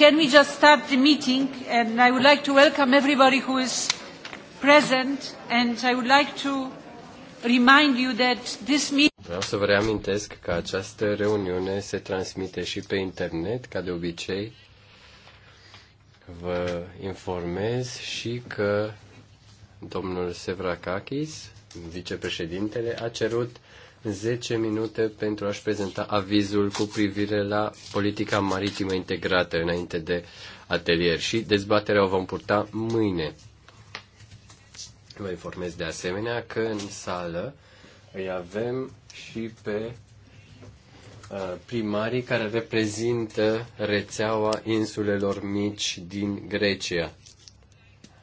Can we just start the meeting? And I would like to welcome everybody who is present. And I would like to remind you that this meeting. Vreau să vă reamintesc că această reuniune se transmite și pe internet, ca de obicei. Vă informez și că domnul Sevrakakis, vicepreședintele, a cerut 10 minute pentru a-și prezenta avizul cu privire la politica maritimă integrată înainte de atelier și dezbaterea o vom purta mâine. Vă informez de asemenea că în sală îi avem și pe uh, primarii care reprezintă rețeaua insulelor mici din Grecia.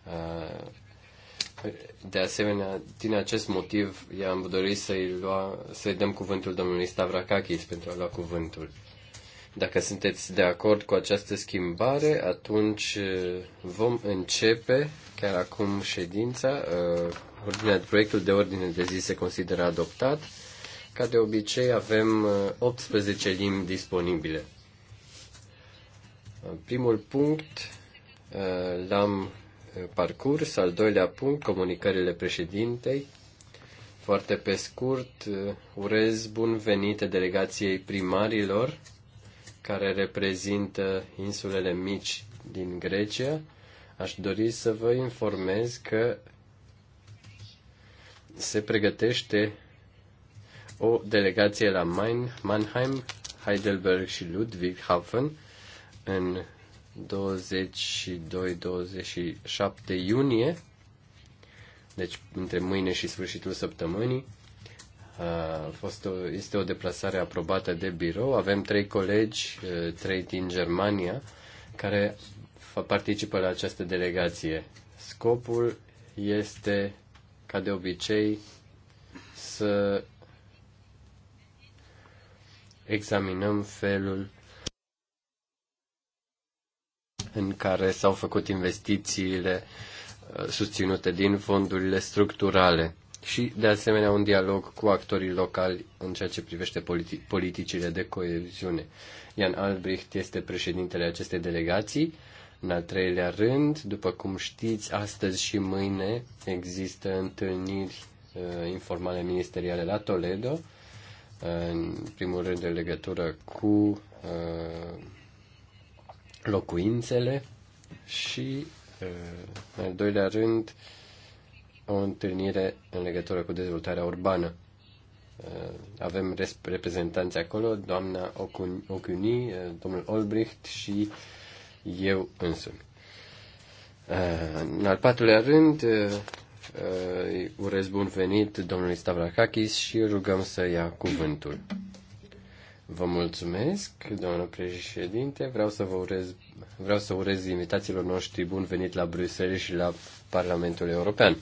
Uh, de asemenea, din acest motiv, i-am dorit să-i, lua, să-i dăm cuvântul domnului Stavrakakis pentru a lua cuvântul. Dacă sunteți de acord cu această schimbare, atunci uh, vom începe chiar acum ședința. Uh, ordinea, proiectul de ordine de zi se consideră adoptat. Ca de obicei, avem 18 uh, limbi disponibile. Primul punct l-am Uh, parcurs. Al doilea punct, comunicările președintei. Foarte pe scurt, uh, urez bun venit delegației primarilor care reprezintă insulele mici din Grecia. Aș dori să vă informez că se pregătește o delegație la Main, Mannheim, Heidelberg și Ludwigshafen în 22-27 iunie, deci între mâine și sfârșitul săptămânii. A fost o, este o deplasare aprobată de birou. Avem trei colegi, trei din Germania, care participă la această delegație. Scopul este, ca de obicei, să examinăm felul în care s-au făcut investițiile uh, susținute din fondurile structurale și, de asemenea, un dialog cu actorii locali în ceea ce privește politi- politicile de coeziune. Ian Albrecht este președintele acestei delegații. În al treilea rând, după cum știți, astăzi și mâine există întâlniri uh, informale ministeriale la Toledo, uh, în primul rând în legătură cu uh, locuințele și, uh, în al doilea rând, o întâlnire în legătură cu dezvoltarea urbană. Uh, avem reprezentanți acolo, doamna Ocuni, uh, domnul Olbricht și eu însumi. În al patrulea rând, urez bun venit domnului Stavrakakis și rugăm să ia cuvântul. Vă mulțumesc, doamnă președinte. Vreau să vă urez, vreau să urez invitațiilor noștri bun venit la Bruxelles și la Parlamentul European.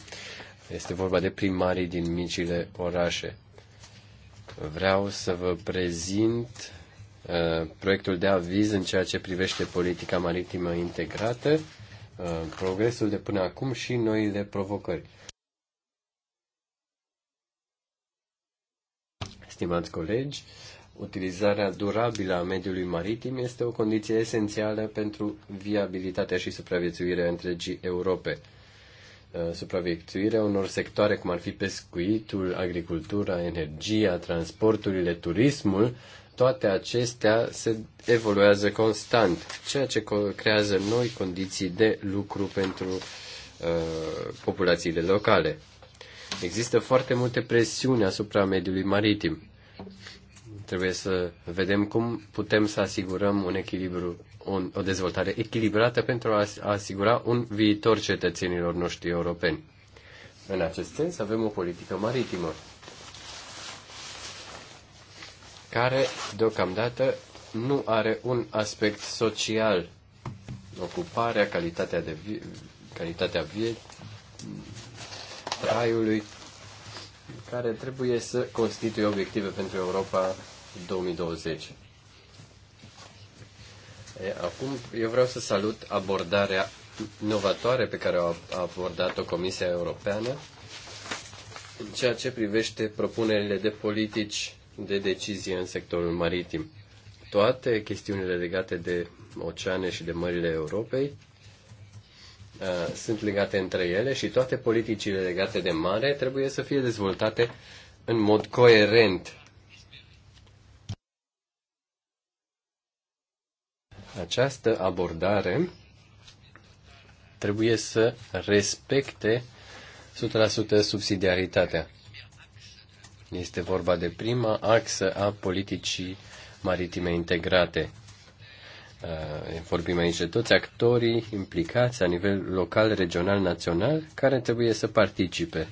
Este vorba de primarii din micile orașe. Vreau să vă prezint uh, proiectul de aviz în ceea ce privește politica maritimă integrată, uh, progresul de până acum și noile provocări. Stimați colegi, uh, utilizarea durabilă a mediului maritim este o condiție esențială pentru viabilitatea și supraviețuirea întregii Europe. Uh, supraviețuirea unor sectoare cum ar fi pescuitul, agricultura, energia, transporturile, turismul, toate acestea se evoluează constant, ceea ce creează noi condiții de lucru pentru uh, populațiile locale. Există foarte multe presiuni asupra mediului maritim Trebuie să vedem cum putem să asigurăm un echilibru, un, o dezvoltare echilibrată pentru a asigura un viitor cetățenilor noștri europeni. În acest sens avem o politică maritimă care deocamdată nu are un aspect social. Ocuparea, calitatea, de vi- calitatea vieții, traiului, care trebuie să constituie obiective pentru Europa 2020. Acum eu vreau să salut abordarea novatoare pe care a abordat-o Comisia Europeană în ceea ce privește propunerile de politici de decizie în sectorul maritim. Toate chestiunile legate de oceane și de mările Europei uh, sunt legate între ele și toate politicile legate de mare trebuie să fie dezvoltate în mod coerent Această abordare trebuie să respecte 100% subsidiaritatea. Este vorba de prima axă a politicii maritime integrate. Uh, vorbim aici de toți actorii implicați la nivel local, regional, național, care trebuie să participe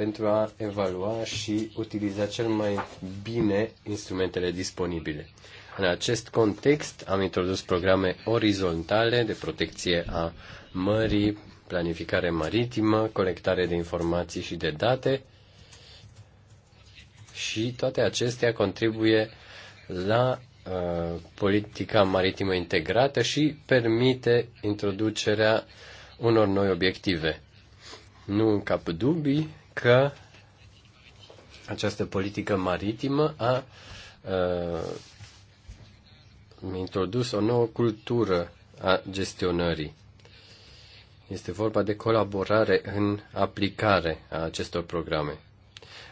pentru a evalua și utiliza cel mai bine instrumentele disponibile. În acest context am introdus programe orizontale de protecție a mării, planificare maritimă, colectare de informații și de date și toate acestea contribuie la uh, politica maritimă integrată și permite introducerea unor noi obiective. Nu în cap dubii, că această politică maritimă a uh, introdus o nouă cultură a gestionării. Este vorba de colaborare în aplicare a acestor programe.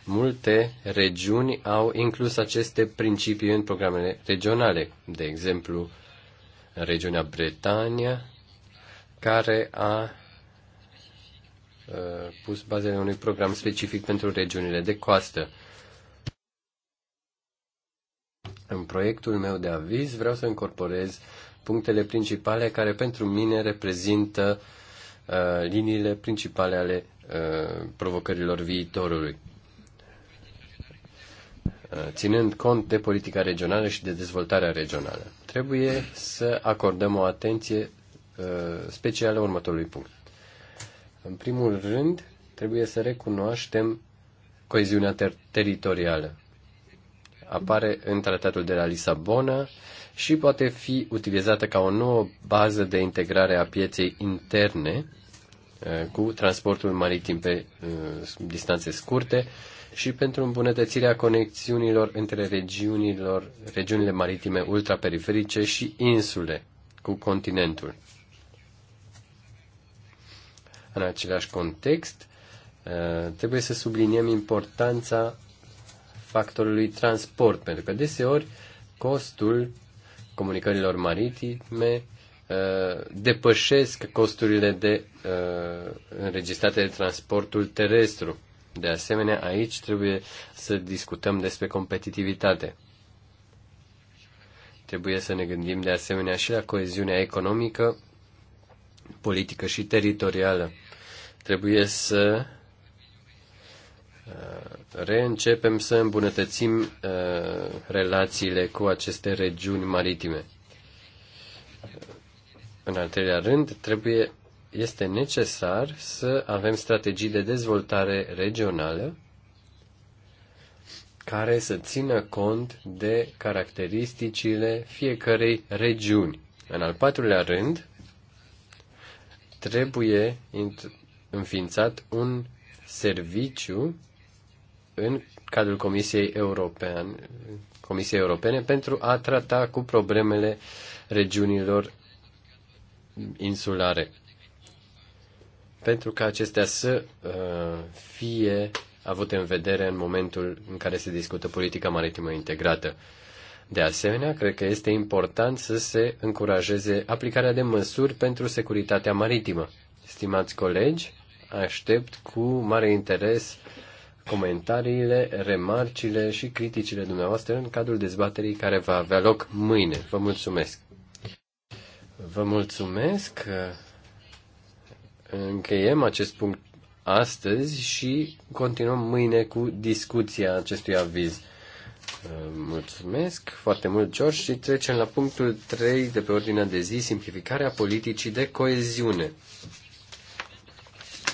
Multe regiuni au inclus aceste principii în programele regionale, de exemplu, regiunea Bretania, care a Uh, pus bazele unui program specific pentru regiunile de coastă. În proiectul meu de aviz vreau să incorporez punctele principale care pentru mine reprezintă uh, liniile principale ale uh, provocărilor viitorului. Uh, ținând cont de politica regională și de dezvoltarea regională, trebuie să acordăm o atenție uh, specială următorului punct. În primul rând, trebuie să recunoaștem coeziunea ter- teritorială. Apare în tratatul de la Lisabona și poate fi utilizată ca o nouă bază de integrare a pieței interne eh, cu transportul maritim pe eh, distanțe scurte și pentru îmbunătățirea conexiunilor între regiunilor, regiunile maritime ultraperiferice și insule cu continentul. În același context, uh, trebuie să subliniem importanța factorului transport, pentru că deseori costul comunicărilor maritime uh, depășesc costurile de uh, înregistrate de transportul terestru. De asemenea, aici trebuie să discutăm despre competitivitate. Trebuie să ne gândim de asemenea și la coeziunea economică politică și teritorială. Trebuie să uh, reîncepem să îmbunătățim uh, relațiile cu aceste regiuni maritime. În al treilea rând, trebuie, este necesar să avem strategii de dezvoltare regională care să țină cont de caracteristicile fiecărei regiuni. În al patrulea rând, trebuie înființat un serviciu în cadrul Comisiei, Europene, Comisiei Europene pentru a trata cu problemele regiunilor insulare. Pentru ca acestea să uh, fie avute în vedere în momentul în care se discută politica maritimă integrată. De asemenea, cred că este important să se încurajeze aplicarea de măsuri pentru securitatea maritimă. Stimați colegi, aștept cu mare interes comentariile, remarcile și criticile dumneavoastră în cadrul dezbaterii care va avea loc mâine. Vă mulțumesc! Vă mulțumesc! Încheiem acest punct astăzi și continuăm mâine cu discuția acestui aviz. Uh, mulțumesc foarte mult, George, și trecem la punctul 3 de pe ordinea de zi, simplificarea politicii de coeziune.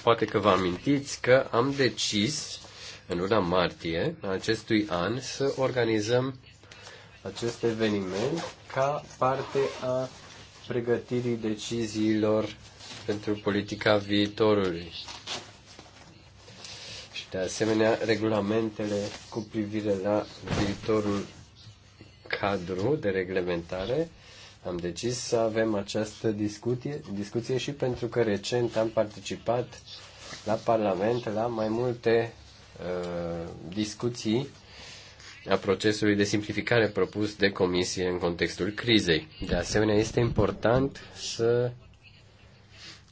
Poate că vă amintiți că am decis în luna martie acestui an să organizăm acest eveniment ca parte a pregătirii deciziilor pentru politica viitorului. De asemenea, regulamentele cu privire la viitorul cadru de reglementare, am decis să avem această discuție, discuție și pentru că recent am participat la Parlament la mai multe uh, discuții a procesului de simplificare propus de comisie în contextul crizei. De asemenea, este important să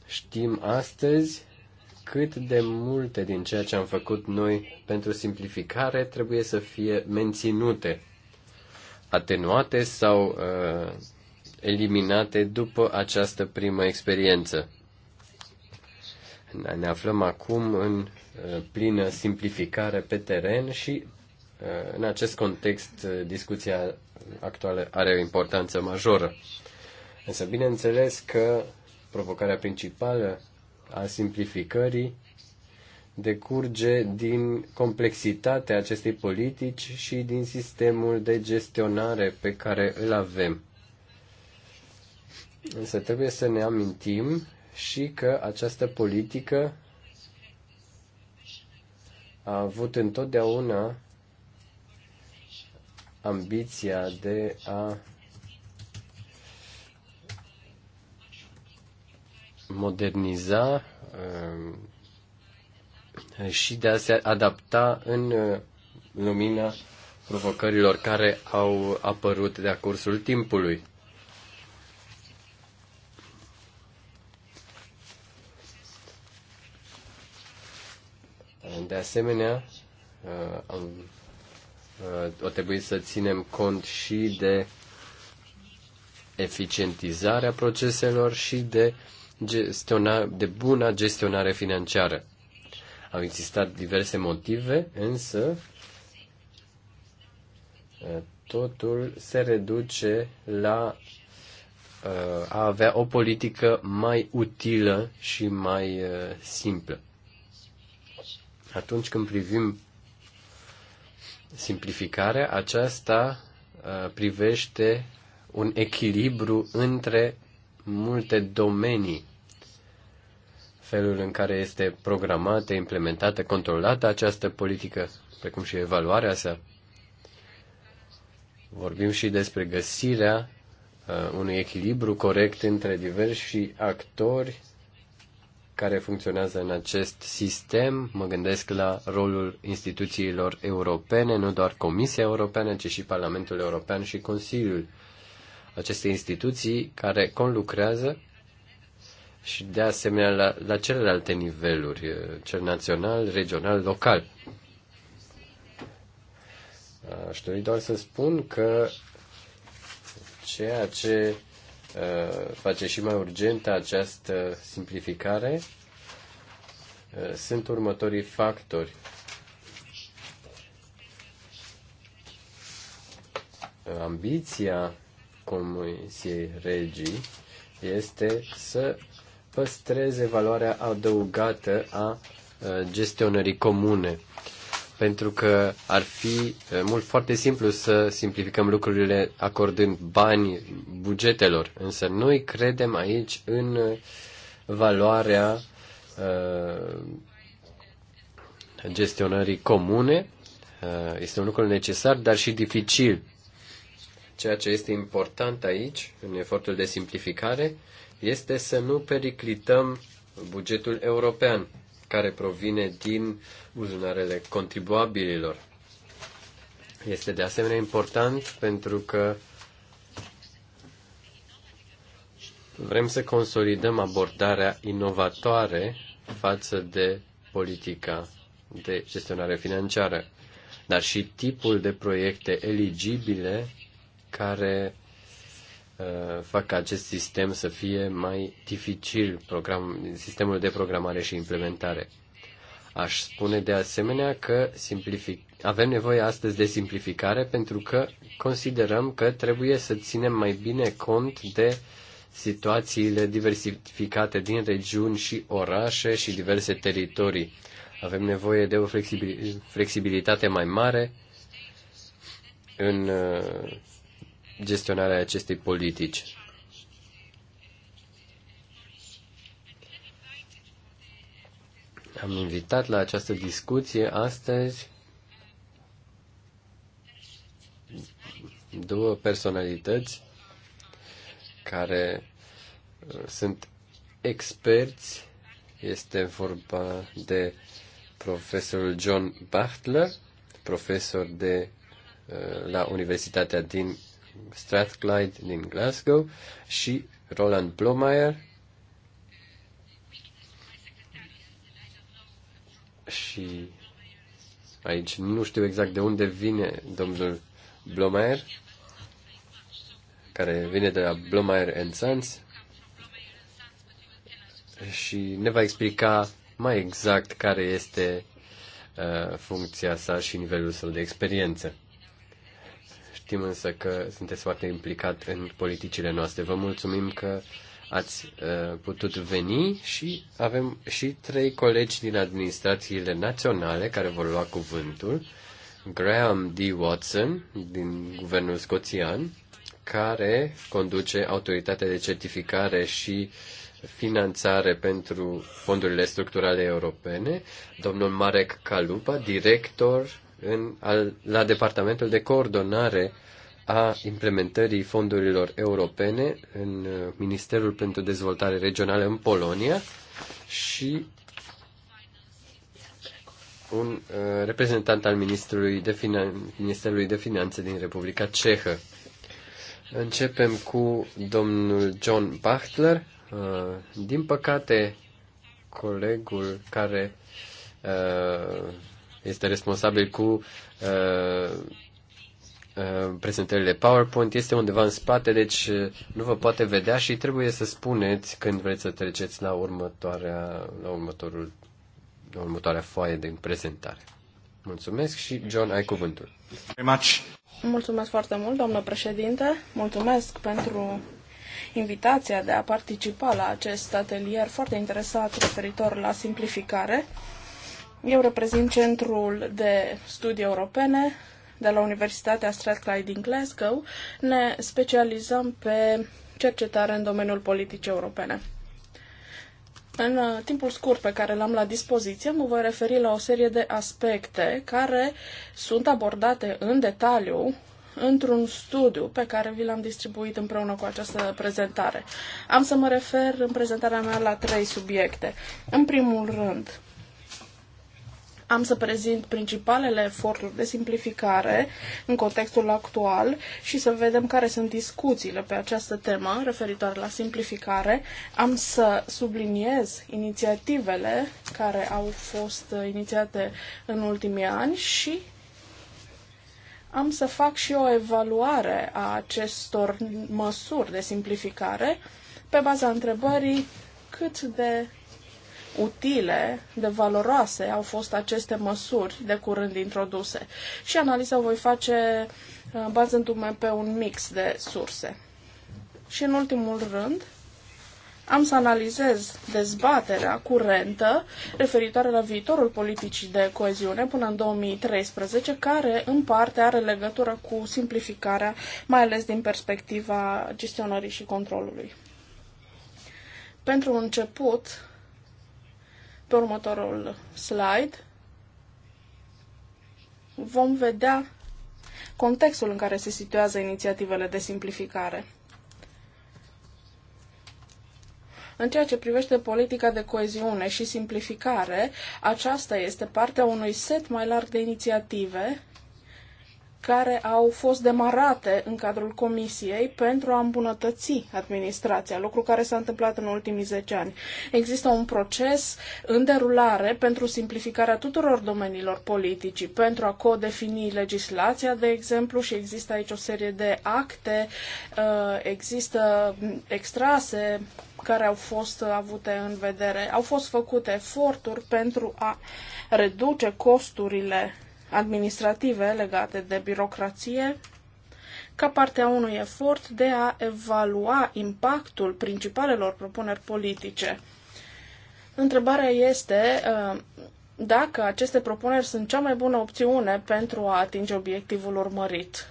știm astăzi cât de multe din ceea ce am făcut noi pentru simplificare trebuie să fie menținute, atenuate sau uh, eliminate după această primă experiență. Ne aflăm acum în uh, plină simplificare pe teren și uh, în acest context uh, discuția actuală are o importanță majoră. Însă bineînțeles că provocarea principală a simplificării decurge din complexitatea acestei politici și din sistemul de gestionare pe care îl avem. Însă trebuie să ne amintim și că această politică a avut întotdeauna ambiția de a moderniza ehm, și de a se adapta în lumina provocărilor care au apărut de-a cursul timpului. De asemenea, ehm, ehm, o trebuie să ținem cont și de eficientizarea proceselor și de uh, gestiona, de bună gestionare financiară. Au existat diverse motive, însă uh, totul se reduce la uh, a avea o politică mai utilă și mai uh, simplă. Atunci când privim simplificarea, aceasta privește un echilibru între multe domenii felul în care este programată, implementată, controlată această politică, precum și evaluarea sa. Vorbim și despre găsirea uh, unui echilibru corect între diversi actori care funcționează în acest sistem. Mă gândesc la rolul instituțiilor europene, nu doar Comisia Europeană, ci și Parlamentul European și Consiliul. Uh, aceste instituții care conlucrează și de asemenea la, la celelalte niveluri, uh, cel național, regional, local. Aș dori doar să spun că ceea ce uh, face și mai urgentă această simplificare uh, sunt următorii factori. Ambiția Comisiei Regii este să păstreze valoarea adăugată a gestionării comune. Pentru că ar fi mult foarte simplu să simplificăm lucrurile acordând bani bugetelor, însă noi credem aici în valoarea gestionării comune. este un lucru necesar, dar și dificil Ceea ce este important aici, în efortul de simplificare, este să nu periclităm bugetul european, care provine din buzunarele contribuabililor. Este de asemenea important pentru că vrem să consolidăm abordarea inovatoare față de politica de gestionare financiară, dar și tipul de proiecte eligibile care uh, fac ca acest sistem să fie mai dificil, program, sistemul de programare și implementare. Aș spune de asemenea că simplific, avem nevoie astăzi de simplificare pentru că considerăm că trebuie să ținem mai bine cont de situațiile diversificate din regiuni și orașe și diverse teritorii. Avem nevoie de o flexibilitate mai mare în uh, gestionarea acestei politici. Am invitat la această discuție astăzi două personalități care uh, sunt experți. Este vorba de profesorul John Bachtler, profesor de uh, la Universitatea din Strathclyde din Glasgow și Roland Blomeyer și aici nu știu exact de unde vine domnul Blomeyer care vine de la Blomeyer and Sons și ne va explica mai exact care este uh, funcția sa și nivelul său de experiență. Știm însă că sunteți foarte implicat în politicile noastre. Vă mulțumim că ați uh, putut veni și avem și trei colegi din administrațiile naționale care vor lua cuvântul. Graham D. Watson din guvernul scoțian, care conduce autoritatea de certificare și finanțare pentru fondurile structurale europene, domnul Marek Kalupa, director în, al, la Departamentul de Coordonare a implementării fondurilor europene în uh, Ministerul pentru Dezvoltare Regională în Polonia și un uh, reprezentant al Ministrului de, Finan- Ministerului de Finanțe din Republica Cehă. Începem cu domnul John Bachtler. Uh, din păcate, colegul care este responsabil cu Uh, prezentările PowerPoint este undeva în spate, deci uh, nu vă poate vedea și trebuie să spuneți când vreți să treceți la, următoarea, la, următorul, la următoarea foaie de prezentare. Mulțumesc și John, ai cuvântul. Mulțumesc foarte mult, doamnă președinte. Mulțumesc pentru invitația de a participa la acest atelier foarte interesat referitor la simplificare. Eu reprezint Centrul de Studii Europene de la Universitatea Strathclyde din Glasgow, ne specializăm pe cercetare în domeniul politicii europene. În uh, timpul scurt pe care l-am la dispoziție, mă voi referi la o serie de aspecte care sunt abordate în detaliu într-un studiu pe care vi l-am distribuit împreună cu această prezentare. Am să mă refer în prezentarea mea la trei subiecte. În primul rând, am să prezint principalele eforturi de simplificare în contextul actual și să vedem care sunt discuțiile pe această temă referitoare la simplificare. Am să subliniez inițiativele care au fost inițiate în ultimii ani și am să fac și o evaluare a acestor măsuri de simplificare pe baza întrebării cât de utile, de valoroase au fost aceste măsuri de curând introduse. Și analiza o voi face uh, bazându-mă pe un mix de surse. Și în ultimul rând, am să analizez dezbaterea curentă referitoare la viitorul politicii de coeziune până în 2013, care în parte are legătură cu simplificarea, mai ales din perspectiva gestionării și controlului. Pentru început, pe următorul slide, vom vedea contextul în care se situează inițiativele de simplificare. În ceea ce privește politica de coeziune și simplificare, aceasta este partea unui set mai larg de inițiative care au fost demarate în cadrul Comisiei pentru a îmbunătăți administrația, lucru care s-a întâmplat în ultimii 10 ani. Există un proces în derulare pentru simplificarea tuturor domeniilor politicii, pentru a codefini legislația, de exemplu, și există aici o serie de acte, uh, există extrase care au fost avute în vedere. Au fost făcute eforturi pentru a reduce costurile administrative legate de birocrație, ca parte a unui efort de a evalua impactul principalelor propuneri politice. Întrebarea este uh, dacă aceste propuneri sunt cea mai bună opțiune pentru a atinge obiectivul urmărit.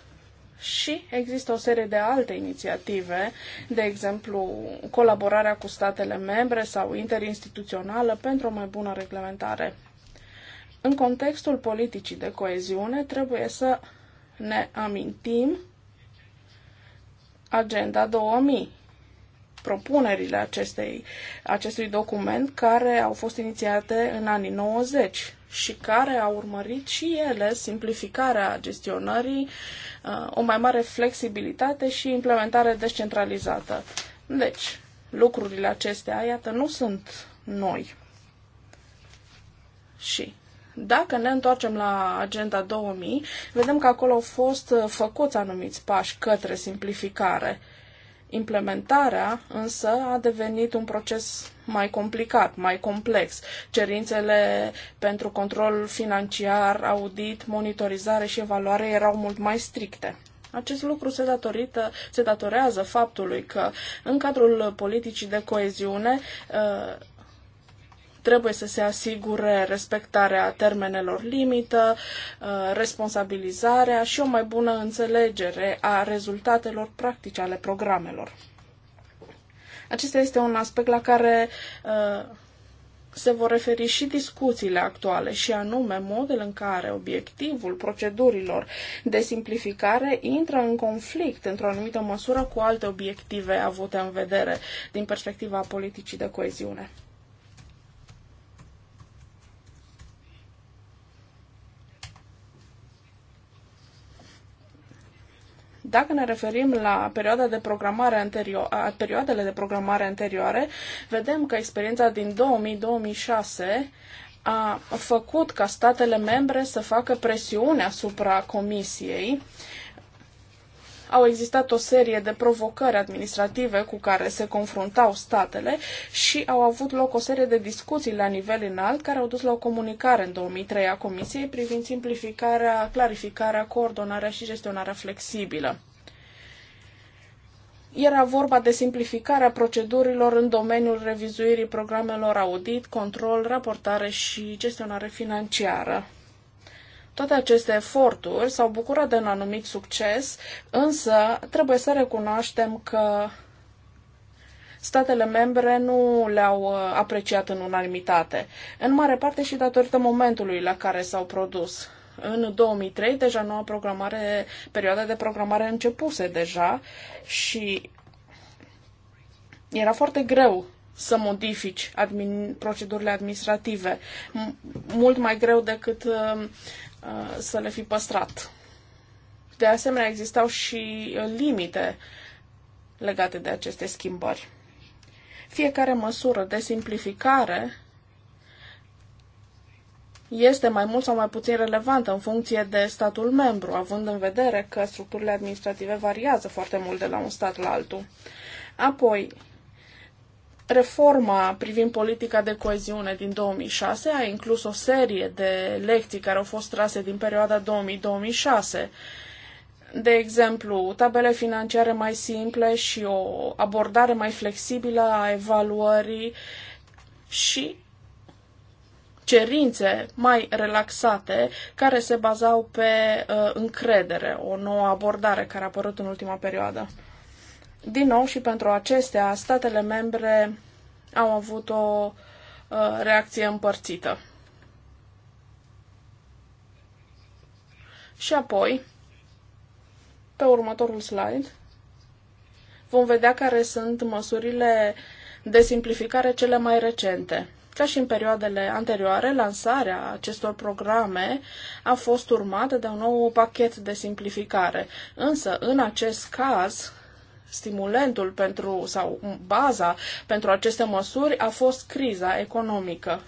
Și există o serie de alte inițiative, de exemplu colaborarea cu statele membre sau interinstituțională pentru o mai bună reglementare. În contextul politicii de coeziune trebuie să ne amintim Agenda 2000, propunerile acestei, acestui document care au fost inițiate în anii 90 și care au urmărit și ele simplificarea gestionării, uh, o mai mare flexibilitate și implementare descentralizată. Deci, lucrurile acestea, iată, nu sunt noi. Și dacă ne întoarcem la Agenda 2000, vedem că acolo au fost uh, făcuți anumiți pași către simplificare. Implementarea însă a devenit un proces mai complicat, mai complex. Cerințele pentru control financiar, audit, monitorizare și evaluare erau mult mai stricte. Acest lucru se, datorită, se datorează faptului că în cadrul politicii de coeziune uh, Trebuie să se asigure respectarea termenelor limită, uh, responsabilizarea și o mai bună înțelegere a rezultatelor practice ale programelor. Acesta este un aspect la care uh, se vor referi și discuțiile actuale, și anume modul în care obiectivul procedurilor de simplificare intră în conflict, într-o anumită măsură, cu alte obiective avute în vedere din perspectiva politicii de coeziune. Dacă ne referim la perioada de programare anterior, perioadele de programare anterioare, vedem că experiența din 2000-2006 a făcut ca statele membre să facă presiune asupra Comisiei au existat o serie de provocări administrative cu care se confruntau statele și au avut loc o serie de discuții la nivel înalt care au dus la o comunicare în 2003 a Comisiei privind simplificarea, clarificarea, coordonarea și gestionarea flexibilă era vorba de simplificarea procedurilor în domeniul revizuirii programelor audit, control, raportare și gestionare financiară. Toate aceste eforturi s-au bucurat de un anumit succes, însă trebuie să recunoaștem că statele membre nu le-au uh, apreciat în unanimitate, în mare parte și datorită momentului la care s-au produs. În 2003, deja noua programare, perioada de programare începuse deja și era foarte greu să modifici admin, procedurile administrative, mult mai greu decât uh, Uh, să le fi păstrat. De asemenea, existau și uh, limite legate de aceste schimbări. Fiecare măsură de simplificare este mai mult sau mai puțin relevantă în funcție de statul membru, având în vedere că structurile administrative variază foarte mult de la un stat la altul. Apoi, Reforma privind politica de coeziune din 2006 a inclus o serie de lecții care au fost trase din perioada 2000-2006 de exemplu, tabele financiare mai simple și o abordare mai flexibilă a evaluării și cerințe mai relaxate care se bazau pe uh, încredere, o nouă abordare care a apărut în ultima perioadă. Din nou și pentru acestea, statele membre au avut o uh, reacție împărțită. Și apoi, pe următorul slide, vom vedea care sunt măsurile de simplificare cele mai recente. Ca și în perioadele anterioare, lansarea acestor programe a fost urmată de un nou pachet de simplificare. Însă, în acest caz, stimulentul pentru sau baza pentru aceste măsuri a fost criza economică.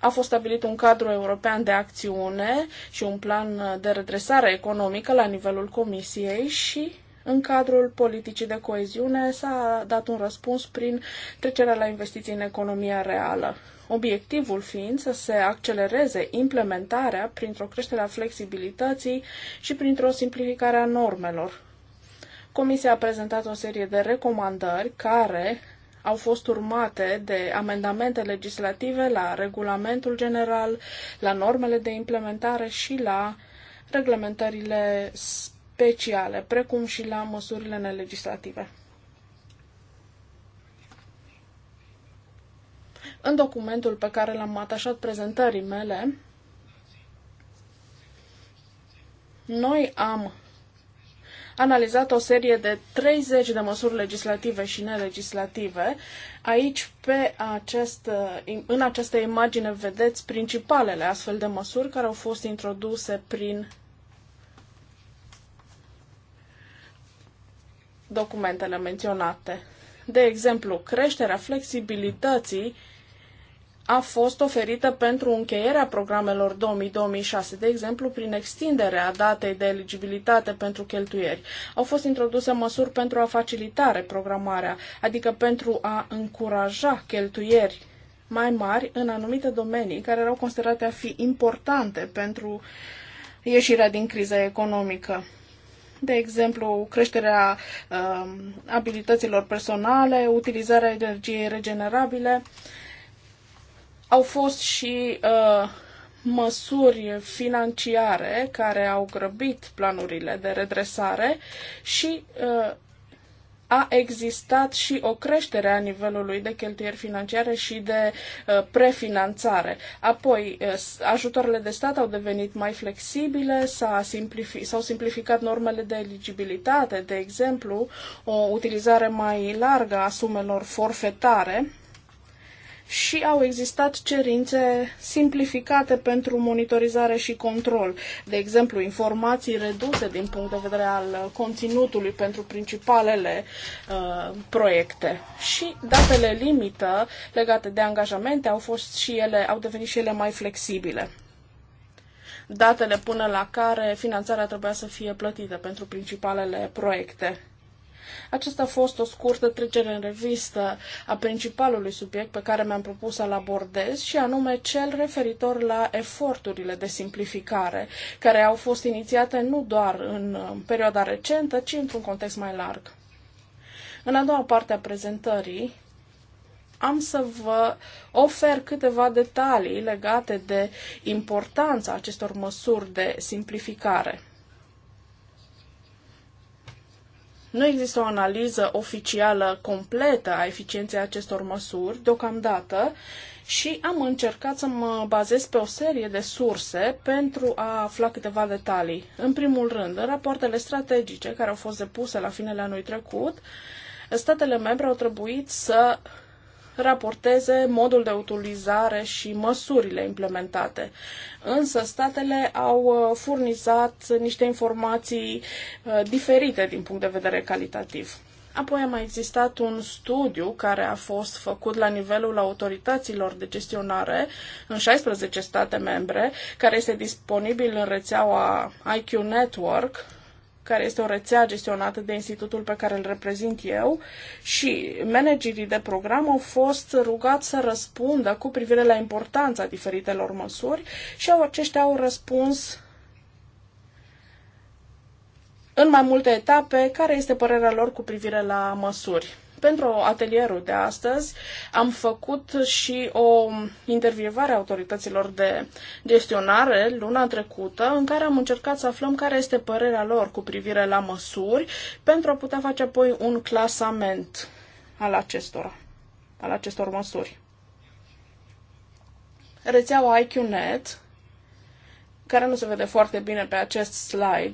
A fost stabilit un cadru european de acțiune și un plan de redresare economică la nivelul Comisiei și în cadrul politicii de coeziune s-a dat un răspuns prin trecerea la investiții în economia reală. Obiectivul fiind să se accelereze implementarea printr-o creștere a flexibilității și printr-o simplificare a normelor, Comisia a prezentat o serie de recomandări care au fost urmate de amendamente legislative la regulamentul general, la normele de implementare și la reglementările speciale, precum și la măsurile nelegislative. În documentul pe care l-am atașat prezentării mele, noi am analizat o serie de 30 de măsuri legislative și nelegislative. Aici, pe acest, în această imagine, vedeți principalele astfel de măsuri care au fost introduse prin documentele menționate. De exemplu, creșterea flexibilității a fost oferită pentru încheierea programelor 2000-2006, de exemplu prin extinderea datei de eligibilitate pentru cheltuieri. Au fost introduse măsuri pentru a facilita reprogramarea, adică pentru a încuraja cheltuieri mai mari în anumite domenii care erau considerate a fi importante pentru ieșirea din criza economică de exemplu, creșterea uh, abilităților personale, utilizarea energiei regenerabile au fost și uh, măsuri financiare care au grăbit planurile de redresare și uh, a existat și o creștere a nivelului de cheltuieri financiare și de uh, prefinanțare. Apoi, uh, ajutoarele de stat au devenit mai flexibile, s-au simplifi simplificat normele de eligibilitate, de exemplu, o utilizare mai largă a sumelor forfetare și au existat cerințe simplificate pentru monitorizare și control. De exemplu, informații reduse din punct de vedere al conținutului pentru principalele uh, proiecte. Și datele limită legate de angajamente au fost și ele, au devenit și ele mai flexibile datele până la care finanțarea trebuia să fie plătită pentru principalele proiecte. Aceasta a fost o scurtă trecere în revistă a principalului subiect pe care mi-am propus să-l abordez și anume cel referitor la eforturile de simplificare, care au fost inițiate nu doar în perioada recentă, ci într-un context mai larg. În a doua parte a prezentării, am să vă ofer câteva detalii legate de importanța acestor măsuri de simplificare. Nu există o analiză oficială completă a eficienței acestor măsuri deocamdată și am încercat să mă bazez pe o serie de surse pentru a afla câteva detalii. În primul rând, în rapoartele strategice care au fost depuse la finele anului trecut, statele membre au trebuit să raporteze modul de utilizare și măsurile implementate. Însă statele au uh, furnizat niște informații uh, diferite din punct de vedere calitativ. Apoi a mai existat un studiu care a fost făcut la nivelul autorităților de gestionare în 16 state membre, care este disponibil în rețeaua IQ Network, care este o rețea gestionată de institutul pe care îl reprezint eu și managerii de program au fost rugați să răspundă cu privire la importanța diferitelor măsuri și au, aceștia au răspuns în mai multe etape care este părerea lor cu privire la măsuri. Pentru atelierul de astăzi am făcut și o intervievare a autorităților de gestionare luna trecută, în care am încercat să aflăm care este părerea lor cu privire la măsuri pentru a putea face apoi un clasament al acestora, al acestor măsuri. Rețeaua IQNet, care nu se vede foarte bine pe acest slide,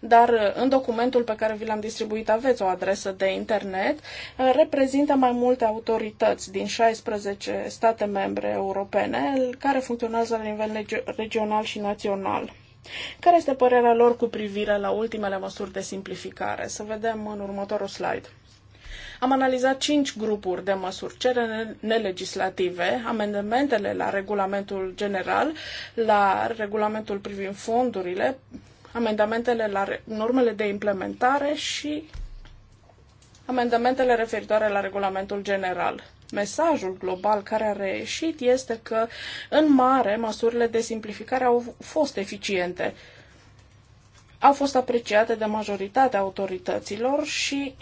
dar uh, în documentul pe care vi l-am distribuit aveți o adresă de internet, uh, reprezintă mai multe autorități din 16 state membre europene care funcționează la nivel regional și național. Care este părerea lor cu privire la ultimele măsuri de simplificare? Să vedem în următorul slide. Am analizat cinci grupuri de măsuri, cerere nelegislative, amendamentele la regulamentul general, la regulamentul privind fondurile, amendamentele la normele de implementare și amendamentele referitoare la regulamentul general. Mesajul global care a reieșit este că, în mare, măsurile de simplificare au fost eficiente, au fost apreciate de majoritatea autorităților și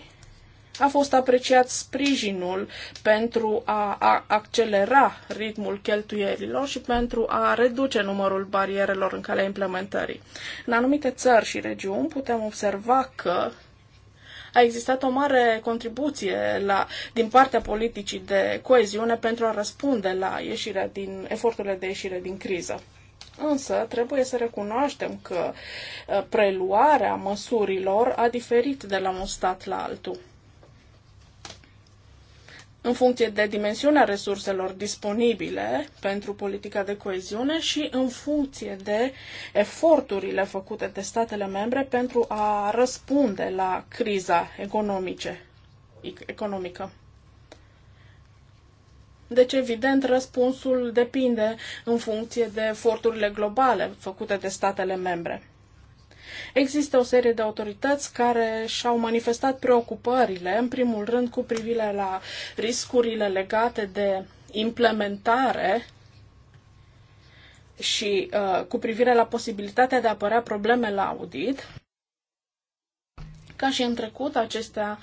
a fost apreciat sprijinul pentru a, accelera ritmul cheltuielilor și pentru a reduce numărul barierelor în calea implementării. În anumite țări și regiuni putem observa că a existat o mare contribuție la, din partea politicii de coeziune pentru a răspunde la ieșirea din, eforturile de ieșire din criză. Însă, trebuie să recunoaștem că uh, preluarea măsurilor a diferit de la un stat la altul în funcție de dimensiunea resurselor disponibile pentru politica de coeziune și în funcție de eforturile făcute de statele membre pentru a răspunde la criza economice, economică. Deci, evident, răspunsul depinde în funcție de eforturile globale făcute de statele membre. Există o serie de autorități care și-au manifestat preocupările, în primul rând cu privire la riscurile legate de implementare și uh, cu privire la posibilitatea de a apărea probleme la audit. Ca și în trecut, acestea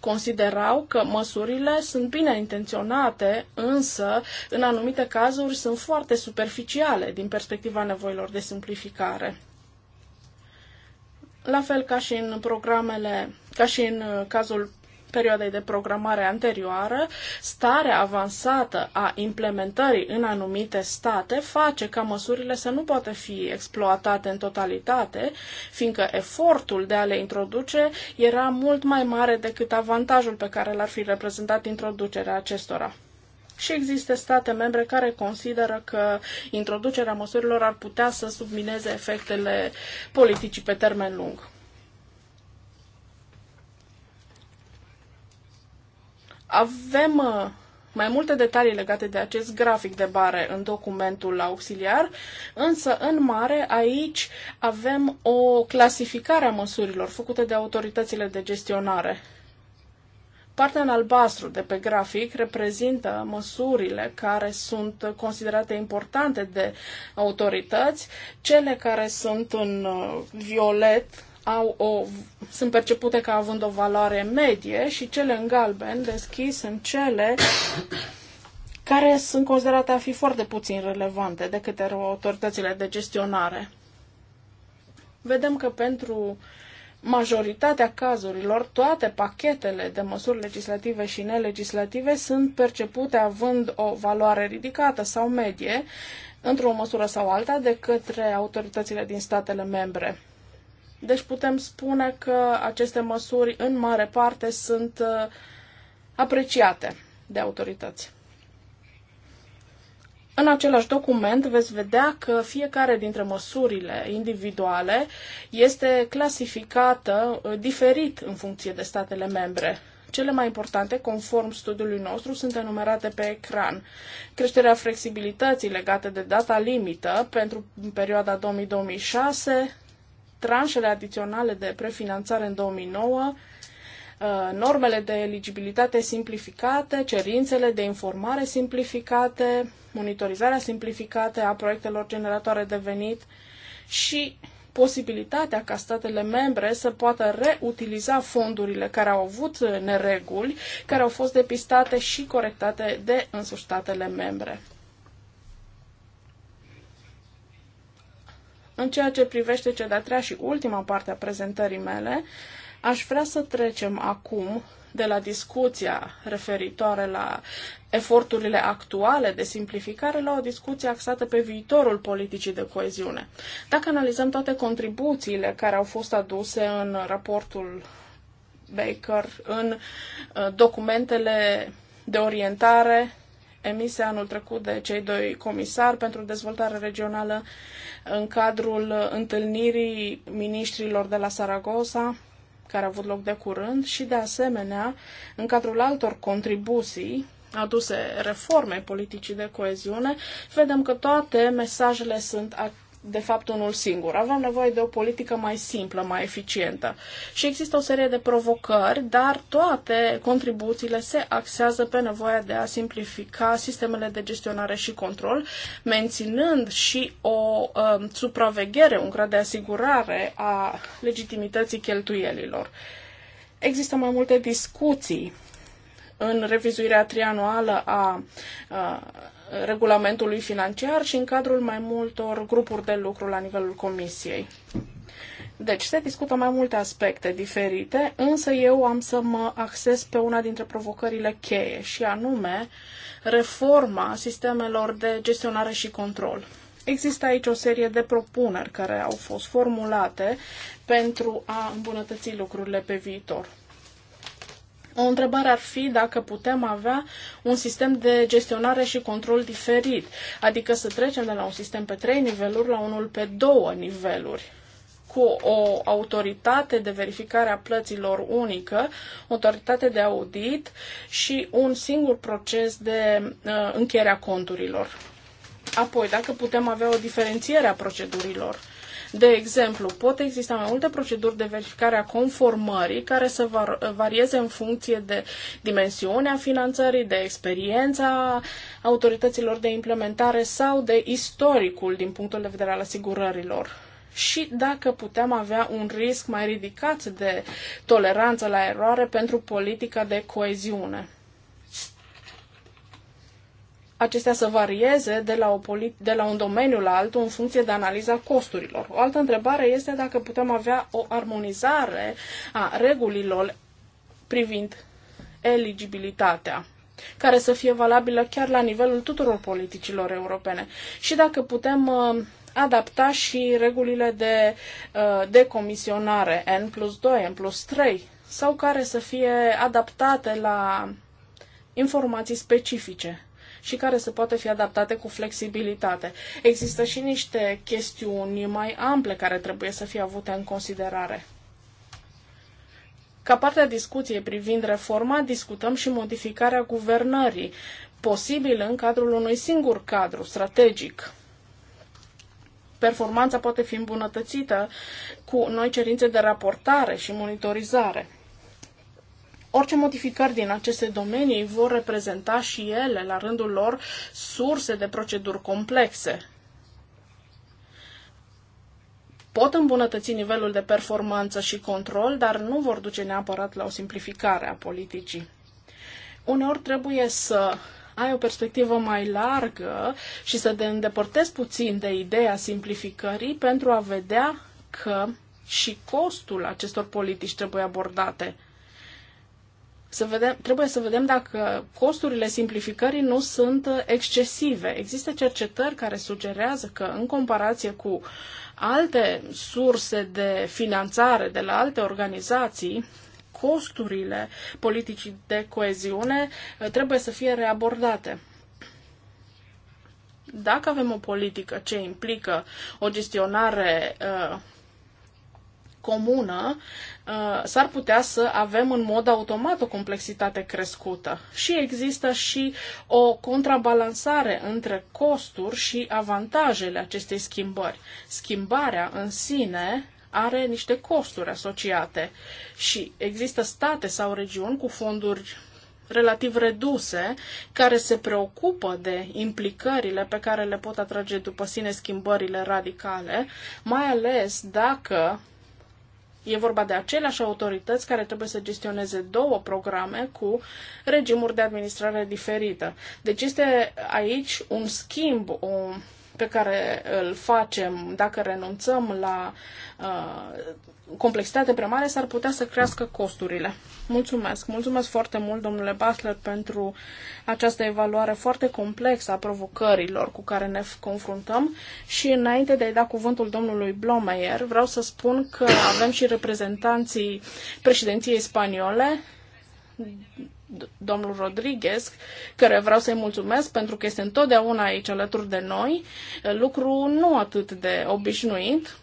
considerau că măsurile sunt bine intenționate, însă, în anumite cazuri, sunt foarte superficiale din perspectiva nevoilor de simplificare. La fel ca și în programele, ca și în uh, cazul perioadei de programare anterioară, starea avansată a implementării în anumite state face ca măsurile să nu poată fi exploatate în totalitate, fiindcă efortul de a le introduce era mult mai mare decât avantajul pe care l-ar fi reprezentat introducerea acestora și există state membre care consideră că introducerea măsurilor ar putea să submineze efectele politicii pe termen lung. Avem uh, mai multe detalii legate de acest grafic de bare în documentul auxiliar, însă în mare aici avem o clasificare a măsurilor făcute de autoritățile de gestionare. Partea în albastru de pe grafic reprezintă măsurile care sunt considerate importante de autorități, cele care sunt în uh, violet au o, sunt percepute ca având o valoare medie și cele în galben deschis sunt cele care sunt considerate a fi foarte puțin relevante de către autoritățile de gestionare. Vedem că pentru uh, majoritatea cazurilor, toate pachetele de măsuri legislative și nelegislative sunt percepute având o valoare ridicată sau medie, într-o măsură sau alta, de către autoritățile din statele membre. Deci putem spune că aceste măsuri, în mare parte, sunt uh, apreciate de autorități. În același document veți vedea că fiecare dintre măsurile individuale este clasificată uh, diferit în funcție de statele membre. Cele mai importante, conform studiului nostru, sunt enumerate pe ecran. Creșterea flexibilității legate de data limită pentru perioada 2006 tranșele adiționale de prefinanțare în 2009, Uh, normele de eligibilitate simplificate, cerințele de informare simplificate, monitorizarea simplificată a proiectelor generatoare de venit și posibilitatea ca statele membre să poată reutiliza fondurile care au avut nereguli, care au fost depistate și corectate de însuși statele membre. În ceea ce privește cea de-a treia și ultima parte a prezentării mele, Aș vrea să trecem acum de la discuția referitoare la eforturile actuale de simplificare la o discuție axată pe viitorul politicii de coeziune. Dacă analizăm toate contribuțiile care au fost aduse în raportul Baker, în uh, documentele de orientare emise anul trecut de cei doi comisari pentru dezvoltare regională în cadrul întâlnirii ministrilor de la Saragossa, care a avut loc de curând și, de asemenea, în cadrul altor contribuții aduse reformei politicii de coeziune, vedem că toate mesajele sunt de fapt unul singur. Avem nevoie de o politică mai simplă, mai eficientă. Și există o serie de provocări, dar toate contribuțiile se axează pe nevoia de a simplifica sistemele de gestionare și control, menținând și o um, supraveghere, un grad de asigurare a legitimității cheltuielilor. Există mai multe discuții în revizuirea trianuală a, a uh, regulamentului financiar și în cadrul mai multor grupuri de lucru la nivelul comisiei. Deci se discută mai multe aspecte diferite, însă eu am să mă axez pe una dintre provocările cheie și anume reforma sistemelor de gestionare și control. Există aici o serie de propuneri care au fost formulate pentru a îmbunătăți lucrurile pe viitor. O întrebare ar fi dacă putem avea un sistem de gestionare și control diferit, adică să trecem de la un sistem pe trei niveluri la unul pe două niveluri cu o autoritate de verificare a plăților unică, o autoritate de audit și un singur proces de uh, încheiere a conturilor. Apoi, dacă putem avea o diferențiere a procedurilor, de exemplu, pot exista mai multe proceduri de verificare a conformării care să var- varieze în funcție de dimensiunea finanțării, de experiența autorităților de implementare sau de istoricul din punctul de vedere al asigurărilor și dacă putem avea un risc mai ridicat de toleranță la eroare pentru politica de coeziune acestea să varieze de la, o polit- de la un domeniu la altul în funcție de analiza costurilor. O altă întrebare este dacă putem avea o armonizare a regulilor privind eligibilitatea care să fie valabilă chiar la nivelul tuturor politicilor europene și dacă putem uh, adapta și regulile de uh, decomisionare N plus 2, N plus 3 sau care să fie adaptate la informații specifice și care să poată fi adaptate cu flexibilitate. Există și niște chestiuni mai ample care trebuie să fie avute în considerare. Ca parte a discuției privind reforma, discutăm și modificarea guvernării, posibil în cadrul unui singur cadru strategic. Performanța poate fi îmbunătățită cu noi cerințe de raportare și monitorizare. Orice modificări din aceste domenii vor reprezenta și ele, la rândul lor, surse de proceduri complexe. Pot îmbunătăți nivelul de performanță și control, dar nu vor duce neapărat la o simplificare a politicii. Uneori trebuie să ai o perspectivă mai largă și să te îndepărtezi puțin de ideea simplificării pentru a vedea că și costul acestor politici trebuie abordate. Să vedem, trebuie să vedem dacă costurile simplificării nu sunt excesive. Există cercetări care sugerează că, în comparație cu alte surse de finanțare de la alte organizații, costurile politicii de coeziune uh, trebuie să fie reabordate. Dacă avem o politică ce implică o gestionare uh, comună, uh, s-ar putea să avem în mod automat o complexitate crescută. Și există și o contrabalansare între costuri și avantajele acestei schimbări. Schimbarea în sine are niște costuri asociate și există state sau regiuni cu fonduri relativ reduse, care se preocupă de implicările pe care le pot atrage după sine schimbările radicale, mai ales dacă E vorba de aceleași autorități care trebuie să gestioneze două programe cu regimuri de administrare diferită. Deci este aici un schimb, o pe care îl facem dacă renunțăm la uh, complexitate prea mare, s-ar putea să crească costurile. Mulțumesc! Mulțumesc foarte mult, domnule Basler, pentru această evaluare foarte complexă a provocărilor cu care ne confruntăm și înainte de a-i da cuvântul domnului Blomeyer, vreau să spun că avem și reprezentanții președinției spaniole, domnul Rodriguez, care vreau să-i mulțumesc pentru că este întotdeauna aici alături de noi, lucru nu atât de obișnuit,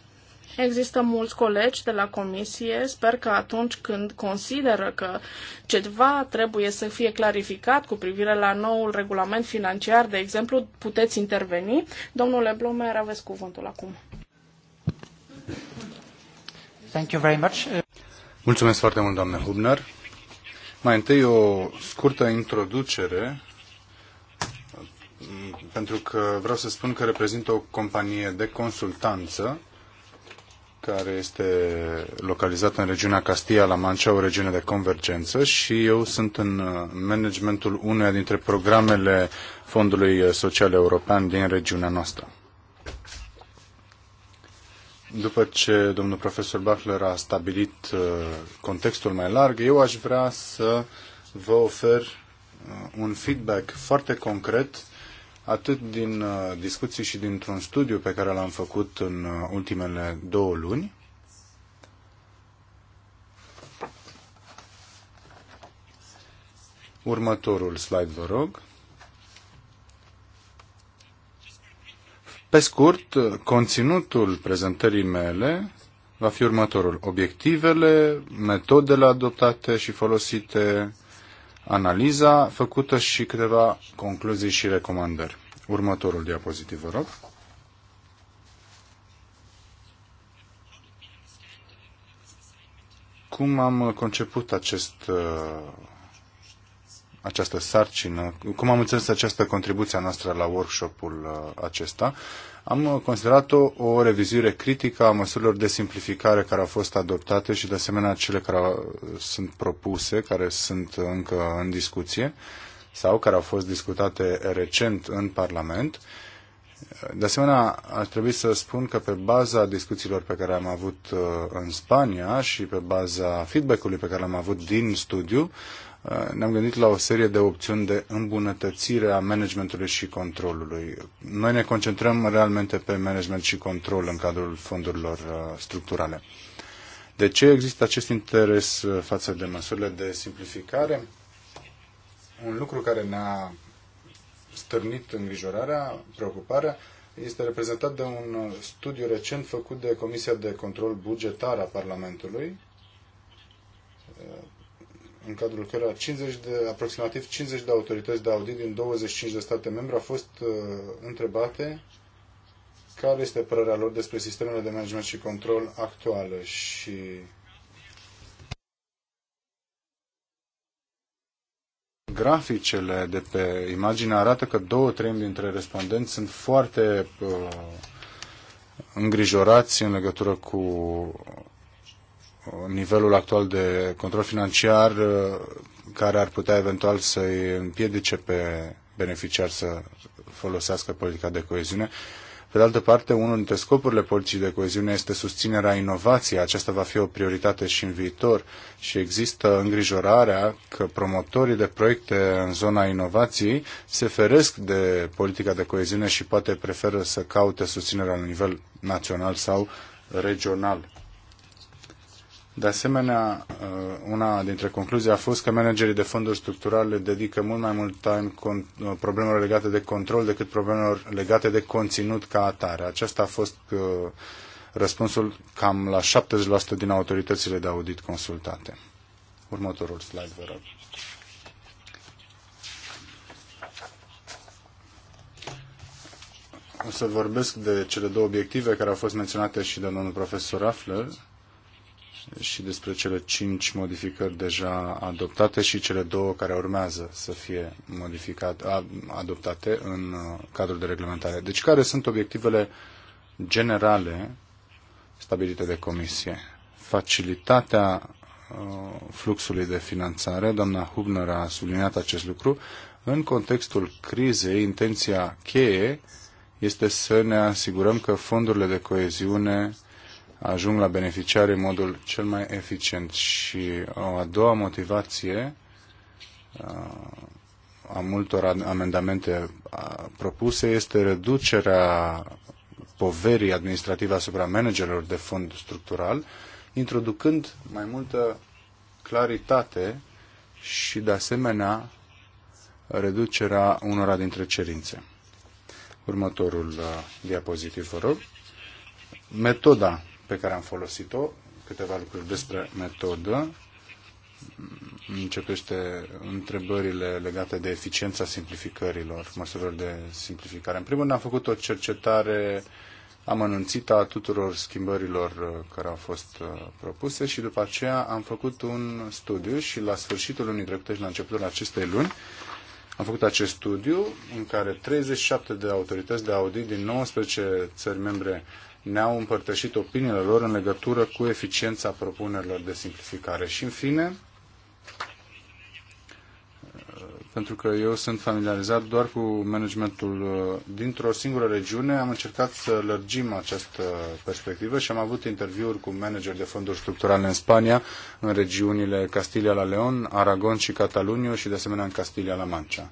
Există mulți colegi de la comisie, sper că atunci când consideră că ceva trebuie să fie clarificat cu privire la noul regulament financiar, de exemplu, puteți interveni. Domnule Blumer, aveți cuvântul acum. Thank you very much. Mulțumesc foarte mult, doamnă Hubner. Mai întâi o scurtă introducere pentru că vreau să spun că reprezint o companie de consultanță care este localizată în regiunea Castia-La Mancha, o regiune de convergență și eu sunt uh, în managementul uneia dintre programele Fondului Social European din regiunea noastră. După ce domnul profesor Bachler a stabilit uh, contextul mai larg, eu aș vrea să vă ofer uh, un feedback foarte concret atât din uh, discuții și dintr-un studiu pe care l-am făcut în uh, ultimele două luni. Următorul slide, vă rog. Pe scurt, conținutul prezentării mele va fi următorul. Obiectivele, metodele adoptate și folosite, analiza făcută și câteva concluzii și recomandări. Următorul diapozitiv, vă rog. Cum am conceput acest, uh, această sarcină, cum am înțeles această contribuție a noastră la workshopul uh, acesta? am considerat-o o revizuire critică a măsurilor de simplificare care au fost adoptate și de asemenea cele care sunt propuse, care sunt încă în discuție sau care au fost discutate recent în Parlament. De asemenea, ar trebui să spun că pe baza discuțiilor pe care am avut uh, în Spania și pe baza feedback-ului pe care l-am avut din studiu, ne-am gândit la o serie de opțiuni de îmbunătățire a managementului și controlului. Noi ne concentrăm realmente pe management și control în cadrul fondurilor uh, structurale. De ce există acest interes uh, față de măsurile de simplificare? Un lucru care ne-a stârnit îngrijorarea, preocuparea, este reprezentat de un uh, studiu recent făcut de Comisia de Control Bugetar a Parlamentului, în cadrul cărora 50 de, aproximativ 50 de autorități de audit din 25 de state membre au fost uh, întrebate care este părerea lor despre sistemele de management și control actuale și graficele de pe imagine arată că două treimi dintre respondenți sunt foarte uh, îngrijorați în legătură cu nivelul actual de control financiar uh, care ar putea eventual să îi împiedice pe beneficiar să folosească politica de coeziune. Pe de altă parte, unul dintre scopurile politicii de coeziune este susținerea inovației. Aceasta va fi o prioritate și în viitor și există îngrijorarea că promotorii de proiecte în zona inovației se feresc de politica de coeziune și poate preferă să caute susținerea la nivel național sau regional. De asemenea, uh, una dintre concluzii a fost că managerii de fonduri structurale dedică mult mai mult timp uh, problemelor legate de control decât problemelor legate de conținut ca atare. Aceasta a fost uh, răspunsul cam la 70% din autoritățile de audit consultate. Următorul slide, vă rog. O să vorbesc de cele două obiective care au fost menționate și de domnul profesor Raffler și despre cele cinci modificări deja adoptate și cele două care urmează să fie modificate, adoptate în uh, cadrul de reglementare. Deci care sunt obiectivele generale stabilite de comisie? Facilitatea uh, fluxului de finanțare, doamna Hubner a subliniat acest lucru, în contextul crizei, intenția cheie este să ne asigurăm că fondurile de coeziune ajung la beneficiari în modul cel mai eficient. Și o a doua motivație uh, a multor amendamente uh, propuse este reducerea poverii administrative asupra managerilor de fond structural, introducând mai multă claritate și, de asemenea, reducerea unora dintre cerințe. Următorul uh, diapozitiv, vă rog. Metoda pe care am folosit-o, câteva lucruri despre metodă, începește întrebările legate de eficiența simplificărilor, măsurilor de simplificare. În primul rând am făcut o cercetare amănunțită a tuturor schimbărilor uh, care au fost uh, propuse și după aceea am făcut un studiu și la sfârșitul lunii trecute și la începutul acestei luni am făcut acest studiu în care 37 de autorități de audit din 19 țări membre ne-au împărtășit opiniile lor în legătură cu eficiența propunerilor de simplificare. Și în fine, pentru că eu sunt familiarizat doar cu managementul uh, dintr-o singură regiune, am încercat să lărgim această perspectivă și am avut interviuri cu manageri de fonduri structurale în Spania, în regiunile Castilia la Leon, Aragon și Cataluniu și de asemenea în Castilia la Mancha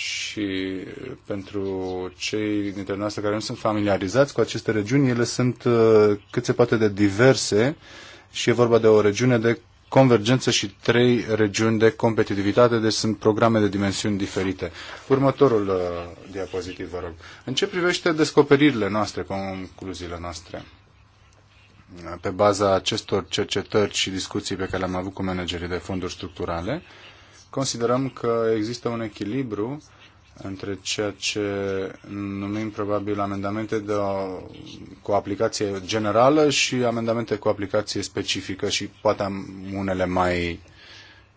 și pentru cei dintre noastre care nu sunt familiarizați cu aceste regiuni, ele sunt uh, cât se poate de diverse și e vorba de o regiune de convergență și trei regiuni de competitivitate, deci sunt programe de dimensiuni diferite. Următorul uh, diapozitiv, vă rog. În ce privește descoperirile noastre, concluziile noastre? Pe baza acestor cercetări și discuții pe care le-am avut cu managerii de fonduri structurale, uh, considerăm că există un echilibru între ceea ce numim probabil amendamente de o, cu aplicație generală și amendamente cu aplicație specifică și poate am unele mai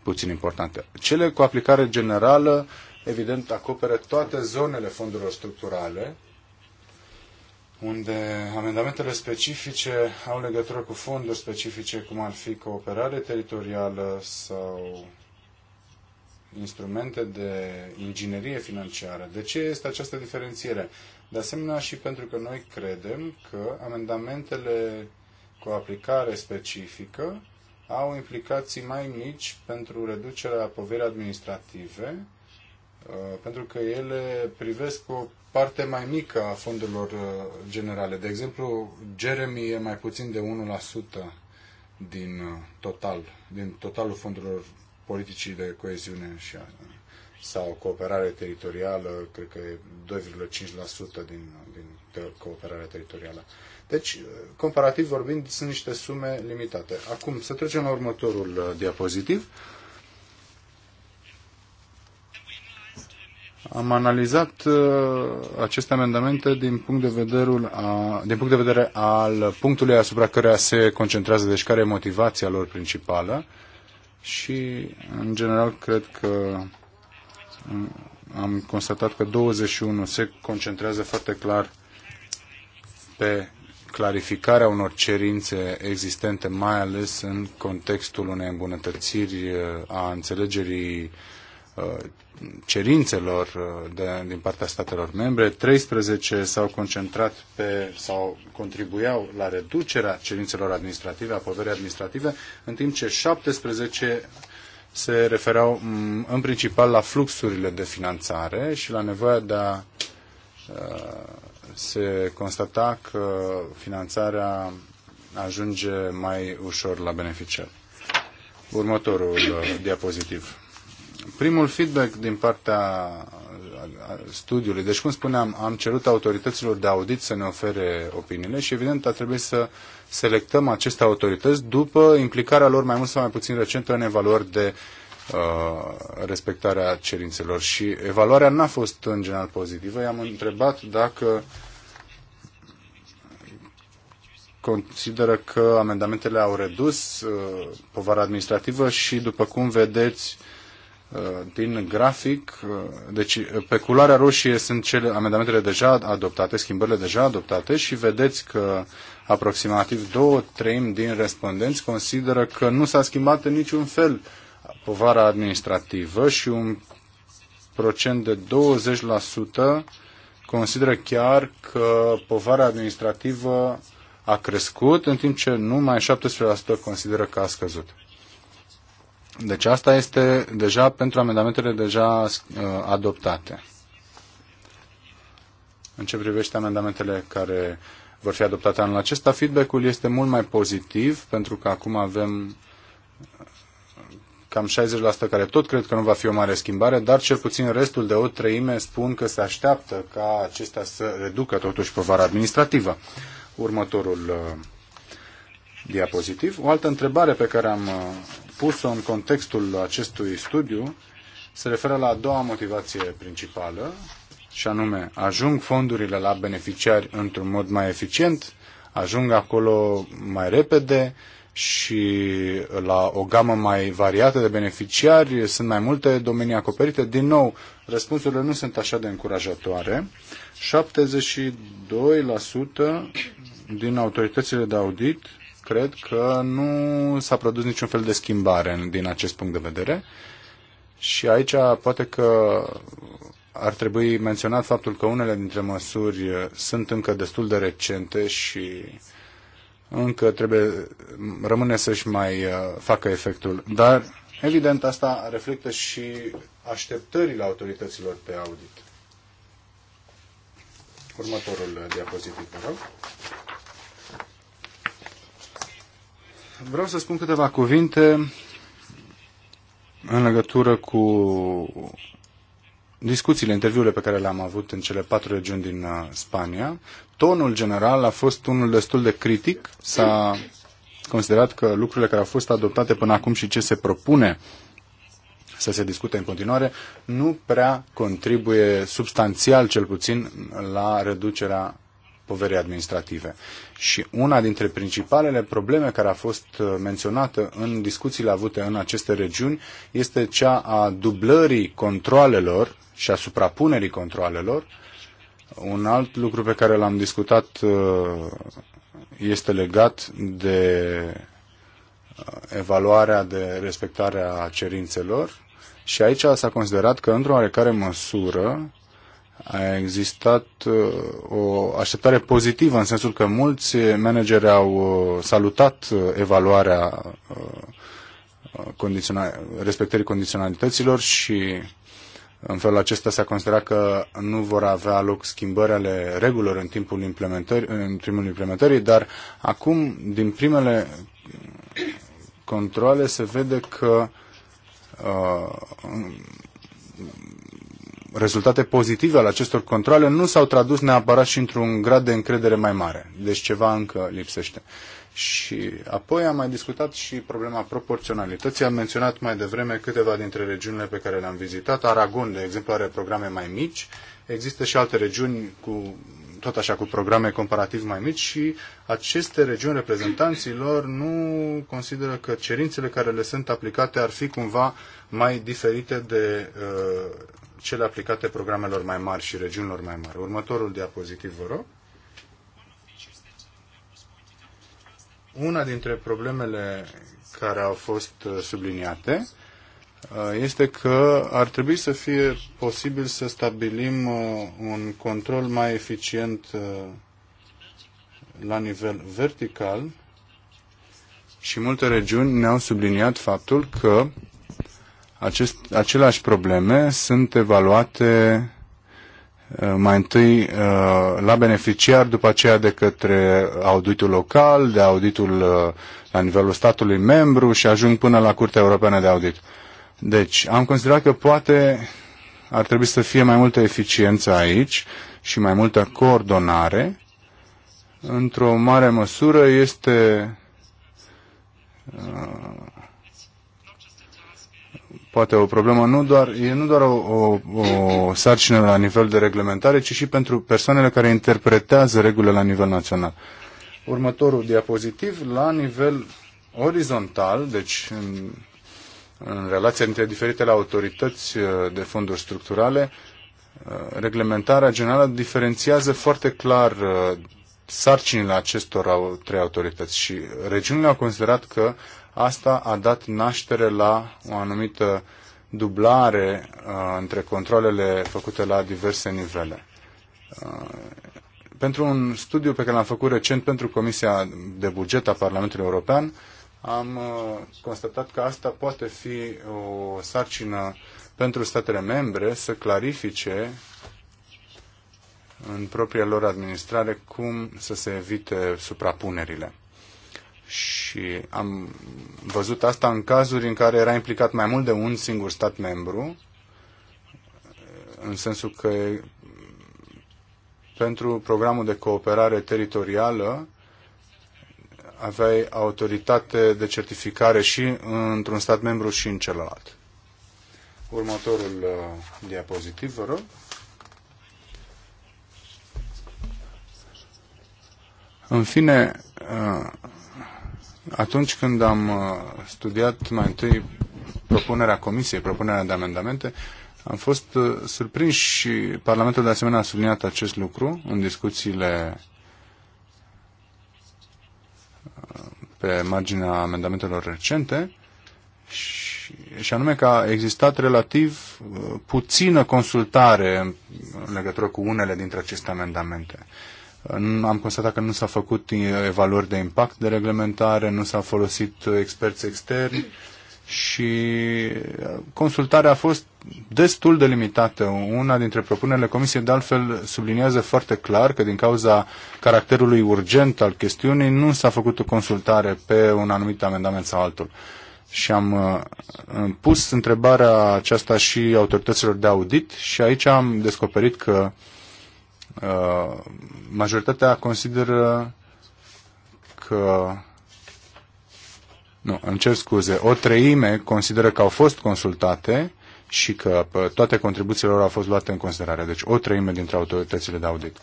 puțin importante. Cele cu aplicare generală, evident, acoperă toate zonele fondurilor structurale, unde amendamentele specifice au legătură cu fonduri specifice, cum ar fi cooperare teritorială sau instrumente de inginerie financiară. De ce este această diferențiere? De asemenea și pentru că noi credem că amendamentele cu aplicare specifică au implicații mai mici pentru reducerea poverii administrative, uh, pentru că ele privesc o parte mai mică a fondurilor uh, generale. De exemplu, Jeremy e mai puțin de 1% din uh, total, din totalul fondurilor politicii de coeziune și sau cooperare teritorială, cred că e 2,5% din, din cooperarea teritorială. Deci, comparativ vorbind, sunt niște sume limitate. Acum, să trecem la următorul uh, diapozitiv. Am analizat uh, aceste amendamente din punct, de vederul a, din punct de vedere al punctului asupra căreia se concentrează, deci care e motivația lor principală. Uh, și, în general, cred că am constatat că 21 se concentrează foarte clar pe clarificarea unor cerințe existente, mai ales în contextul unei îmbunătățiri a înțelegerii Uh, cerințelor uh, de, din partea statelor membre. 13 s-au concentrat pe sau contribuiau la reducerea cerințelor administrative, a poverii administrative, în timp ce 17 se referau mm, în principal la fluxurile de finanțare și la nevoia de a uh, se constata că finanțarea ajunge mai ușor la beneficiar. Următorul diapozitiv primul feedback din partea studiului, deci cum spuneam, am cerut autorităților de audit să ne ofere opiniile și evident a trebuit să selectăm aceste autorități după implicarea lor mai mult sau mai puțin recentă în evaluări de uh, respectarea cerințelor și evaluarea n-a fost în general pozitivă. I-am întrebat dacă consideră că amendamentele au redus uh, povara administrativă și după cum vedeți uh, Uh, din grafic, uh, deci uh, pe culoarea roșie sunt cele amendamentele deja adoptate, schimbările deja adoptate și vedeți că aproximativ două treimi din respondenți consideră că nu s-a schimbat în niciun fel povara administrativă și un procent de 20% consideră chiar că povara administrativă a crescut, în timp ce numai 17% consideră că a scăzut. Deci asta este deja pentru amendamentele deja uh, adoptate. În ce privește amendamentele care vor fi adoptate anul acesta, feedback-ul este mult mai pozitiv pentru că acum avem uh, cam 60% care tot cred că nu va fi o mare schimbare, dar cel puțin restul de o treime spun că se așteaptă ca acestea să reducă totuși povara administrativă. Următorul uh, diapozitiv. O altă întrebare pe care am pus-o în contextul acestui studiu se referă la a doua motivație principală, și anume ajung fondurile la beneficiari într-un mod mai eficient, ajung acolo mai repede și la o gamă mai variată de beneficiari, sunt mai multe domenii acoperite. Din nou, răspunsurile nu sunt așa de încurajatoare. 72% din autoritățile de audit cred că nu s-a produs niciun fel de schimbare din acest punct de vedere. Și aici poate că ar trebui menționat faptul că unele dintre măsuri sunt încă destul de recente și încă trebuie, rămâne să-și mai uh, facă efectul. Dar, evident, asta reflectă și așteptările autorităților pe audit. Următorul uh, diapozitiv, vă rog. Vreau să spun câteva cuvinte în legătură cu discuțiile, interviurile pe care le-am avut în cele patru regiuni din uh, Spania. Tonul general a fost unul destul de critic. S-a considerat că lucrurile care au fost adoptate până acum și ce se propune să se discute în continuare, nu prea contribuie substanțial, cel puțin, la reducerea poverii administrative. Și una dintre principalele probleme care a fost uh, menționată în discuțiile avute în aceste regiuni este cea a dublării controalelor și a suprapunerii controalelor. Un alt lucru pe care l-am discutat uh, este legat de uh, evaluarea de respectarea cerințelor și aici s-a considerat că, într-o oarecare măsură, a existat uh, o așteptare pozitivă în sensul că mulți manageri au uh, salutat uh, evaluarea condiționa- respectării condiționalităților și în felul acesta s-a considerat că nu vor avea loc schimbări ale regulilor în timpul implementării, în timpul implementării dar acum, din primele controle, se vede că uh, rezultate pozitive ale acestor controle nu s-au tradus neapărat și într-un grad de încredere mai mare. Deci ceva încă lipsește. Și apoi am mai discutat și problema proporționalității. Am menționat mai devreme câteva dintre regiunile pe care le-am vizitat. Aragon, de exemplu, are programe mai mici. Există și alte regiuni cu tot așa cu programe comparativ mai mici și aceste regiuni reprezentanților nu consideră că cerințele care le sunt aplicate ar fi cumva mai diferite de uh, cele aplicate programelor mai mari și regiunilor mai mari. Următorul diapozitiv, vă rog. Una dintre problemele care au fost uh, subliniate uh, este că ar trebui să fie posibil să stabilim uh, un control mai eficient la nivel vertical și multe regiuni ne-au subliniat faptul că acest, aceleași probleme sunt evaluate uh, mai întâi uh, la beneficiar, după aceea de către auditul local, de auditul uh, la nivelul statului membru și ajung până la Curtea Europeană de Audit. Deci, am considerat că poate ar trebui să fie mai multă eficiență aici și mai multă coordonare. Într-o mare măsură este poate o problemă nu doar, e nu doar o, o, o sarcină la nivel de reglementare, ci și pentru persoanele care interpretează regulile la nivel național. Următorul diapozitiv, la nivel orizontal, deci în, în relația dintre diferitele autorități uh, de fonduri structurale, uh, reglementarea generală diferențiază foarte clar uh, sarcinile acestor trei autorități și regiunile au considerat că Asta a dat naștere la o anumită dublare uh, între controlele făcute la diverse nivele. Uh, pentru un studiu pe care l-am făcut recent pentru Comisia de Buget a Parlamentului European, am uh, constatat că asta poate fi o sarcină pentru statele membre să clarifice în propria lor administrare cum să se evite suprapunerile. Și am văzut asta în cazuri în care era implicat mai mult de un singur stat membru, în sensul că pentru programul de cooperare teritorială aveai autoritate de certificare și într-un stat membru și în celălalt. Următorul uh, diapozitiv, vă rog. În fine, uh, atunci când am uh, studiat mai întâi propunerea Comisiei, propunerea de amendamente, am fost uh, surprins și Parlamentul de asemenea a subliniat acest lucru în discuțiile uh, pe marginea amendamentelor recente și, și anume că a existat relativ puțină consultare în legătură cu unele dintre aceste amendamente. Uh, am constatat că nu s-a făcut eh, evaluări de impact de reglementare, nu s-a folosit eh, experți externi și eh, consultarea a fost destul de limitată. Una dintre propunerile Comisiei, de altfel, subliniază foarte clar că din cauza caracterului urgent al chestiunii nu s-a făcut o consultare pe un anumit amendament sau altul. Și am pus întrebarea aceasta și autorităților de audit și aici am descoperit că uh, Uh, majoritatea consideră că nu, îmi cer scuze, o treime consideră că au fost consultate și că uh, toate contribuțiile lor au fost luate în considerare. Deci o treime dintre autoritățile de audit.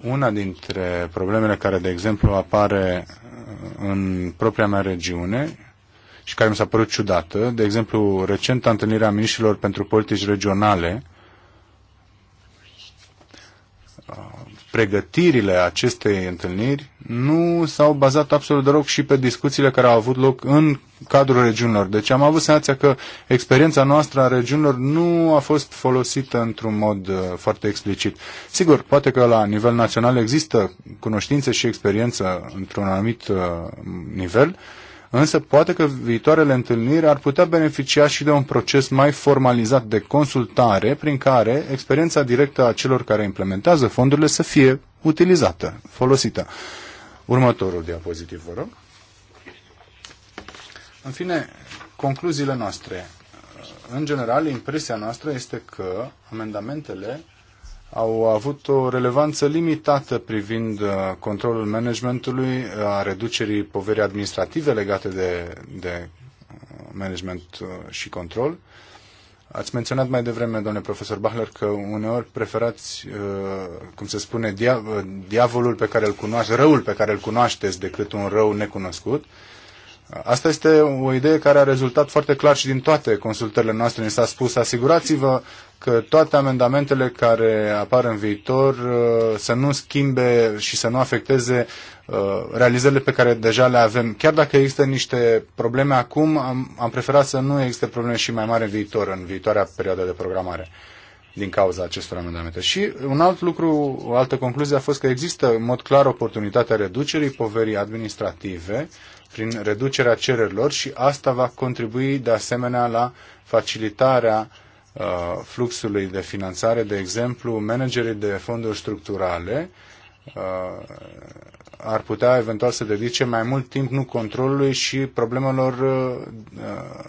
Una dintre problemele care, de exemplu, apare uh, în propria mea regiune și care mi s-a părut ciudată, de exemplu, recent întâlnirea miniștrilor pentru politici regionale, pregătirile acestei întâlniri nu s-au bazat absolut deloc și pe discuțiile care au avut loc în cadrul regiunilor. Deci am avut senzația că experiența noastră a regiunilor nu a fost folosită într-un mod uh, foarte explicit. Sigur, poate că la nivel național există cunoștințe și experiență într-un anumit uh, nivel, însă poate că viitoarele întâlniri ar putea beneficia și de un proces mai formalizat de consultare prin care experiența directă a celor care implementează fondurile să fie utilizată, folosită. Următorul diapozitiv, vă rog. În fine, concluziile noastre. În general, impresia noastră este că amendamentele au avut o relevanță limitată privind uh, controlul managementului, uh, a reducerii poverii administrative legate de, de uh, management și control. Ați menționat mai devreme, domnule profesor Bachler, că uneori preferați, cum se spune, diavolul pe care îl cunoaște, răul pe care îl cunoașteți decât un rău necunoscut. Asta este o idee care a rezultat foarte clar și din toate consultările noastre. Ni s-a spus, asigurați-vă că toate amendamentele care apar în viitor uh, să nu schimbe și să nu afecteze uh, realizările pe care deja le avem. Chiar dacă există niște probleme acum, am, am preferat să nu existe probleme și mai mari în viitor, în viitoarea perioadă de programare din cauza acestor amendamente. Și un alt lucru, o altă concluzie a fost că există în mod clar oportunitatea reducerii poverii administrative uh, prin reducerea cererilor și asta va contribui de asemenea la facilitarea uh, fluxului de finanțare, de exemplu, managerii de fonduri structurale uh, ar putea eventual să dedice mai mult timp nu controlului și problemelor uh,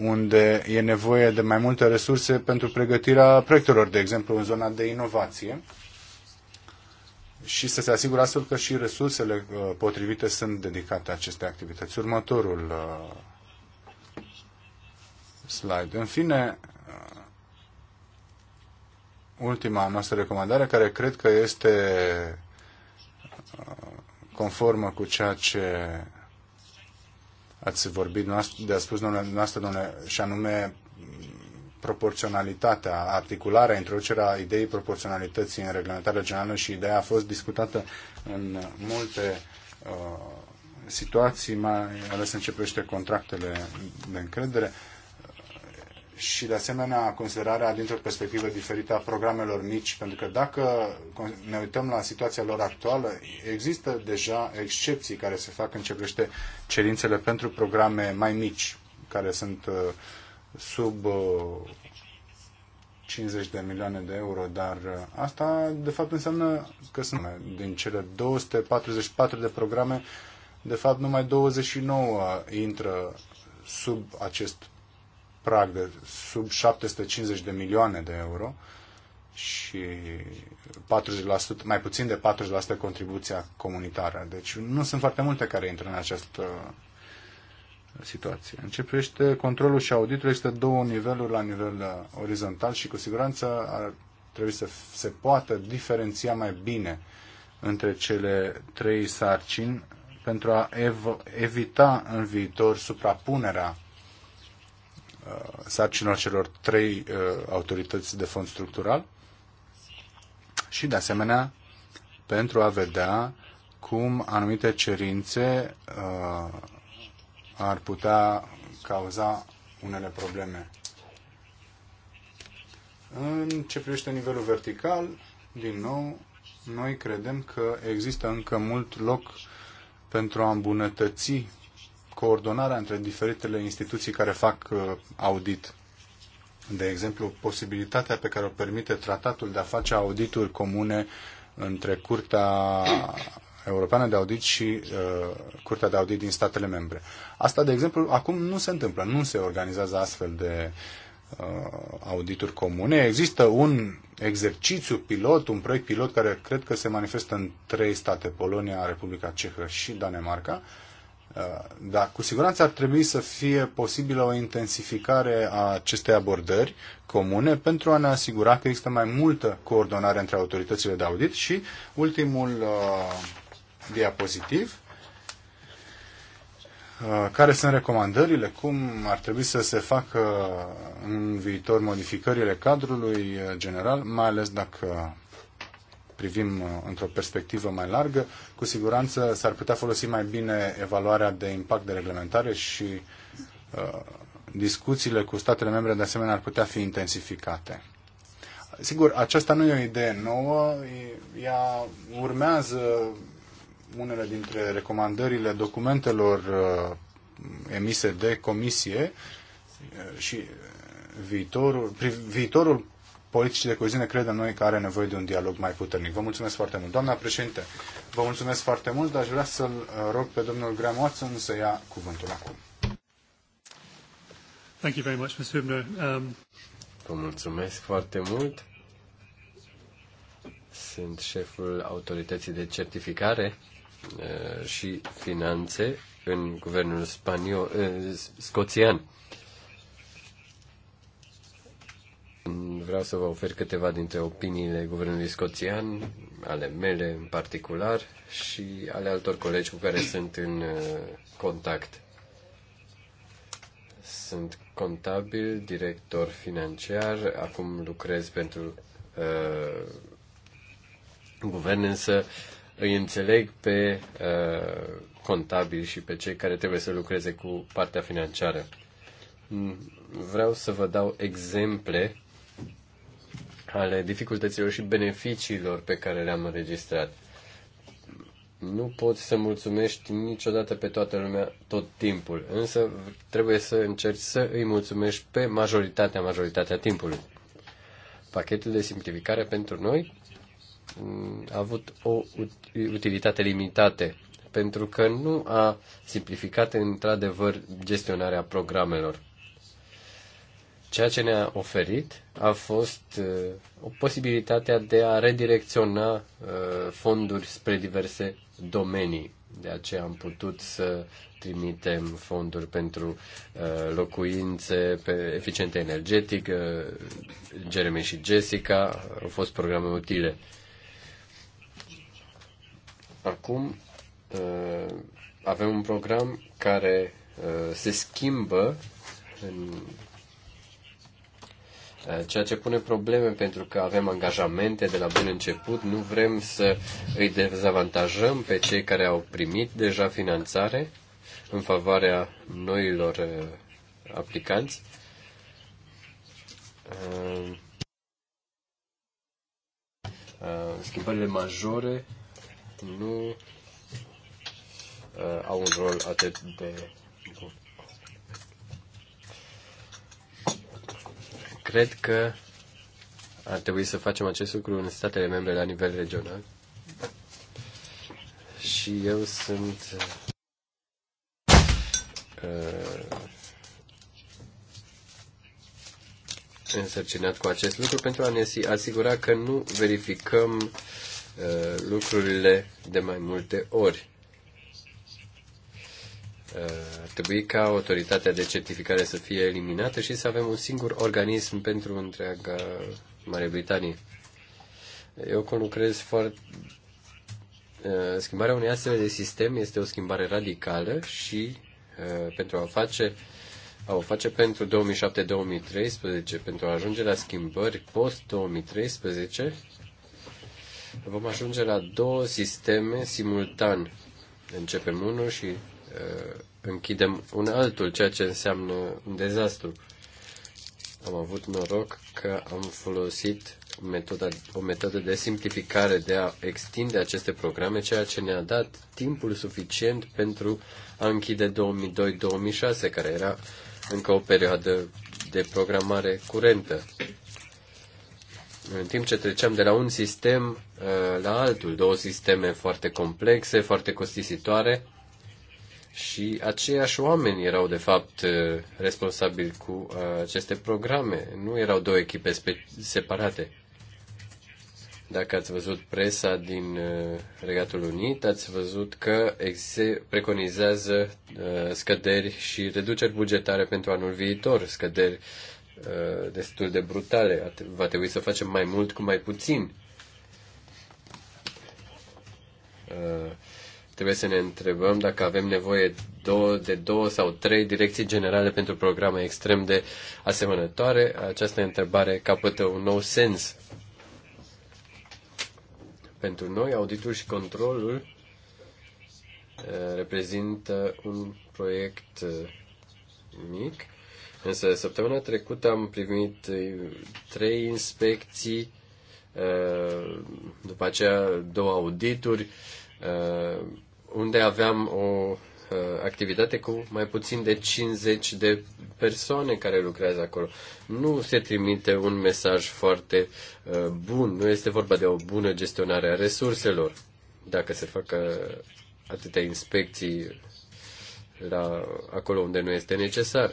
unde e nevoie de mai multe resurse pentru pregătirea proiectelor, de exemplu, în zona de inovație și să se asigure astfel că și resursele uh, potrivite sunt dedicate acestei activități. Următorul uh, slide. În fine, uh, ultima noastră recomandare, care cred că este conformă cu ceea ce ați vorbit de a spus noastră, domnule, și anume proporționalitatea, articularea, introducerea ideii proporționalității în reglementarea generală și ideea a fost discutată în multe uh, situații, mai ales în ce privește contractele de încredere și, de asemenea, considerarea dintr-o perspectivă diferită a programelor mici, pentru că dacă ne uităm la situația lor actuală, există deja excepții care se fac în ce privește cerințele pentru programe mai mici, care sunt uh, sub 50 uh, de milioane de euro, dar uh, asta de fapt înseamnă că sunt din cele 244 de programe, de fapt numai 29 intră sub acest prag de sub 750 de milioane de euro și 40%, mai puțin de 40% contribuția comunitară. Deci nu sunt foarte multe care intră în această uh, situație. În ce privește controlul și auditul, există două niveluri la nivel uh, orizontal și cu siguranță ar trebui să se poată diferenția mai bine între cele trei sarcini pentru a ev- evita în viitor suprapunerea uh, sarcinilor celor trei uh, autorități de fond structural și, de asemenea, pentru a vedea cum anumite cerințe uh, ar putea cauza unele probleme. În ce privește nivelul vertical, din nou, noi credem că există încă mult loc pentru a îmbunătăți coordonarea între diferitele instituții care fac uh, audit. De exemplu, posibilitatea pe care o permite tratatul de a face audituri comune între Curtea Europeană de Audit și uh, Curtea de Audit din statele membre. Asta, de exemplu, acum nu se întâmplă, nu se organizează astfel de uh, audituri comune. Există un exercițiu pilot, un proiect pilot care cred că se manifestă în trei state, Polonia, Republica Cehă și Danemarca, uh, dar cu siguranță ar trebui să fie posibilă o intensificare a acestei abordări comune pentru a ne asigura că există mai multă coordonare între autoritățile de audit și ultimul uh, diapozitiv uh, care sunt recomandările, cum ar trebui să se facă în viitor modificările cadrului uh, general, mai ales dacă privim uh, într-o perspectivă mai largă, cu siguranță s-ar putea folosi mai bine evaluarea de impact de reglementare și discuțiile cu statele membre de asemenea ar putea fi intensificate. Sigur, aceasta nu e o idee nouă, ea urmează unele dintre recomandările documentelor uh, emise de comisie uh, și viitorul, viitorul politicii de coeziune credem noi că are nevoie de un dialog mai puternic. Vă mulțumesc foarte mult. Doamna președinte, vă mulțumesc foarte mult, dar aș vrea să-l uh, rog pe domnul Graham Watson să ia cuvântul acum. Thank you very much, Mr. Um... Vă mulțumesc foarte mult. Sunt șeful autorității de certificare Uh, și finanțe în guvernul spaniol, uh, scoțian. Vreau să vă ofer câteva dintre opiniile guvernului scoțian, ale mele în particular și ale altor colegi cu care sunt în uh, contact. Sunt contabil, director financiar, acum lucrez pentru uh, guvern, însă uh, îi înțeleg pe uh, contabili și pe cei care trebuie să lucreze cu partea financiară. Mm, vreau să vă dau exemple ale dificultăților și beneficiilor pe care le-am înregistrat. Nu poți să mulțumești niciodată pe toată lumea tot timpul, însă trebuie să încerci să îi mulțumești pe majoritatea, majoritatea timpului. Pachetul de simplificare pentru noi Mm, a avut o utilitate limitată, pentru că nu a simplificat într-adevăr gestionarea programelor. Ceea ce ne-a oferit a fost uh, o posibilitatea de a redirecționa uh, fonduri spre diverse domenii. De aceea am putut să trimitem fonduri pentru uh, locuințe pe eficiente energetic. Jeremy și Jessica au fost programe utile Acum ă, avem un program care ă, se schimbă în ă, ceea ce pune probleme pentru că avem angajamente de la bun început, nu vrem să îi dezavantajăm pe cei care au primit deja finanțare în favoarea noilor aplicanți. Schimbările majore nu uh, au un rol atât de bun. Cred că ar trebui să facem acest lucru în statele membre la nivel regional. Și eu sunt uh, însărcinat cu acest lucru pentru a ne asigura că nu verificăm uh, Uh, lucrurile de mai multe ori. Uh, ar trebui ca autoritatea de certificare să fie eliminată și să avem un singur organism pentru întreaga Marea Britanie. Eu conlucrez foarte. Uh, schimbarea unei astfel de sistem este o schimbare radicală și pentru a face a o face pentru 2007-2013, pentru a ajunge la schimbări post-2013, vom ajunge la două sisteme simultan. Începem unul și uh, închidem un altul, ceea ce înseamnă un dezastru. Am avut noroc că am folosit metoda, o metodă de simplificare de a extinde aceste programe, ceea ce ne-a dat timpul suficient pentru a închide 2002-2006, care era încă o perioadă de programare curentă în timp ce treceam de la un sistem uh, la altul, două sisteme foarte complexe, foarte costisitoare și aceiași oameni erau de fapt uh, responsabili cu uh, aceste programe, nu erau două echipe separate. Dacă ați văzut presa din Regatul Unit, ați văzut că se preconizează scăderi și reduceri bugetare pentru anul viitor, scăderi Uh, destul de brutale. Va trebui să facem mai mult cu mai puțin. Uh, trebuie să ne întrebăm dacă avem nevoie de două sau trei direcții generale pentru programe extrem de asemănătoare. Această întrebare capătă un nou sens. Pentru noi, auditul și controlul uh, reprezintă un proiect mic Însă săptămâna trecută am primit uh, trei inspecții, uh, după aceea două audituri, uh, unde aveam o activitate cu mai puțin de 50 de persoane care lucrează acolo. Nu se trimite un mesaj foarte bun, nu este vorba de o bună gestionare a resurselor. Dacă se fac atâtea inspecții la acolo unde nu este necesar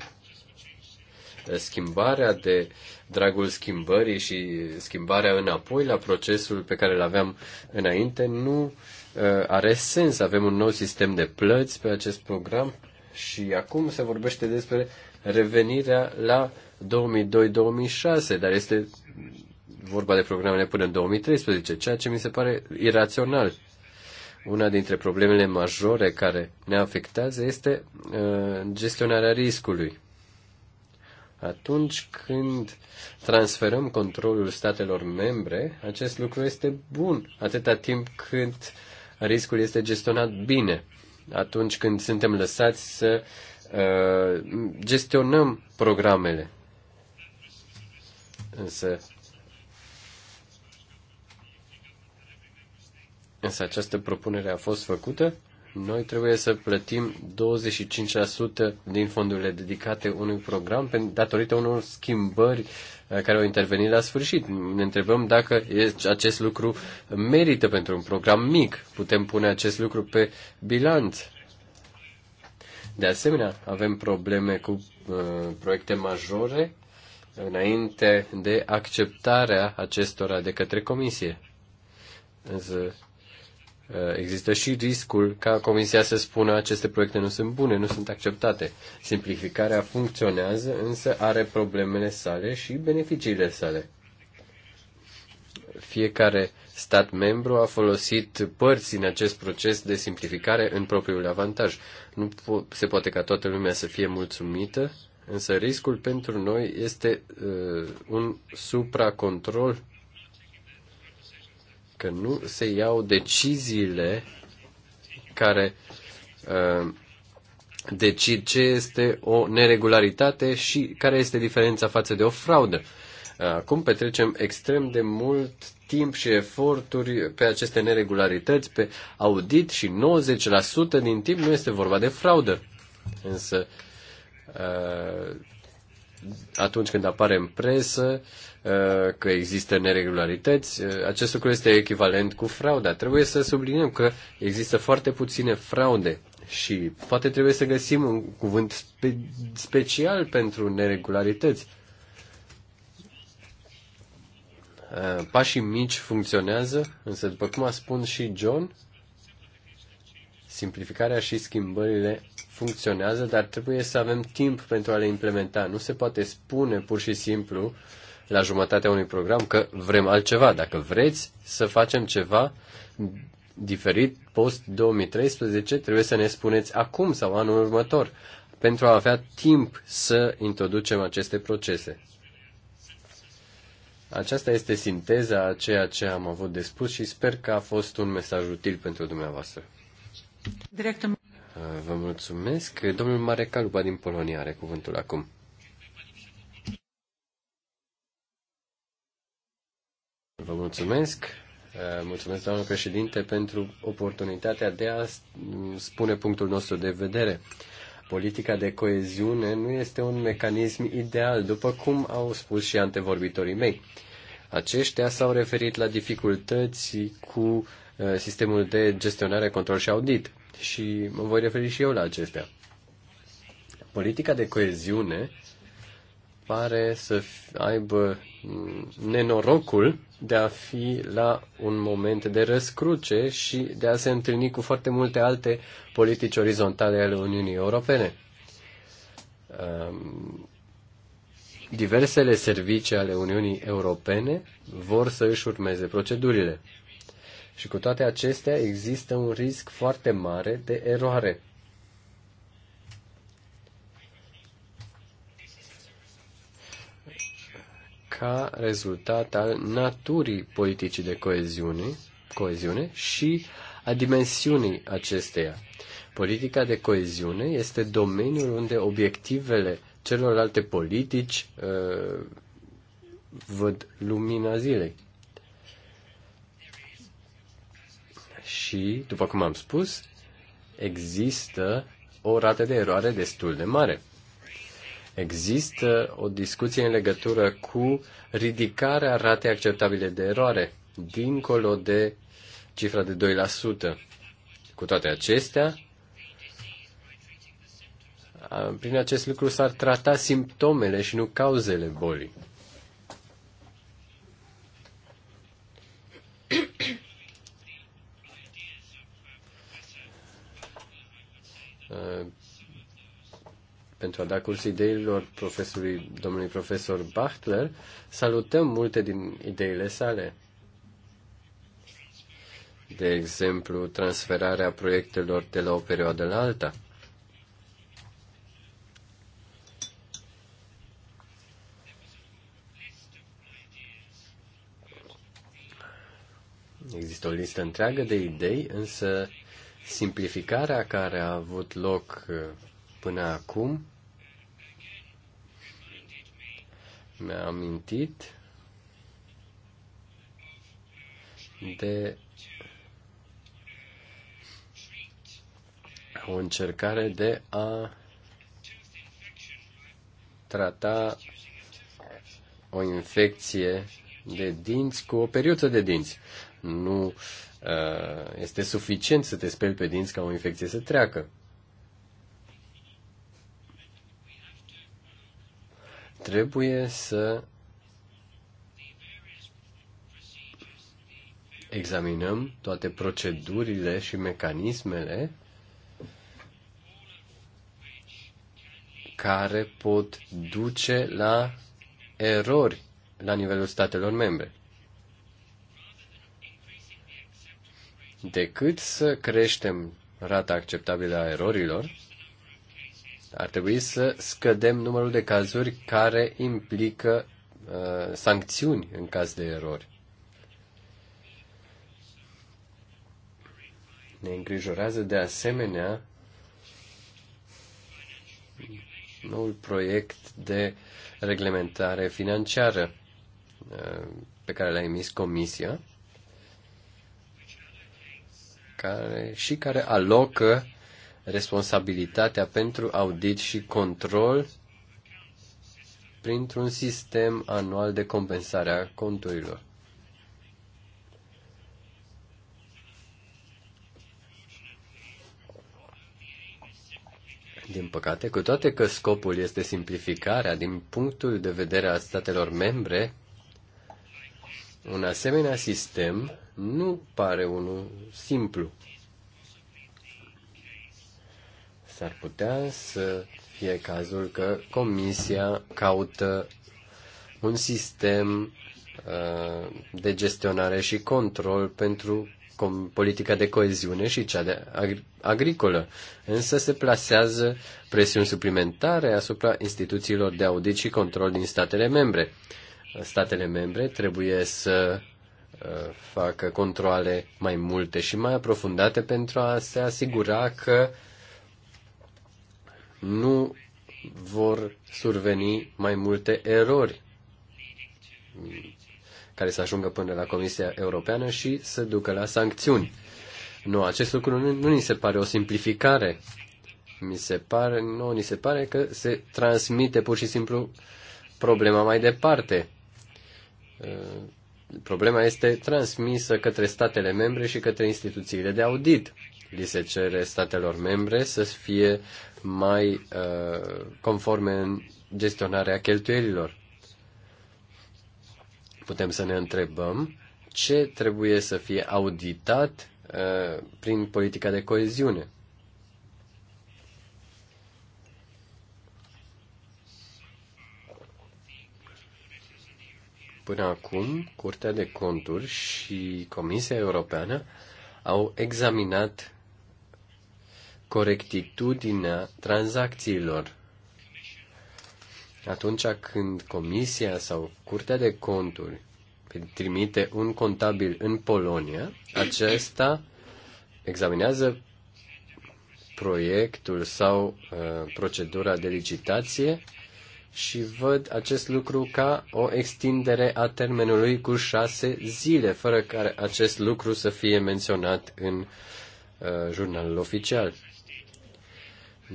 schimbarea de dragul schimbării și schimbarea înapoi la procesul pe care îl aveam înainte nu uh, are sens. Avem un nou sistem de plăți pe acest program și acum se vorbește despre revenirea la 2002-2006, dar este vorba de programele până în 2013, ceea ce mi se pare irațional. Una dintre problemele majore care ne afectează este uh, gestionarea riscului. Atunci când transferăm controlul statelor membre, acest lucru este bun, atâta timp cât riscul este gestionat bine. Atunci când suntem lăsați să uh, gestionăm programele. Însă Însă această propunere a fost făcută noi trebuie să plătim 25% din fondurile dedicate unui program datorită unor schimbări uh, care au intervenit la sfârșit. Ne întrebăm dacă acest lucru merită pentru un program mic. Putem pune acest lucru pe bilanț. De asemenea, avem probleme cu uh, proiecte majore înainte de acceptarea acestora de către comisie. Însă Uh, există și riscul ca Comisia să spună aceste proiecte nu sunt bune, nu sunt acceptate. Simplificarea funcționează, însă are problemele sale și beneficiile sale. Fiecare stat membru a folosit părți în acest proces de simplificare în propriul avantaj. Nu po- se poate ca toată lumea să fie mulțumită, însă riscul pentru noi este uh, un supracontrol dacă nu se iau deciziile care uh, decid ce este o neregularitate și care este diferența față de o fraudă. Acum petrecem extrem de mult timp și eforturi pe aceste neregularități, pe audit și 90% din timp nu este vorba de fraudă. Însă uh, atunci când apare în presă uh, că există neregularități, uh, acest lucru este echivalent cu frauda. Trebuie să subliniem că există foarte puține fraude și poate trebuie să găsim un cuvânt spe- special pentru neregularități. Uh, pașii mici funcționează, însă, după cum a spus și John, simplificarea și schimbările funcționează, dar trebuie să avem timp pentru a le implementa. Nu se poate spune pur și simplu la jumătatea unui program că vrem altceva. Dacă vreți să facem ceva diferit post-2013, trebuie să ne spuneți acum sau anul următor pentru a avea timp să introducem aceste procese. Aceasta este sinteza a ceea ce am avut de spus și sper că a fost un mesaj util pentru dumneavoastră. Director. Vă mulțumesc. Domnul Mare Caluba din Polonia are cuvântul acum. Vă mulțumesc. Mulțumesc, doamnă președinte, pentru oportunitatea de a spune punctul nostru de vedere. Politica de coeziune nu este un mecanism ideal, după cum au spus și antevorbitorii mei. Aceștia s-au referit la dificultăți cu eh, sistemul de gestionare, control și audit și mă voi referi și eu la acestea. Politica de coeziune pare să aibă nenorocul de a fi la un moment de răscruce și de a se întâlni cu foarte multe alte politici orizontale ale Uniunii Europene. Diversele servicii ale Uniunii Europene vor să își urmeze procedurile. Și cu toate acestea există un risc foarte mare de eroare. Ca rezultat al naturii politicii de coeziune, coeziune și a dimensiunii acesteia. Politica de coeziune este domeniul unde obiectivele celorlalte politici uh, văd lumina zilei. și, după cum am spus, există o rată de eroare destul de mare. Există o discuție în legătură cu ridicarea ratei acceptabile de eroare, dincolo de cifra de 2%. Cu toate acestea, prin acest lucru s-ar trata simptomele și nu cauzele bolii. pentru a da curs ideilor profesorului, domnului profesor Bachtler, salutăm multe din ideile sale. De exemplu, transferarea proiectelor de la o perioadă la alta. Există o listă întreagă de idei, însă simplificarea care a avut loc uh, până acum mi-a amintit de o încercare de a trata o infecție de dinți cu o periuță de dinți. Nu uh, este suficient să te speli pe dinți ca o infecție să treacă. Trebuie să examinăm toate procedurile și mecanismele care pot duce la erori la nivelul statelor membre. Decât să creștem rata acceptabilă a erorilor, ar trebui să scădem numărul de cazuri care implică uh, sancțiuni în caz de erori. Ne îngrijorează de asemenea noul proiect de reglementare financiară uh, pe care l-a emis Comisia care, și care alocă responsabilitatea pentru audit și control printr-un sistem anual de compensare a conturilor. Din păcate, cu toate că scopul este simplificarea din punctul de vedere al statelor membre, un asemenea sistem nu pare unul simplu. S-ar putea să fie cazul că Comisia caută un sistem uh, de gestionare și control pentru politica de coeziune și cea de agricolă, însă se plasează presiuni suplimentare asupra instituțiilor de audit și control din statele membre. Statele membre trebuie să uh, facă controle mai multe și mai aprofundate pentru a se asigura că uh, nu vor surveni mai multe erori care să ajungă până la Comisia Europeană și să ducă la sancțiuni. Nu, acest lucru nu, nu ni se pare o simplificare. Mi se pare, nu, ni se pare că se transmite pur și simplu problema mai departe. Problema este transmisă către statele membre și către instituțiile de audit li se cere statelor membre să fie mai uh, conforme în gestionarea cheltuielilor. Putem să ne întrebăm ce trebuie să fie auditat uh, prin politica de coeziune. Până acum, Curtea de Conturi și Comisia Europeană au examinat corectitudinea tranzacțiilor. Atunci când comisia sau curtea de conturi trimite un contabil în Polonia, acesta examinează proiectul sau uh, procedura de licitație și văd acest lucru ca o extindere a termenului cu șase zile, fără ca acest lucru să fie menționat în uh, jurnalul oficial.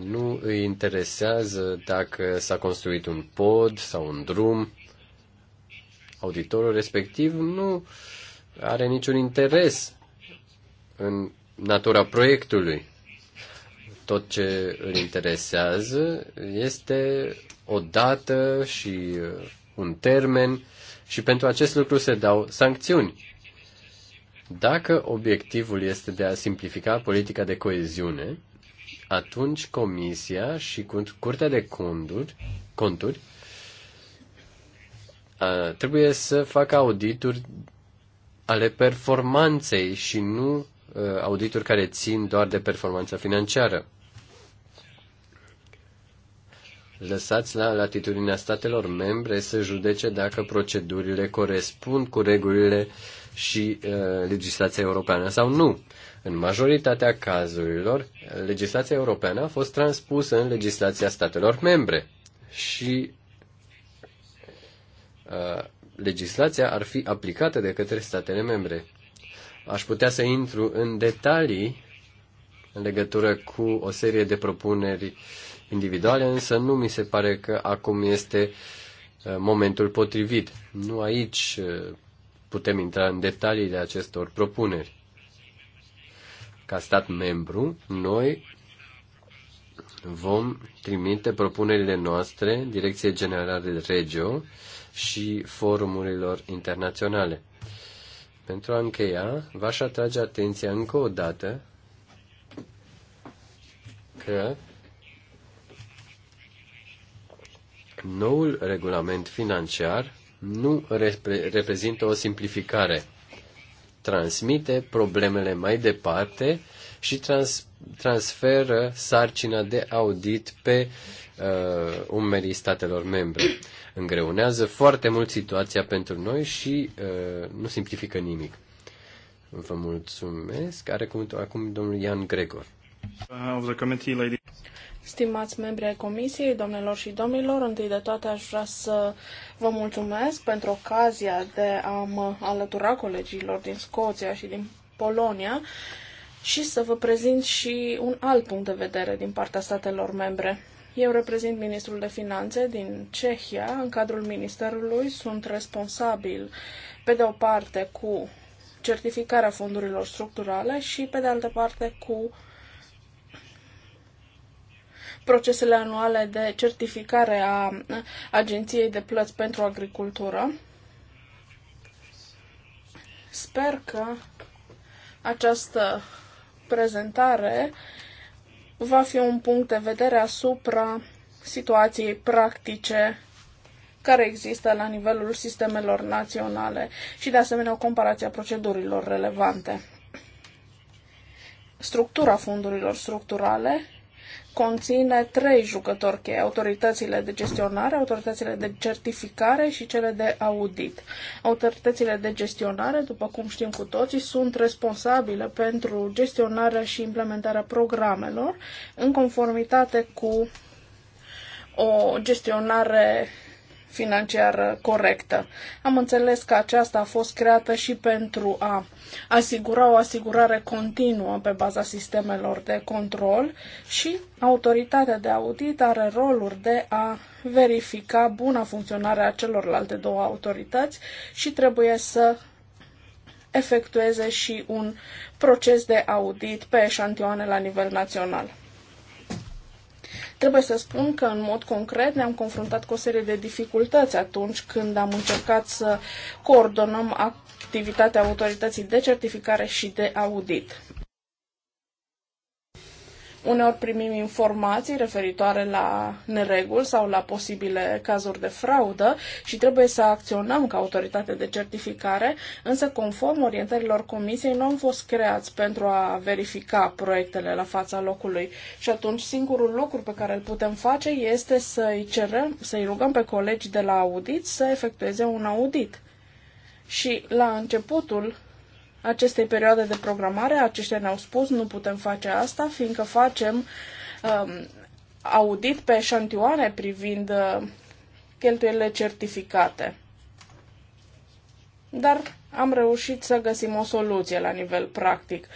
Nu îi interesează dacă s-a construit un pod sau un drum. Auditorul respectiv nu are niciun interes în natura proiectului. Tot ce îl interesează este o dată și uh, un termen și pentru acest lucru se dau sancțiuni. Dacă obiectivul este de a simplifica politica de coeziune, atunci Comisia și Curtea de Conturi, Conturi trebuie să facă audituri ale performanței și nu audituri care țin doar de performanța financiară. Lăsați la latitudinea statelor membre să judece dacă procedurile corespund cu regulile și uh, legislația europeană sau nu. În majoritatea cazurilor, legislația europeană a fost transpusă în legislația statelor membre și uh, legislația ar fi aplicată de către statele membre. Aș putea să intru în detalii în legătură cu o serie de propuneri individuale, însă nu mi se pare că acum este uh, momentul potrivit. Nu aici uh, putem intra în detaliile acestor propuneri. Ca stat membru, noi vom trimite propunerile noastre Direcției Generale Regio și forumurilor internaționale. Pentru a încheia, v-aș atrage atenția încă o dată că noul regulament financiar nu reprezintă o simplificare transmite problemele mai departe și trans- transferă sarcina de audit pe uh, umerii statelor membre. Îngreunează foarte mult situația pentru noi și uh, nu simplifică nimic. Vă mulțumesc. Are cuvântul acum domnul Ian Gregor. Uh, Stimați membri ai Comisiei, domnilor și domnilor, întâi de toate aș vrea să vă mulțumesc pentru ocazia de a mă alătura colegilor din Scoția și din Polonia și să vă prezint și un alt punct de vedere din partea statelor membre. Eu reprezint Ministrul de Finanțe din Cehia. În cadrul Ministerului sunt responsabil, pe de o parte, cu certificarea fondurilor structurale și, pe de altă parte, cu procesele anuale de certificare a Agenției de Plăți pentru Agricultură. Sper că această prezentare va fi un punct de vedere asupra situației practice care există la nivelul sistemelor naționale și, de asemenea, o comparație a procedurilor relevante. Structura fondurilor structurale conține trei jucători cheie, autoritățile de gestionare, autoritățile de certificare și cele de audit. Autoritățile de gestionare, după cum știm cu toții, sunt responsabile pentru gestionarea și implementarea programelor în conformitate cu o gestionare financiară corectă. Am înțeles că aceasta a fost creată și pentru a asigura o asigurare continuă pe baza sistemelor de control și autoritatea de audit are rolul de a verifica buna funcționare a celorlalte două autorități și trebuie să efectueze și un proces de audit pe eșantioane la nivel național. Trebuie să spun că, în mod concret, ne-am confruntat cu o serie de dificultăți atunci când am încercat să coordonăm activitatea autorității de certificare și de audit. Uneori primim informații referitoare la nereguli sau la posibile cazuri de fraudă și trebuie să acționăm ca autoritate de certificare, însă conform orientărilor comisiei nu am fost creați pentru a verifica proiectele la fața locului și atunci singurul lucru pe care îl putem face este să-i cerem, să-i rugăm pe colegi de la audit să efectueze un audit. Și la începutul acestei perioade de programare, aceștia ne-au spus, nu putem face asta, fiindcă facem um, audit pe șantioane privind uh, cheltuielile certificate. Dar am reușit să găsim o soluție la nivel practic.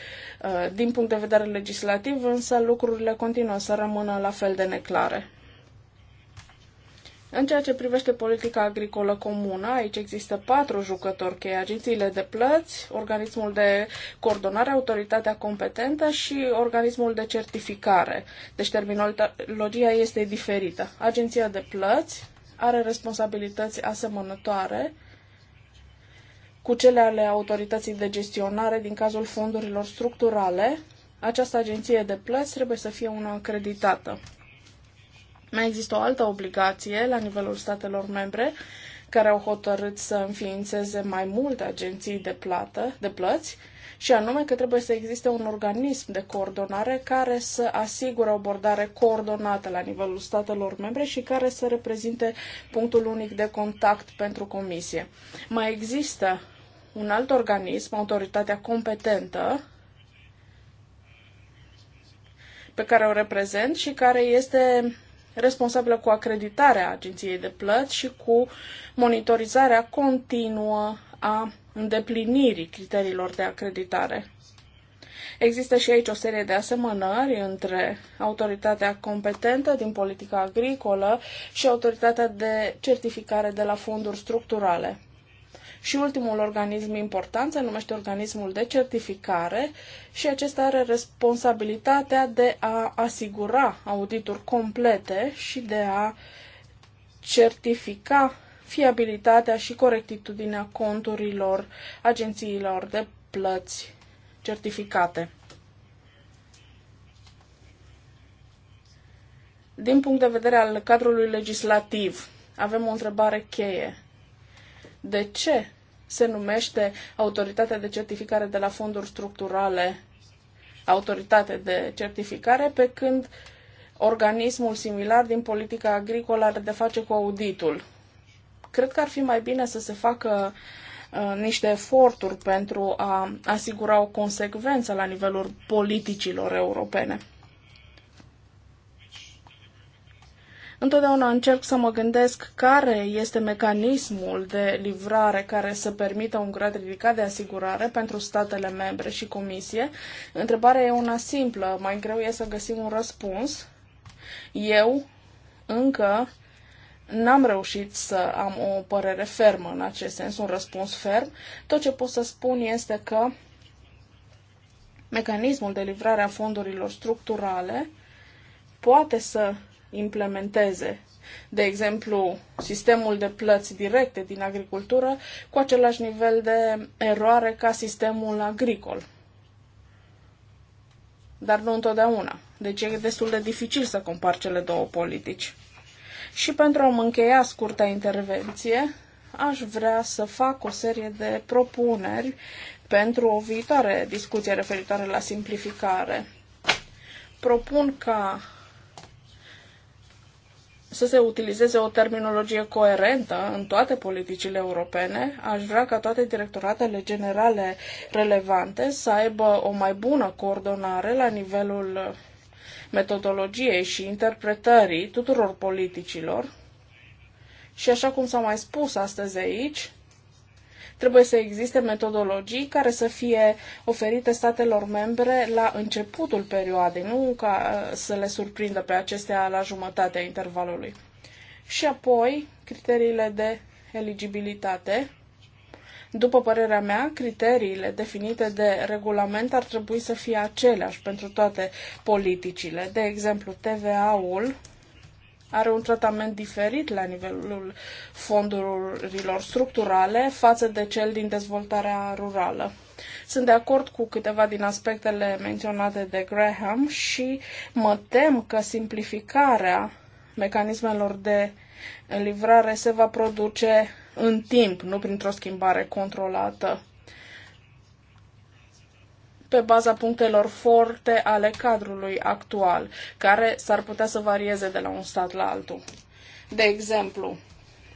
Uh, din punct de vedere legislativ, însă, lucrurile continuă să rămână la fel de neclare. În ceea ce privește politica agricolă comună, aici există patru jucători cheie, agențiile de plăți, organismul de coordonare, autoritatea competentă și organismul de certificare. Deci terminologia este diferită. Agenția de plăți are responsabilități asemănătoare cu cele ale autorității de gestionare din cazul fondurilor structurale, această agenție de plăți trebuie să fie una acreditată. Mai există o altă obligație la nivelul statelor membre care au hotărât să înființeze mai multe agenții de plată, de plăți, și anume că trebuie să existe un organism de coordonare care să asigure o abordare coordonată la nivelul statelor membre și care să reprezinte punctul unic de contact pentru comisie. Mai există un alt organism, autoritatea competentă, pe care o reprezent și care este responsabilă cu acreditarea agenției de plăți și cu monitorizarea continuă a îndeplinirii criteriilor de acreditare. Există și aici o serie de asemănări între autoritatea competentă din politica agricolă și autoritatea de certificare de la fonduri structurale. Și ultimul organism important se numește organismul de certificare și acesta are responsabilitatea de a asigura audituri complete și de a certifica fiabilitatea și corectitudinea conturilor agențiilor de plăți certificate. Din punct de vedere al cadrului legislativ, avem o întrebare cheie de ce se numește autoritatea de certificare de la fonduri structurale autoritate de certificare, pe când organismul similar din politica agricolă are de face cu auditul. Cred că ar fi mai bine să se facă uh, niște eforturi pentru a asigura o consecvență la nivelul politicilor europene. Întotdeauna încerc să mă gândesc care este mecanismul de livrare care să permită un grad ridicat de asigurare pentru statele membre și comisie. Întrebarea e una simplă, mai greu e să găsim un răspuns. Eu încă n-am reușit să am o părere fermă în acest sens, un răspuns ferm. Tot ce pot să spun este că mecanismul de livrare a fondurilor structurale poate să implementeze, de exemplu, sistemul de plăți directe din agricultură cu același nivel de eroare ca sistemul agricol. Dar nu întotdeauna. Deci e destul de dificil să compar cele două politici. Și pentru a-mi încheia scurta intervenție, aș vrea să fac o serie de propuneri pentru o viitoare discuție referitoare la simplificare. Propun ca să se utilizeze o terminologie coerentă în toate politicile europene. Aș vrea ca toate directoratele generale relevante să aibă o mai bună coordonare la nivelul metodologiei și interpretării tuturor politicilor. Și așa cum s-a mai spus astăzi aici, Trebuie să existe metodologii care să fie oferite statelor membre la începutul perioadei, nu ca uh, să le surprindă pe acestea la jumătatea intervalului. Și apoi, criteriile de eligibilitate. După părerea mea, criteriile definite de regulament ar trebui să fie aceleași pentru toate politicile. De exemplu, TVA-ul are un tratament diferit la nivelul fondurilor structurale față de cel din dezvoltarea rurală. Sunt de acord cu câteva din aspectele menționate de Graham și mă tem că simplificarea mecanismelor de livrare se va produce în timp, nu printr-o schimbare controlată pe baza punctelor forte ale cadrului actual, care s-ar putea să varieze de la un stat la altul. De exemplu,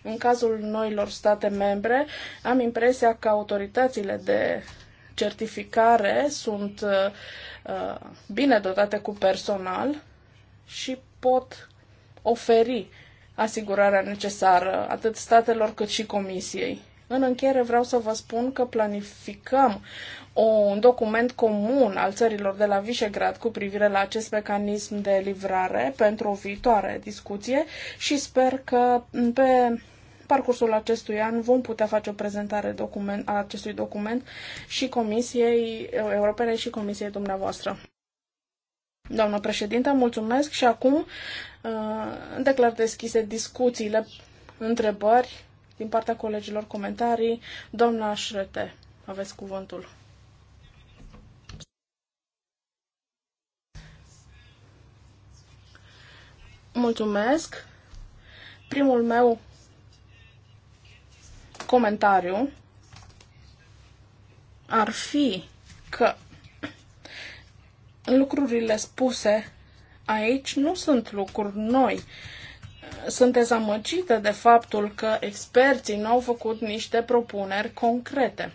în cazul noilor state membre, am impresia că autoritățile de certificare sunt uh, uh bine dotate cu personal și pot oferi asigurarea necesară atât statelor cât și comisiei. În încheiere vreau să vă spun că planificăm un document comun al țărilor de la Visegrad cu privire la acest mecanism de livrare pentru o viitoare discuție și sper că pe parcursul acestui an vom putea face o prezentare document, a acestui document și Comisiei Europene și Comisiei dumneavoastră. Doamnă președintă, mulțumesc și acum uh, declar deschise discuțiile, întrebări din partea colegilor comentarii. Doamna Șrete, aveți cuvântul. Mulțumesc. Primul meu comentariu ar fi că lucrurile spuse aici nu sunt lucruri noi. Uh, sunt dezamăgită de faptul că experții nu au făcut niște propuneri concrete.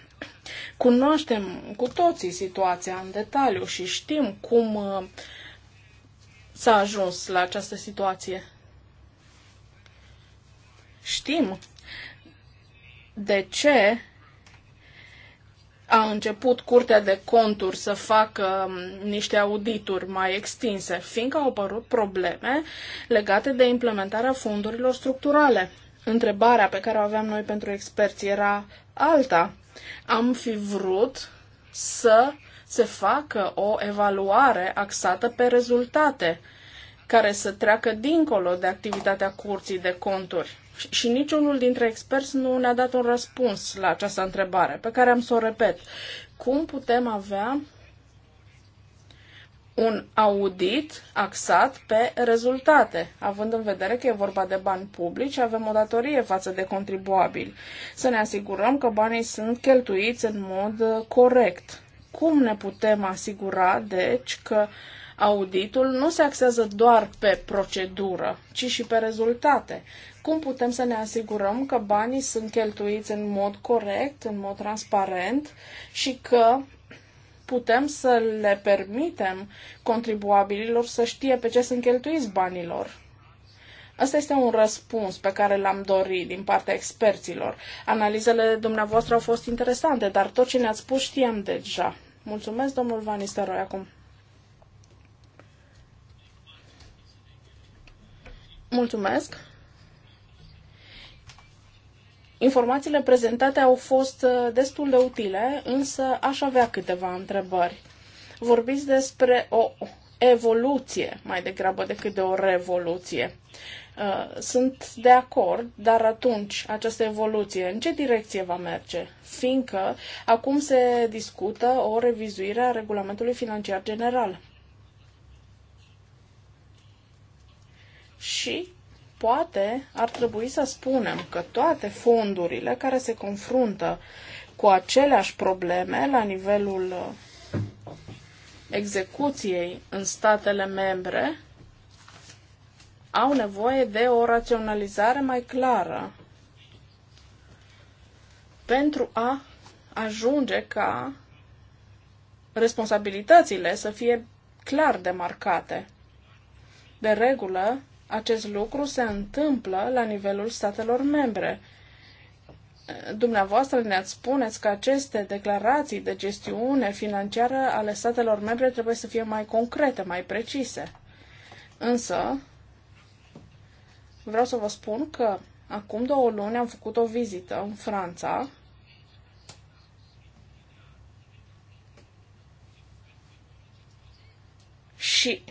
Cunoaștem cu toții situația în detaliu și știm cum uh, s-a ajuns la această situație. Știm de ce a început Curtea de Conturi să facă um, niște audituri mai extinse, fiindcă au apărut probleme legate de implementarea fondurilor structurale. Întrebarea pe care o aveam noi pentru experți era alta. Am fi vrut să se facă o evaluare axată pe rezultate, care să treacă dincolo de activitatea curții de conturi. Și, niciunul dintre experți nu ne-a dat un răspuns la această întrebare, pe care am să o repet. Cum putem avea un audit axat pe rezultate, având în vedere că e vorba de bani publici, avem o datorie față de contribuabili. Să ne asigurăm că banii sunt cheltuiți în mod corect. Cum ne putem asigura, deci, că auditul nu se axează doar pe procedură, ci și pe rezultate, cum putem să ne asigurăm că banii sunt cheltuiți în mod corect, în mod transparent și că putem să le permitem contribuabililor să știe pe ce sunt cheltuiți banilor. Asta este un răspuns pe care l-am dorit din partea experților. Analizele dumneavoastră au fost interesante, dar tot ce ne-ați spus știam deja. Mulțumesc, domnul Vanisteroi, acum. Mulțumesc. Informațiile prezentate au fost uh, destul de utile, însă aș avea câteva întrebări. Vorbiți despre o evoluție mai degrabă decât de o revoluție. Uh, sunt de acord, dar atunci această evoluție în ce direcție va merge? Fiindcă acum se discută o revizuire a regulamentului financiar general. Și poate ar trebui să spunem că toate fondurile care se confruntă cu aceleași probleme la nivelul uh, execuției în statele membre au nevoie de o raționalizare mai clară pentru a ajunge ca responsabilitățile să fie clar demarcate. De regulă, acest lucru se întâmplă la nivelul statelor membre. Dumneavoastră ne-ați spuneți că aceste declarații de gestiune financiară ale statelor membre trebuie să fie mai concrete, mai precise. Însă, vreau să vă spun că acum două luni am făcut o vizită în Franța și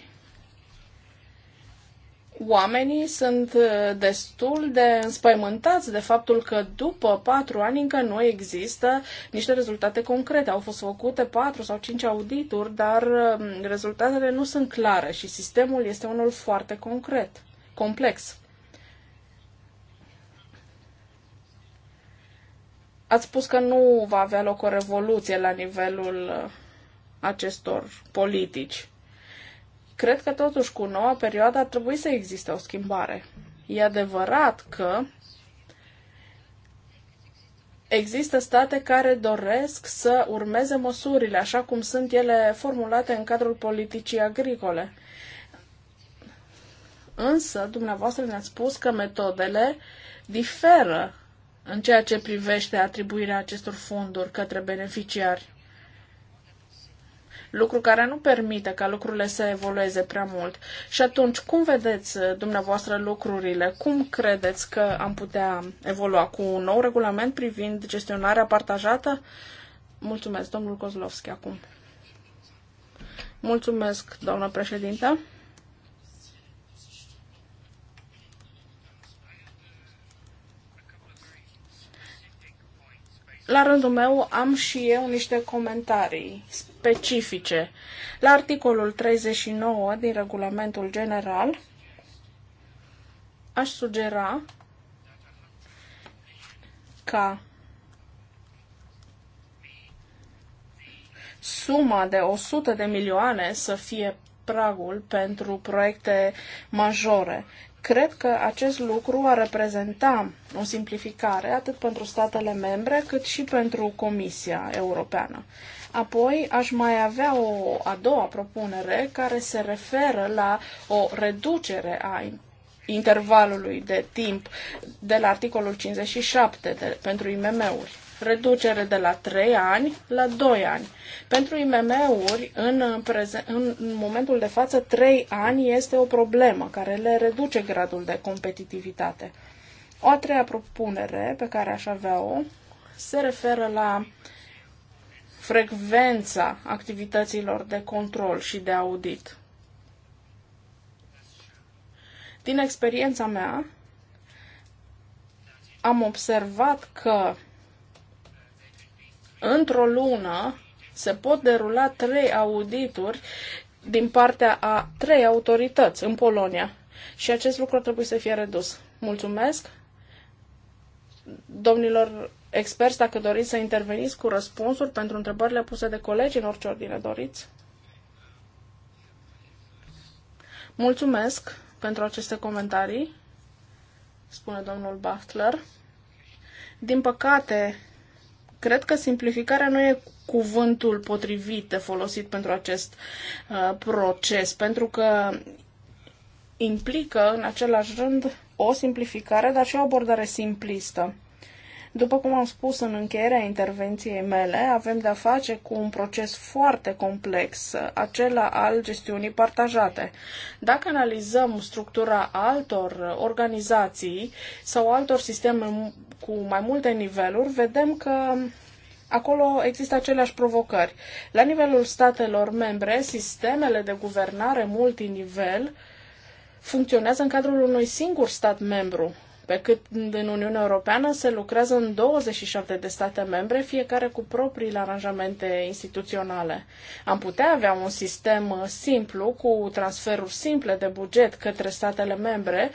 oamenii sunt uh, destul de înspăimântați de faptul că după patru ani încă nu există niște rezultate concrete. Au fost făcute patru sau cinci audituri, dar um, rezultatele nu sunt clare și sistemul este unul foarte concret, complex. Ați spus că nu va avea loc o revoluție la nivelul uh, acestor politici. Cred că totuși cu noua perioadă ar trebui să existe o schimbare. E adevărat că Există state care doresc să urmeze măsurile așa cum sunt ele formulate în cadrul politicii agricole. Însă, dumneavoastră ne-ați spus că metodele diferă în ceea ce privește atribuirea acestor fonduri către beneficiari lucru care nu permite ca lucrurile să evolueze prea mult. Și atunci, cum vedeți uh, dumneavoastră lucrurile? Cum credeți că am putea evolua cu un nou regulament privind gestionarea partajată? Mulțumesc, domnul Kozlovski, acum. Mulțumesc, doamnă președintă. La rândul meu am și eu niște comentarii specifice. La articolul 39 din regulamentul general aș sugera ca suma de 100 de milioane să fie pragul pentru proiecte majore. Cred că acest lucru ar reprezenta o simplificare atât pentru statele membre cât și pentru Comisia Europeană. Apoi aș mai avea o a doua propunere care se referă la o reducere a intervalului de timp de la articolul 57 de, pentru IMM-uri reducere de la 3 ani la 2 ani. Pentru IMM-uri, în, prezen- în momentul de față, 3 ani este o problemă care le reduce gradul de competitivitate. O a treia propunere pe care aș avea-o se referă la frecvența activităților de control și de audit. Din experiența mea, am observat că într-o lună se pot derula trei audituri din partea a trei autorități în Polonia. Și acest lucru trebuie să fie redus. Mulțumesc. Domnilor experți, dacă doriți să interveniți cu răspunsuri pentru întrebările puse de colegi, în orice ordine doriți. Mulțumesc pentru aceste comentarii, spune domnul Bachtler. Din păcate, Cred că simplificarea nu e cuvântul potrivit folosit pentru acest uh, proces, pentru că implică în același rând o simplificare, dar și o abordare simplistă. După cum am spus în încheierea intervenției mele, avem de-a face cu un proces foarte complex, acela al gestiunii partajate. Dacă analizăm structura altor organizații sau altor sisteme cu mai multe niveluri, vedem că Acolo există aceleași provocări. La nivelul statelor membre, sistemele de guvernare multinivel funcționează în cadrul unui singur stat membru, pe cât în Uniunea Europeană se lucrează în 27 de state membre, fiecare cu propriile aranjamente instituționale. Am putea avea un sistem uh, simplu, cu transferuri simple de buget către statele membre,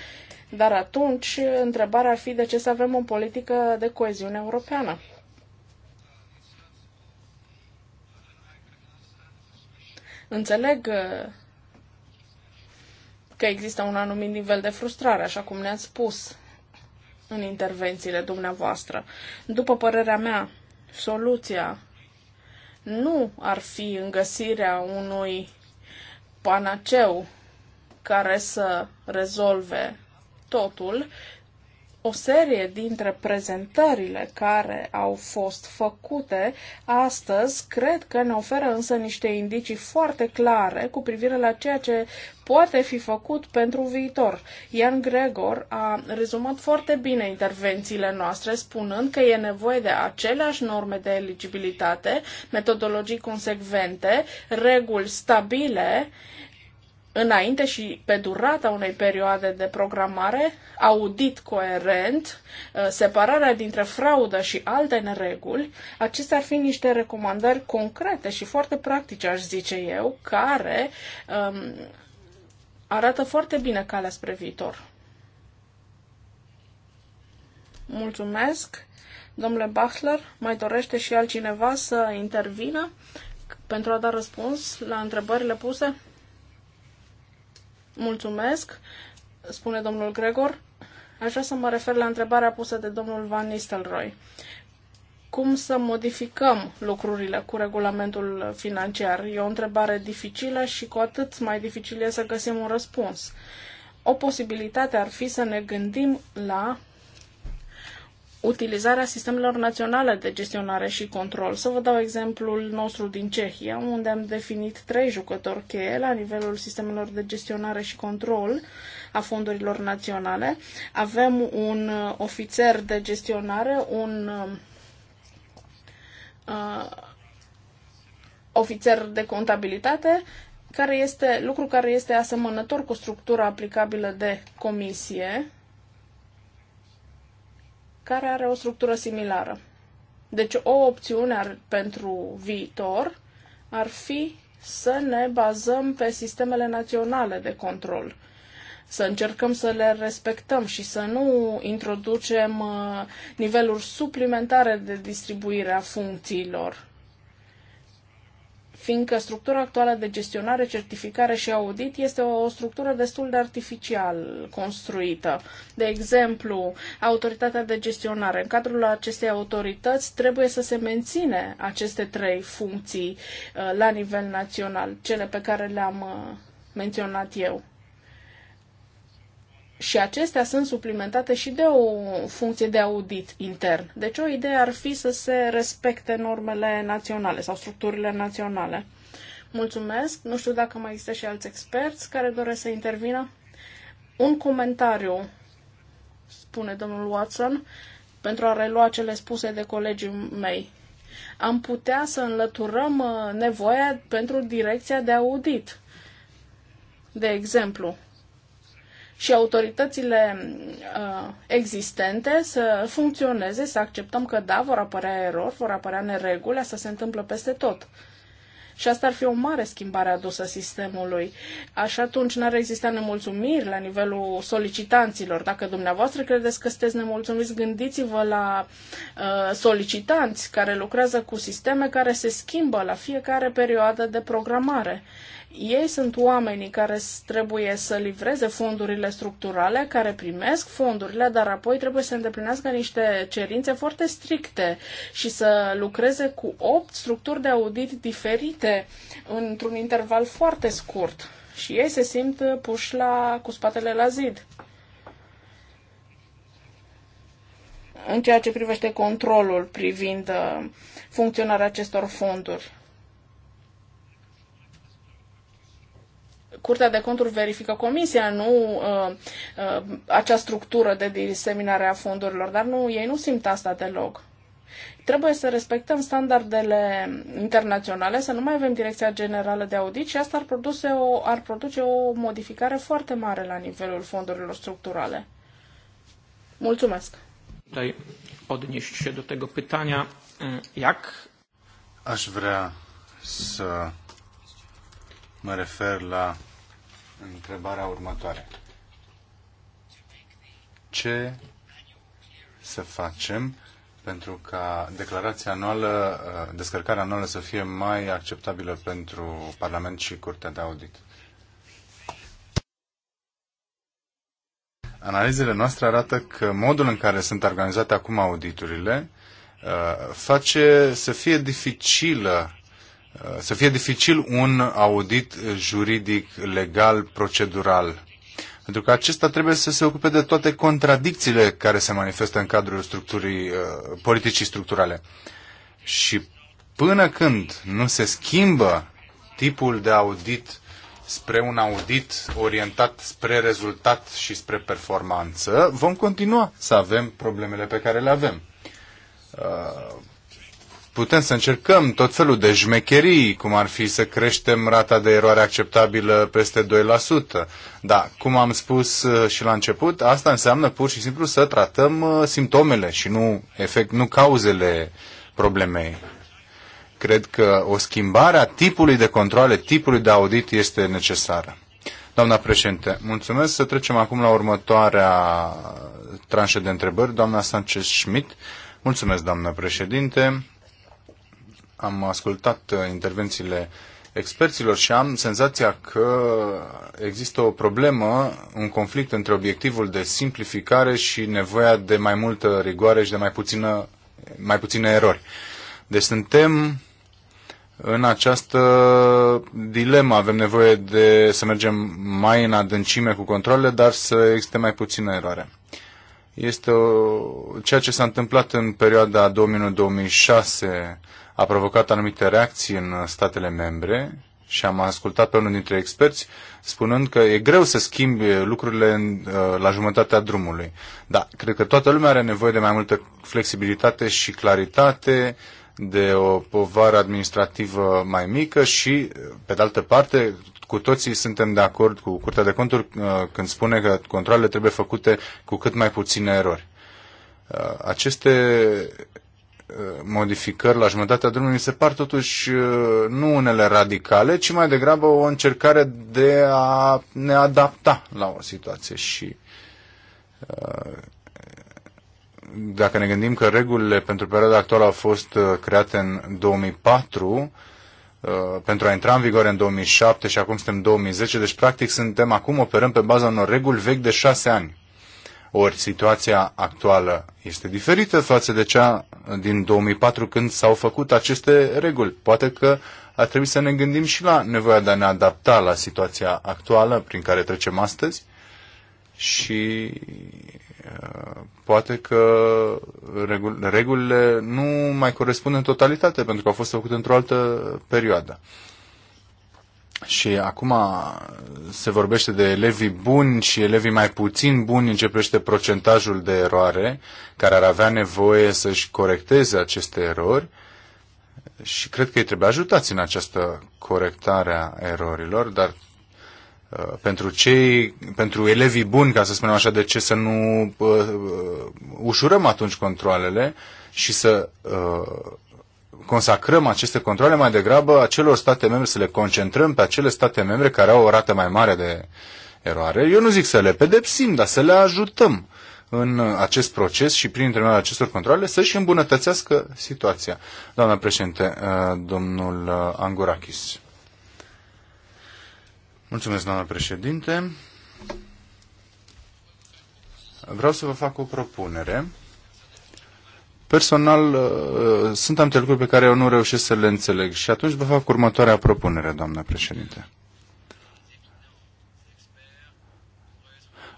dar atunci uh, întrebarea ar fi de ce să avem o politică de coeziune europeană. Înțeleg uh, că există un anumit nivel de frustrare, așa cum ne-ați spus în intervențiile dumneavoastră. După părerea mea, soluția nu ar fi în găsirea unui panaceu care să rezolve totul, o serie dintre prezentările care au fost făcute astăzi cred că ne oferă însă niște indicii foarte clare cu privire la ceea ce poate fi făcut pentru viitor. Ian Gregor a rezumat foarte bine intervențiile noastre, spunând că e nevoie de aceleași norme de eligibilitate, metodologii consecvente, reguli stabile, uh, înainte și pe durata unei perioade de programare, audit coerent, uh, separarea dintre fraudă și alte nereguli, acestea ar fi niște recomandări concrete și foarte practice, aș zice eu, care um, arată foarte bine calea spre viitor. Mulțumesc. Domnule Bachler, mai dorește și altcineva să intervină pentru a da răspuns la întrebările puse? Mulțumesc, spune domnul Gregor. Aș vrea să mă refer la întrebarea pusă de domnul Van Nistelrooy. Cum să modificăm lucrurile cu regulamentul financiar? E o întrebare dificilă și cu atât mai dificil e să găsim un răspuns. O posibilitate ar fi să ne gândim la utilizarea sistemelor naționale de gestionare și control. Să vă dau exemplul nostru din Cehia, unde am definit trei jucători cheie la nivelul sistemelor de gestionare și control a fondurilor naționale. Avem un uh, ofițer de gestionare, un uh, uh, ofițer de contabilitate, care este, lucru care este asemănător cu structura aplicabilă de comisie, care are o structură similară. Deci o opțiune ar, pentru viitor ar fi să ne bazăm pe sistemele naționale de control să încercăm să le respectăm și să nu introducem uh, niveluri suplimentare de distribuire a funcțiilor fiindcă structura actuală de gestionare, certificare și audit este o structură destul de artificial construită. De exemplu, autoritatea de gestionare. În cadrul acestei autorități trebuie să se menține aceste trei funcții uh, la nivel național, cele pe care le-am uh, menționat eu și acestea sunt suplimentate și de o funcție de audit intern. Deci o idee ar fi să se respecte normele naționale sau structurile naționale. Mulțumesc. Nu știu dacă mai există și alți experți care doresc să intervină. Un comentariu, spune domnul Watson, pentru a relua cele spuse de colegii mei. Am putea să înlăturăm uh, nevoia pentru direcția de audit. De exemplu, și autoritățile uh, existente să funcționeze, să acceptăm că da, vor apărea erori, vor apărea nereguli, asta se întâmplă peste tot. Și asta ar fi o mare schimbare adusă sistemului. Așa atunci n-ar exista nemulțumiri la nivelul solicitanților. Dacă dumneavoastră credeți că sunteți nemulțumiți, gândiți-vă la uh, solicitanți care lucrează cu sisteme care se schimbă la fiecare perioadă de programare ei sunt oamenii care trebuie să livreze fondurile structurale, care primesc fondurile, dar apoi trebuie să îndeplinească niște cerințe foarte stricte și să lucreze cu opt structuri de audit diferite într-un interval foarte scurt. Și ei se simt puși la, cu spatele la zid. În ceea ce privește controlul privind uh, funcționarea acestor fonduri Curtea de conturi verifică comisia, nu uh, uh, acea structură de diseminare a fondurilor, dar nu, ei nu simt asta deloc. Trebuie să respectăm standardele internaționale, să nu mai avem Direcția Generală de Audit și asta ar produce o, ar produce o modificare foarte mare la nivelul fondurilor structurale. Mulțumesc! Tutaj odnieść się do tego pytania, jak... Aș vrea să mă refer la întrebarea următoare. Ce să facem pentru ca declarația anuală, uh, descărcarea anuală să fie mai acceptabilă pentru Parlament și Curtea de Audit? Analizele noastre arată că modul în care sunt organizate acum auditurile uh, face să fie dificilă să fie dificil un audit juridic, legal, procedural. Pentru că acesta trebuie să se ocupe de toate contradicțiile care se manifestă în cadrul structurii, uh, politicii structurale. Și până când nu se schimbă tipul de audit spre un audit orientat spre rezultat și spre performanță, vom continua să avem problemele pe care le avem. Uh, putem să încercăm tot felul de jmecherii, cum ar fi să creștem rata de eroare acceptabilă peste 2%. Da, cum am spus uh, și la început, asta înseamnă pur și simplu să tratăm uh, simptomele și nu, efect, nu cauzele problemei. Cred că o schimbare a tipului de controle, tipului de audit este necesară. Doamna președinte, mulțumesc. Să trecem acum la următoarea tranșă de întrebări. Doamna Sanchez-Schmidt. Mulțumesc, doamna președinte am ascultat uh, intervențiile experților și am senzația că există o problemă, un conflict între obiectivul de simplificare și nevoia de mai multă rigoare și de mai, puțină, mai puține erori. Deci suntem în această dilemă. Avem nevoie de să mergem mai în adâncime cu controle, dar să existe mai puțină eroare. Este o, ceea ce s-a întâmplat în perioada 2000-2006 a provocat anumite reacții în statele membre și am ascultat pe unul dintre experți spunând că e greu să schimbi lucrurile în, uh, la jumătatea drumului. Da, cred că toată lumea are nevoie de mai multă flexibilitate și claritate, de o povară administrativă mai mică și, pe de altă parte, cu toții suntem de acord cu Curtea de Conturi uh, când spune că controlele trebuie făcute cu cât mai puține erori. Uh, aceste Uh, modificări la jumătatea drumului mi se par totuși uh, nu unele radicale, ci mai degrabă o încercare de a ne adapta la o situație și uh, dacă ne gândim că regulile pentru perioada actuală au fost create în 2004 pentru a intra în vigoare în 2007 și acum suntem în 2010, deci practic suntem acum operăm pe baza unor reguli vechi de șase ani. Ori situația actuală este diferită față de cea din 2004 când s-au făcut aceste reguli. Poate că ar trebui să ne gândim și la nevoia de a ne adapta la situația actuală prin care trecem astăzi și uh, poate că regulile nu mai corespund în totalitate pentru că au fost făcute într-o altă perioadă și acum se vorbește de elevii buni și elevii mai puțin buni, începește procentajul de eroare care ar avea nevoie să-și corecteze aceste erori și cred că ei trebuie ajutați în această corectare a erorilor, dar uh, pentru cei, pentru elevii buni, ca să spunem așa, de ce să nu uh, uh ușurăm atunci controlele și să uh, consacrăm aceste controle mai degrabă acelor state membre, să le concentrăm pe acele state membre care au o rată mai mare de eroare. Eu nu zic să le pedepsim, dar să le ajutăm în acest proces și prin intermediul acestor controle să-și îmbunătățească situația. Doamna președinte, uh, domnul uh, Angurakis. Mulțumesc, doamna președinte. Vreau să vă fac o propunere Personal, uh, sunt anumite lucruri pe care eu nu reușesc să le înțeleg și atunci vă fac următoarea propunere, doamna președinte.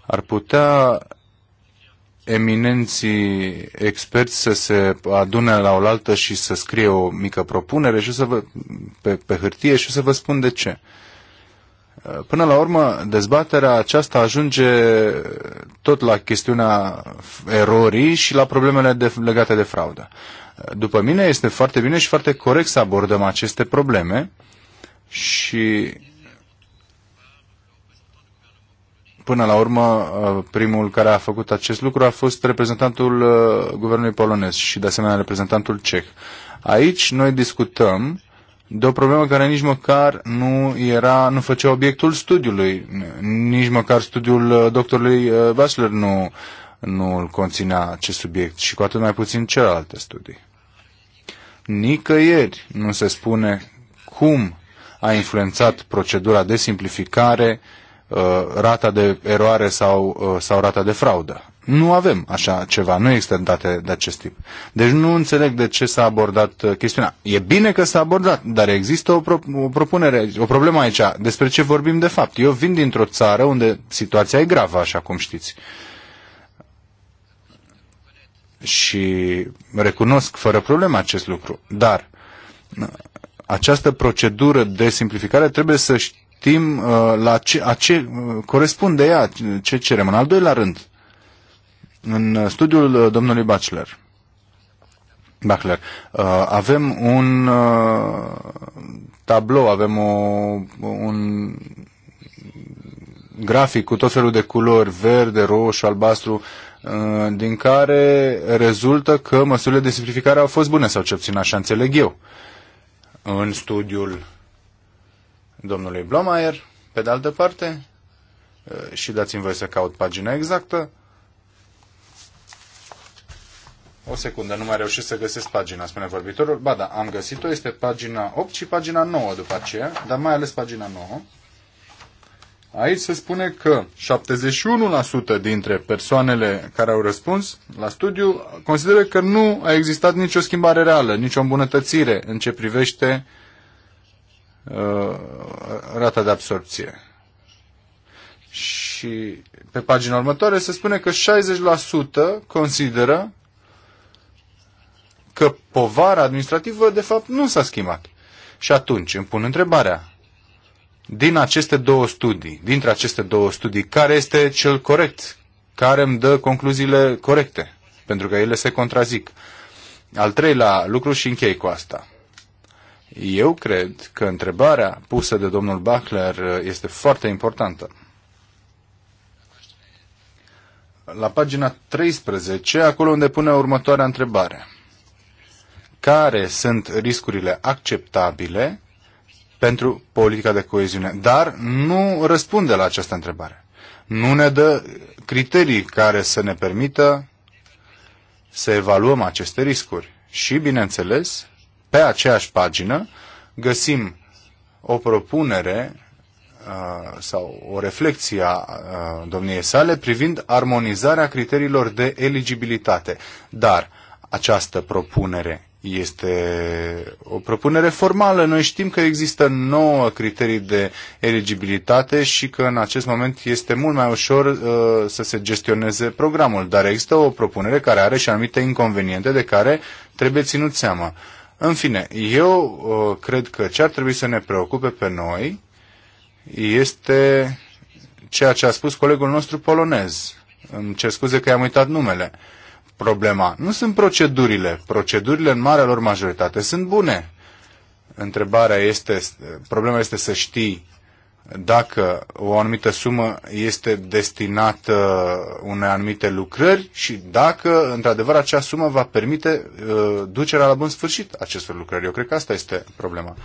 Ar putea eminenții experți să se adune la oaltă și să scrie o mică propunere și să vă, pe, pe hârtie și să vă spun de ce. Uh, Până la urmă, dezbaterea aceasta ajunge tot la chestiunea erorii și la problemele de, legate de fraudă. După mine, este foarte bine și foarte corect să abordăm aceste probleme și până la urmă primul care a făcut acest lucru a fost reprezentantul uh, guvernului polonez și de asemenea reprezentantul ceh. Aici noi discutăm de o problemă care nici măcar nu era, nu făcea obiectul studiului, nici măcar studiul uh, doctorului Basler uh, nu, nu îl conținea acest subiect și cu atât mai puțin celelalte studii. Nicăieri nu se spune cum a influențat procedura de simplificare, uh, rata de eroare sau, sau rata de fraudă. Nu avem așa ceva, nu există date de acest tip. Deci nu înțeleg de ce s-a abordat uh, chestiunea. E bine că s-a abordat, dar există o, pro- o propunere, o problemă aici. Despre ce vorbim de fapt? Eu vin dintr-o țară unde situația e gravă, așa cum știți. Și recunosc fără probleme acest lucru. Dar uh, această procedură de simplificare trebuie să știm uh, la ce, a ce uh, corespunde ea, ce cerem. În al doilea rând, uh, în studiul uh, domnului Bachelor, Bachler. Uh, avem un uh, tablou, avem o, un grafic cu tot felul de culori, verde, roșu, albastru, din care rezultă că măsurile de simplificare au fost bune, sau ce obțin așa înțeleg eu. În studiul domnului Blomayer, pe de altă parte, și dați-mi voi să caut pagina exactă, O secundă, nu mai reușesc să găsesc pagina, spune vorbitorul. Ba da, am găsit-o, este pagina 8 și pagina 9 după aceea, dar mai ales pagina 9. Aici se spune că 71% dintre persoanele care au răspuns la studiu consideră că nu a existat nicio schimbare reală, nicio îmbunătățire în ce privește uh, rata de absorpție. Și pe pagina următoare se spune că 60% consideră că povara administrativă, de fapt, nu s-a schimbat. Și atunci îmi pun întrebarea, din aceste două studii, dintre aceste două studii, care este cel corect? Care îmi dă concluziile corecte? Pentru că ele se contrazic. Al treilea lucru și închei cu asta. Eu cred că întrebarea pusă de domnul Bachler este foarte importantă. La pagina 13, acolo unde pune următoarea întrebare care sunt riscurile acceptabile pentru politica de coeziune, dar nu răspunde la această întrebare. Nu ne dă criterii care să ne permită să evaluăm aceste riscuri. Și, bineînțeles, pe aceeași pagină găsim o propunere uh, sau o reflexie a uh, domniei sale privind armonizarea criteriilor de eligibilitate. Dar această propunere este o propunere formală. Noi știm că există nouă criterii de eligibilitate și că în acest moment este mult mai ușor uh, să se gestioneze programul, dar există o propunere care are și anumite inconveniente de care trebuie ținut seama. În fine, eu uh, cred că ce ar trebui să ne preocupe pe noi este ceea ce a spus colegul nostru polonez. Îmi cer scuze că i-am uitat numele. Uh, problema. Nu sunt procedurile. Procedurile în marea lor majoritate sunt bune. Întrebarea este, problema este să știi dacă o anumită sumă este destinată unei anumite lucrări și dacă, într-adevăr, acea sumă va permite uh, ducerea la bun sfârșit acestor lucrări. Eu cred că asta este problema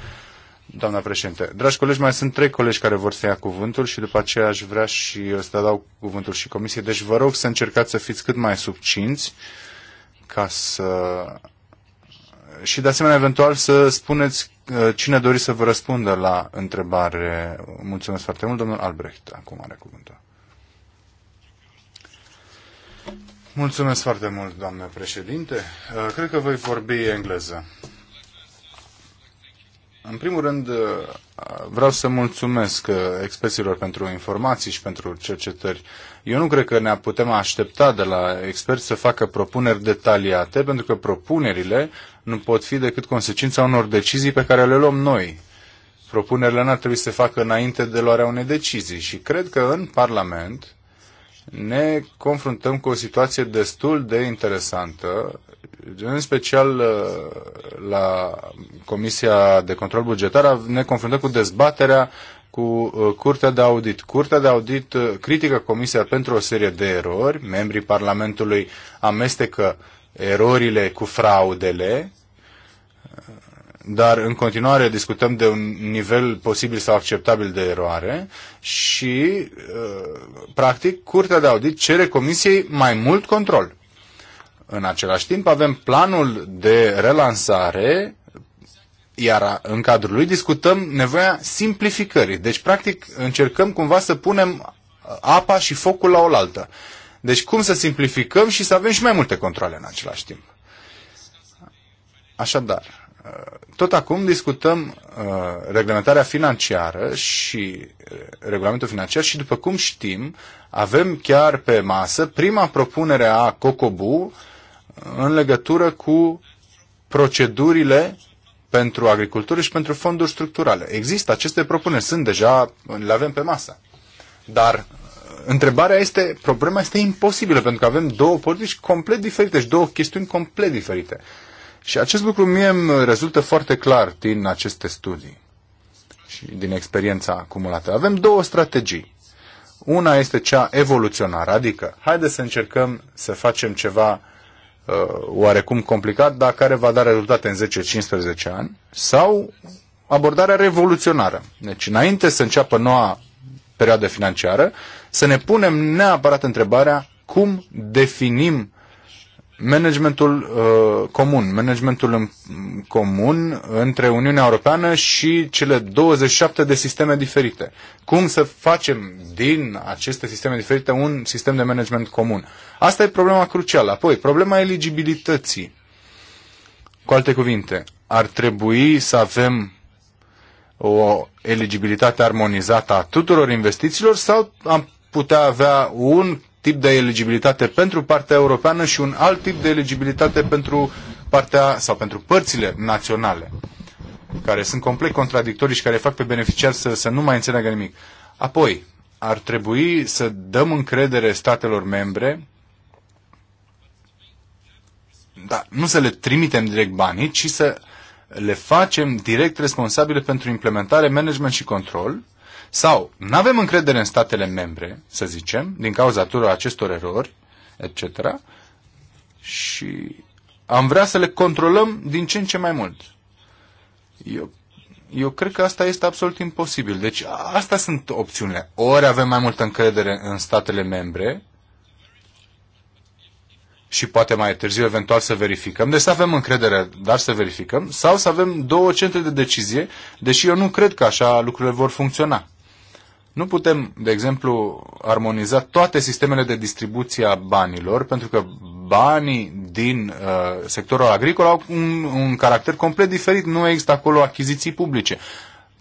doamna președinte. Dragi colegi, mai sunt trei colegi care vor să ia cuvântul și după aceea aș vrea și eu să dau cuvântul și comisiei. Deci vă rog să încercați să fiți cât mai subcinți ca să... Și de asemenea, eventual, să spuneți uh, cine dori să vă răspundă la întrebare. Mulțumesc foarte mult, domnul Albrecht. Acum are cuvântul. Mulțumesc foarte mult, doamnă președinte. Uh, cred că voi vorbi engleză. În primul rând, uh, vreau să mulțumesc uh, experților pentru informații și pentru cercetări. Eu nu cred că ne putem aștepta de la experți să facă propuneri detaliate, pentru că propunerile nu pot fi decât consecința unor decizii pe care le luăm noi. Propunerile n-ar trebui să se facă înainte de luarea unei decizii și cred că în Parlament ne confruntăm cu o situație destul de interesantă în special uh, la Comisia de Control Bugetar, ne confruntăm cu dezbaterea cu uh, Curtea de Audit. Curtea de Audit uh, critică Comisia pentru o serie de erori, membrii Parlamentului amestecă erorile cu fraudele, dar în continuare discutăm de un nivel posibil sau acceptabil de eroare și, practic, Curtea de Audit cere Comisiei mai mult control. În același timp avem planul de relansare, iar în cadrul lui discutăm nevoia simplificării. Deci, practic, încercăm cumva să punem apa și focul la oaltă. Deci cum să simplificăm și să avem și mai multe controle în același timp. Așadar, tot acum discutăm uh, reglementarea financiară și uh, regulamentul financiar și după cum știm, avem chiar pe masă prima propunere a COCOBU în legătură cu procedurile pentru agricultură și pentru fonduri structurale. Există aceste propuneri, sunt deja, le avem pe masă. Dar uh, întrebarea este, problema este imposibilă, pentru că avem două politici complet diferite și două chestiuni complet diferite. Și acest lucru mie îmi rezultă foarte clar din aceste studii și din experiența acumulată. Avem două strategii. Una este cea evoluționară, adică haide să încercăm să facem ceva Uh, oarecum complicat, dar care va da rezultate în 10-15 ani, sau abordarea revoluționară. Deci, înainte să înceapă noua perioadă financiară, să ne punem neapărat întrebarea cum definim managementul uh, comun, managementul în, comun între Uniunea Europeană și cele 27 de sisteme diferite. Cum să facem din aceste sisteme diferite un sistem de management comun? Asta e problema crucială. Apoi, problema eligibilității. Cu alte cuvinte, ar trebui să avem o eligibilitate armonizată a tuturor investițiilor sau am putea avea un tip de eligibilitate pentru partea europeană și un alt tip de eligibilitate pentru partea sau pentru părțile naționale, care sunt complet contradictorii și care fac pe beneficiar să, să nu mai înțeleagă nimic. Apoi, ar trebui să dăm încredere statelor membre, dar nu să le trimitem direct banii, ci să le facem direct responsabile pentru implementare, management și control sau nu avem încredere în statele membre, să zicem, din cauza tuturor acestor erori, etc. Și am vrea să le controlăm din ce în ce mai mult. Eu, eu cred că asta este absolut imposibil. Deci asta sunt opțiunile. Ori avem mai multă încredere în statele membre și poate mai târziu eventual să verificăm. Deci să avem încredere, dar să verificăm. Sau să avem două centre de decizie, deși eu nu cred că așa lucrurile vor funcționa. Nu putem, de exemplu, armoniza toate sistemele de distribuție a banilor, pentru că banii din uh, sectorul agricol au un, un caracter complet diferit. Nu există acolo achiziții publice.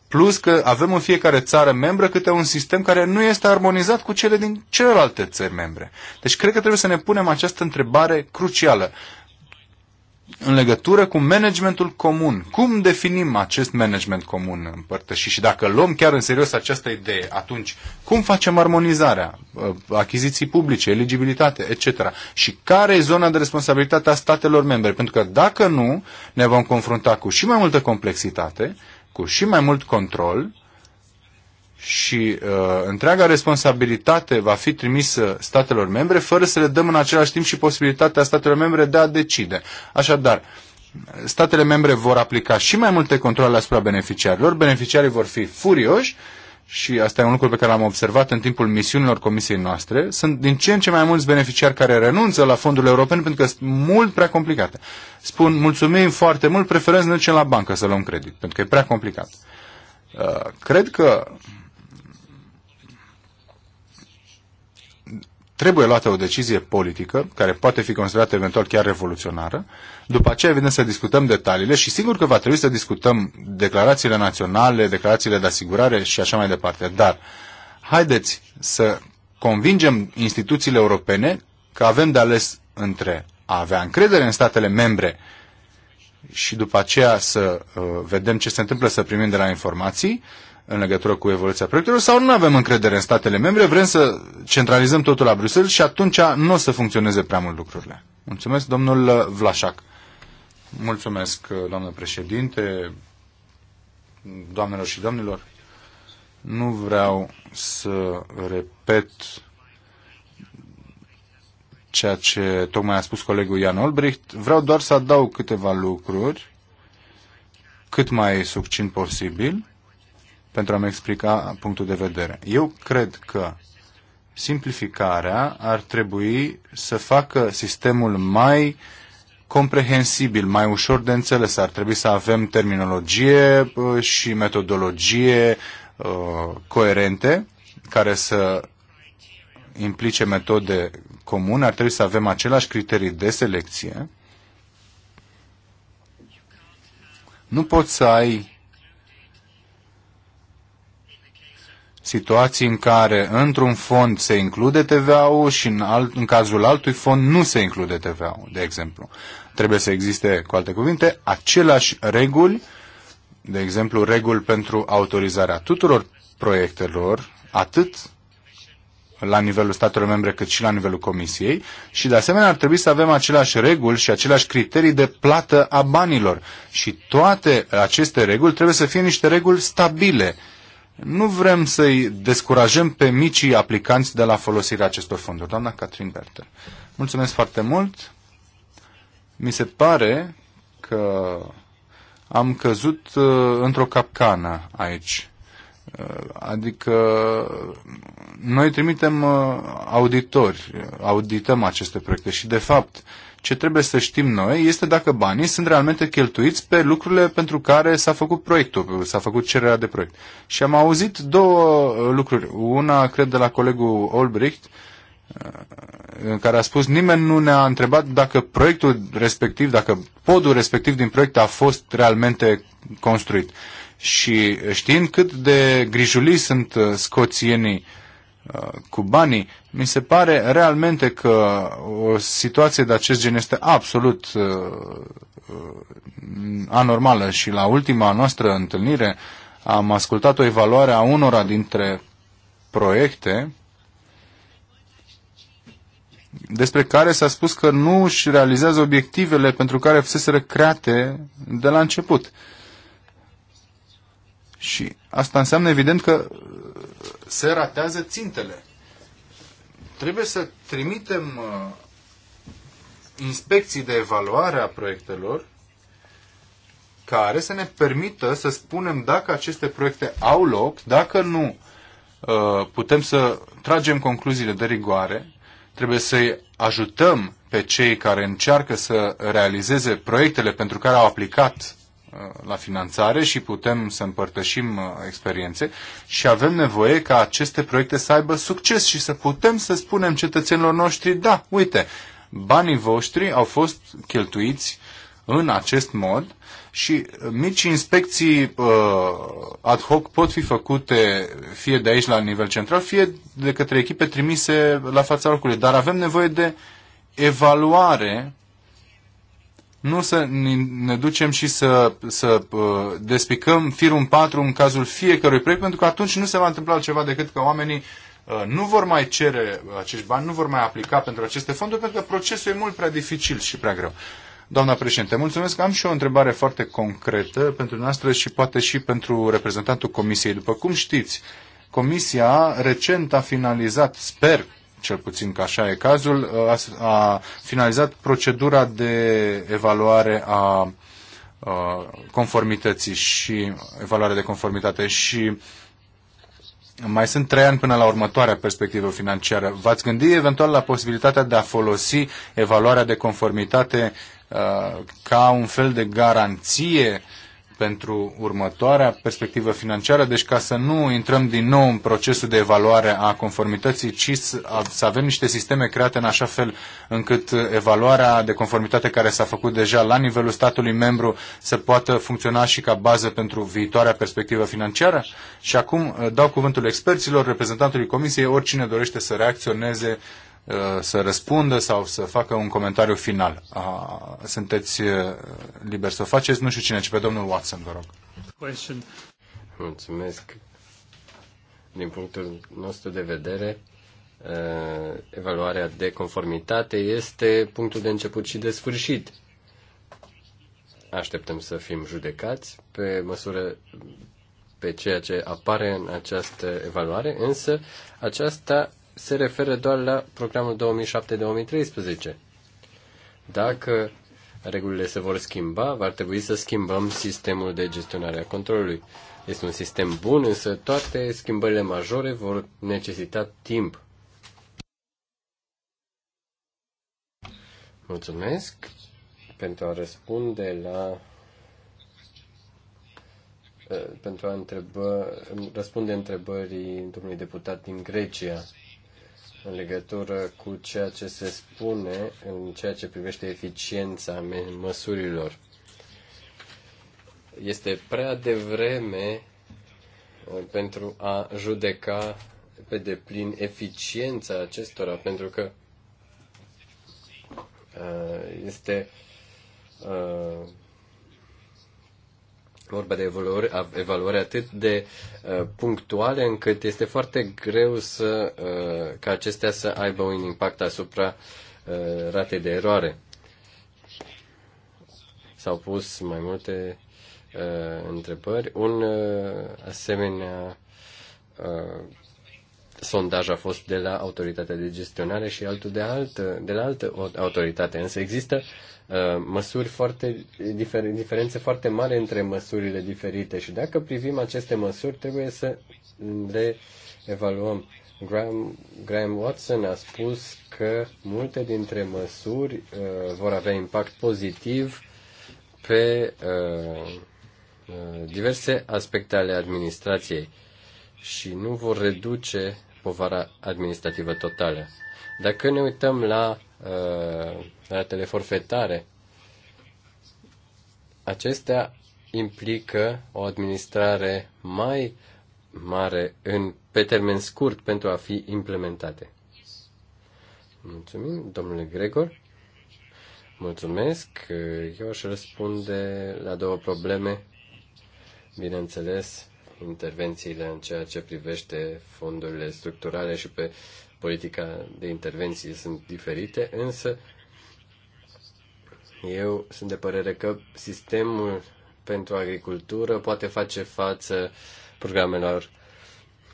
Plus că avem în fiecare țară membră câte un sistem care nu este armonizat cu cele din celelalte țări membre. Deci cred că trebuie să ne punem această întrebare crucială în legătură cu managementul comun. Cum definim acest management comun împărtășit și dacă luăm chiar în serios această idee, atunci cum facem armonizarea, uh, achiziții publice, eligibilitate, etc. Și care e zona de responsabilitate a statelor membre? Pentru că dacă nu, ne vom confrunta cu și mai multă complexitate, cu și mai mult control și uh, întreaga responsabilitate va fi trimisă statelor membre fără să le dăm în același timp și posibilitatea statelor membre de a decide. Așadar, statele membre vor aplica și mai multe controle asupra beneficiarilor, beneficiarii vor fi furioși și asta e un lucru pe care l-am observat în timpul misiunilor comisiei noastre, sunt din ce în ce mai mulți beneficiari care renunță la fondurile europene pentru că sunt mult prea complicate. Spun, mulțumim foarte mult, preferăm să ne ducem la bancă să luăm credit, pentru că e prea complicat. Uh, cred că trebuie luată o decizie politică, care poate fi considerată eventual chiar revoluționară. După aceea, evident, să discutăm detaliile și sigur că va trebui să discutăm declarațiile naționale, declarațiile de asigurare și așa mai departe. Dar haideți să convingem instituțiile europene că avem de ales între a avea încredere în statele membre și după aceea să uh, vedem ce se întâmplă, să primim de la informații, uh, în legătură cu evoluția proiectelor sau nu avem încredere în statele membre, vrem să centralizăm totul la Bruxelles și atunci nu o să funcționeze prea mult lucrurile. Mulțumesc, domnul Vlașac. Mulțumesc, doamnă președinte, doamnelor și domnilor. Nu vreau să repet ceea ce tocmai a spus colegul Ian Olbricht. Vreau doar să adaug câteva lucruri cât mai succint posibil pentru a-mi explica punctul de vedere. Eu cred că simplificarea ar trebui să facă sistemul mai comprehensibil, mai ușor de înțeles. Ar trebui să avem terminologie uh, și metodologie uh, coerente care să implice metode comune, ar trebui să avem aceleași criterii de selecție. Nu poți să ai situații în care într-un fond se include TVA-ul și în, alt, în cazul altui fond nu se include TVA-ul, de exemplu. Trebuie să existe, cu alte cuvinte, aceleași reguli, de exemplu, reguli pentru autorizarea tuturor proiectelor, atât la nivelul statelor membre cât și la nivelul Comisiei și de asemenea ar trebui să avem aceleași reguli și aceleași criterii de plată a banilor și toate aceste reguli trebuie să fie niște reguli stabile nu vrem să-i descurajăm pe micii aplicanți de la folosirea acestor fonduri. Doamna Catrin Berter. Mulțumesc foarte mult. Mi se pare că am căzut uh, într-o capcană aici. Uh, adică noi trimitem uh, auditori, audităm aceste proiecte și de fapt ce trebuie să știm noi este dacă banii sunt realmente cheltuiți pe lucrurile pentru care s-a făcut proiectul, s-a făcut cererea de proiect. Și am auzit două uh, lucruri. Una, cred, de la colegul Olbricht, uh, în care a spus nimeni nu ne-a întrebat dacă proiectul respectiv, dacă podul respectiv din proiect a fost realmente construit. Și știind cât de grijulii sunt uh, scoțienii Uh, cu banii. Mi se pare realmente că o situație de acest gen este absolut uh, uh, anormală și la ultima noastră întâlnire am ascultat o evaluare a unora dintre proiecte despre care s-a spus că nu își realizează obiectivele pentru care fuseseră create de la început. Și asta înseamnă evident că se ratează țintele. Trebuie să trimitem uh, inspecții de evaluare a proiectelor care să ne permită să spunem dacă aceste proiecte au loc, dacă nu uh, putem să tragem concluziile de rigoare, trebuie să-i ajutăm pe cei care încearcă să realizeze proiectele pentru care au aplicat Uh, la finanțare și putem să împărtășim uh, experiențe și avem nevoie ca aceste proiecte să aibă succes și să putem să spunem cetățenilor noștri, da, uite, banii voștri au fost cheltuiți în acest mod și mici inspecții uh, ad hoc pot fi făcute fie de aici la nivel central, fie de către echipe trimise la fața locului, dar avem nevoie de evaluare nu să ne ducem și să, să uh, despicăm firul în patru în cazul fiecărui proiect, pentru că atunci nu se va întâmpla altceva decât că oamenii uh, nu vor mai cere acești bani, nu vor mai aplica pentru aceste fonduri, pentru că procesul e mult prea dificil și prea greu. Doamna președinte, mulțumesc. Am și o întrebare foarte concretă pentru noastră și poate și pentru reprezentantul Comisiei. După cum știți, Comisia recent a finalizat, sper cel puțin că așa e cazul, ă, a, a finalizat procedura de evaluare a, a ă, conformității și evaluare de conformitate și mai sunt trei ani până la următoarea perspectivă financiară. V-ați gândit eventual la posibilitatea de a folosi evaluarea de conformitate ă, ca un fel de garanție pentru următoarea perspectivă financiară, deci ca să nu intrăm din nou în procesul de evaluare a conformității, ci să avem niște sisteme create în așa fel încât evaluarea de conformitate care s-a făcut deja la nivelul statului membru să poată funcționa și ca bază pentru viitoarea perspectivă financiară. Și acum uh, dau cuvântul experților, reprezentantului Comisiei, oricine dorește să reacționeze Uh, să răspundă sau să facă un comentariu final. Uh, sunteți uh, liberi să o faceți. Nu știu cine pe Domnul Watson, vă rog. Question. Mulțumesc. Din punctul nostru de vedere, evaluarea de conformitate este punctul de început și de sfârșit. Așteptăm să fim judecați pe măsură pe ceea ce apare în această evaluare, însă aceasta se referă doar la programul 2007-2013. Dacă regulile se vor schimba, va trebui să schimbăm sistemul de gestionare a controlului. Este un sistem bun, însă toate schimbările majore vor necesita timp. Mulțumesc pentru a răspunde la eh, pentru a întrebă, răspunde întrebării domnului deputat din Grecia în legătură cu ceea ce se spune în ceea ce privește eficiența măsurilor. Este prea devreme uh, pentru a judeca pe deplin eficiența acestora, pentru că uh, este uh, vorba de evaluări, evaluări atât de uh, punctuale încât este foarte greu să, uh, ca acestea să aibă un impact asupra uh, ratei de eroare. S-au pus mai multe uh, întrebări. Un uh, asemenea uh, sondaj a fost de la autoritatea de gestionare și altul de, altă, de la altă autoritate. Însă există uh, măsuri foarte, difer, diferențe foarte mari între măsurile diferite și dacă privim aceste măsuri, trebuie să le evaluăm. Graham, Graham Watson a spus că multe dintre măsuri uh, vor avea impact pozitiv pe uh, uh diverse aspecte ale administrației și nu vor reduce povara administrativă totală. Dacă ne uităm la uh, ratele forfetare, acestea implică o administrare mai mare în, pe termen scurt pentru a fi implementate. Mulțumim, domnule Gregor. Mulțumesc. Eu aș răspunde la două probleme. Bineînțeles, intervențiile în ceea ce privește fondurile structurale și pe politica de intervenție sunt diferite, însă eu sunt de părere că sistemul pentru agricultură poate face față programelor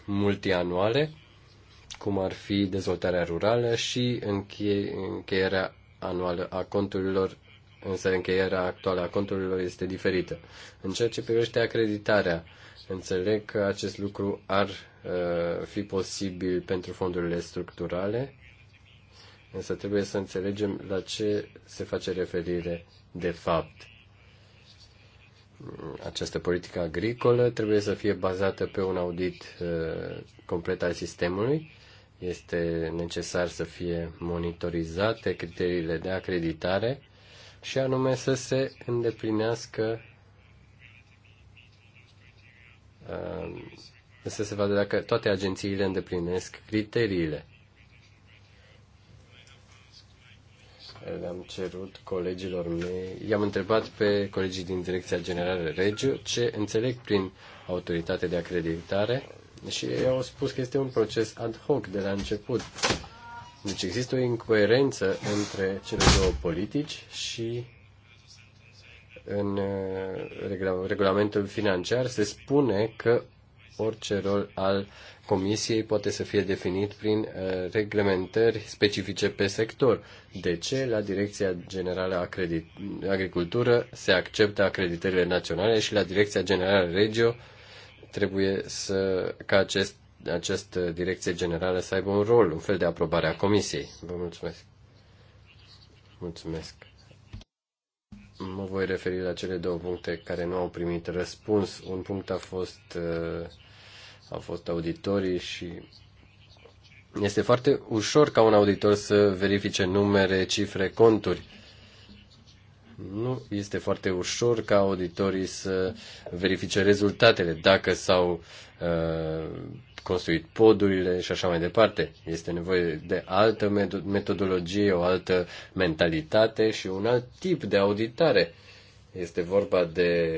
multianuale, cum ar fi dezvoltarea rurală și înche- încheierea anuală a conturilor, însă încheierea actuală a conturilor este diferită. În ceea ce privește acreditarea, Înțeleg că acest lucru ar uh, fi posibil pentru fondurile structurale, însă trebuie să înțelegem la ce se face referire de fapt. Această politică agricolă trebuie să fie bazată pe un audit uh, complet al sistemului. Este necesar să fie monitorizate criteriile de acreditare și anume să se îndeplinească Uh, să se vadă dacă toate agențiile îndeplinesc criteriile. Le-am cerut colegilor mei, i-am întrebat pe colegii din Direcția Generală Regio ce înțeleg prin autoritate de acreditare și ei au spus că este un proces ad hoc de la început. Deci există o incoerență între cele două politici și în uh, regulamentul financiar se spune că orice rol al comisiei poate să fie definit prin uh, reglementări specifice pe sector. De ce la Direcția Generală a Agricultură se acceptă acreditările naționale și la Direcția Generală Regio trebuie să, ca acest, această direcție generală să aibă un rol, un fel de aprobare a comisiei. Vă mulțumesc. Mulțumesc mă voi referi la cele două puncte care nu au primit răspuns. Un punct a fost, uh, a fost auditorii și este foarte ușor ca un auditor să verifice numere, cifre, conturi nu este foarte ușor ca auditorii să verifice rezultatele, dacă s-au uh, construit podurile și așa mai departe. Este nevoie de altă metodologie, o altă mentalitate și un alt tip de auditare. Este vorba de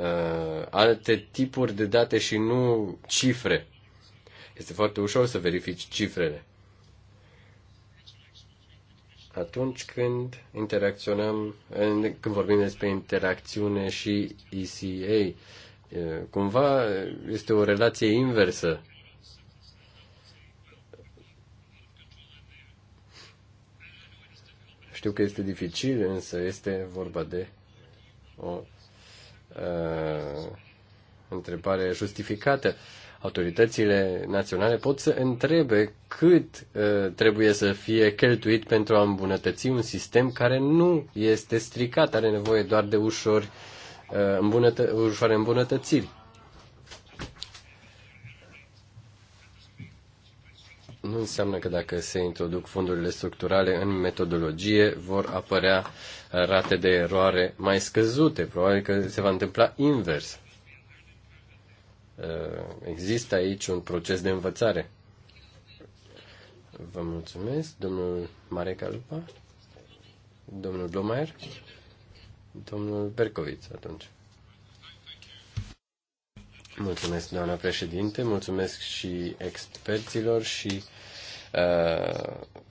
uh, alte tipuri de date și nu cifre. Este foarte ușor să verifici cifrele atunci când interacționăm, când vorbim despre interacțiune și ECA, cumva este o relație inversă. Știu că este dificil, însă este vorba de o uh, întrebare justificată. Uh, autoritățile naționale pot să întrebe cât uh, trebuie să fie cheltuit pentru a îmbunătăți un sistem care nu este stricat, are nevoie doar de ușor, uh, îmbunătă- ușoare îmbunătățiri. Nu înseamnă că dacă se introduc fondurile structurale în metodologie, vor apărea rate de eroare mai scăzute. Probabil că se va întâmpla invers. Uh, există aici un proces de învățare. Vă mulțumesc, domnul Marek Alba, domnul Blomayer, domnul Bercoviț atunci. Mulțumesc, doamna președinte, mulțumesc și experților și uh,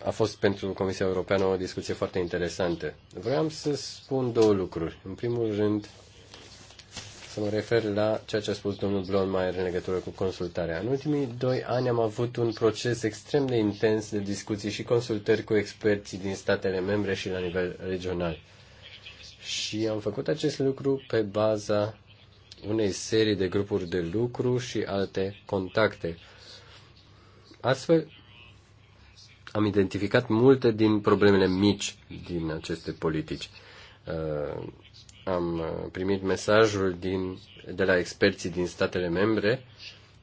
a fost pentru Comisia Europeană o discuție foarte interesantă. Vreau să spun două lucruri. În primul rând, să mă refer la ceea ce a spus domnul Blondmaier în legătură cu consultarea. În ultimii doi ani am avut un proces extrem de intens de discuții și consultări cu experții din statele membre și la nivel regional. Și am făcut acest lucru pe baza unei serii de grupuri de lucru și alte contacte. Astfel, am identificat multe din problemele mici din aceste politici uh, am uh, primit mesajul din, de la experții din statele membre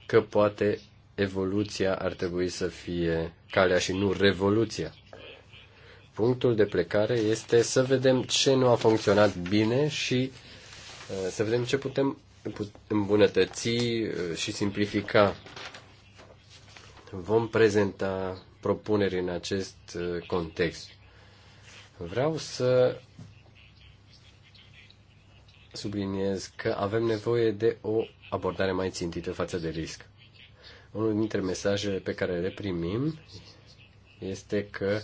că poate evoluția ar trebui să fie calea și nu revoluția. Punctul de plecare este să vedem ce nu a funcționat bine și uh, să vedem ce putem îmbunătăți uh, și simplifica. Vom prezenta propuneri în acest context. Vreau să subliniez că avem nevoie de o abordare mai țintită față de risc. Unul dintre mesajele pe care le primim este că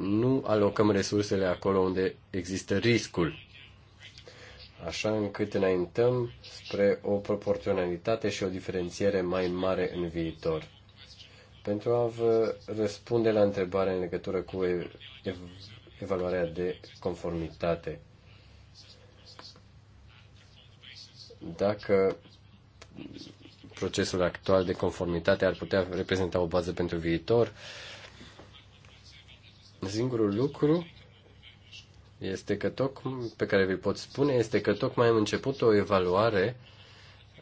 nu alocăm resursele acolo unde există riscul, așa încât înaintăm spre o proporționalitate și o diferențiere mai mare în viitor. Pentru a vă răspunde la întrebarea în legătură cu evaluarea de conformitate. dacă procesul actual de conformitate ar putea reprezenta o bază pentru viitor. Singurul lucru este că toc, pe care vi pot spune este că tocmai am început o evaluare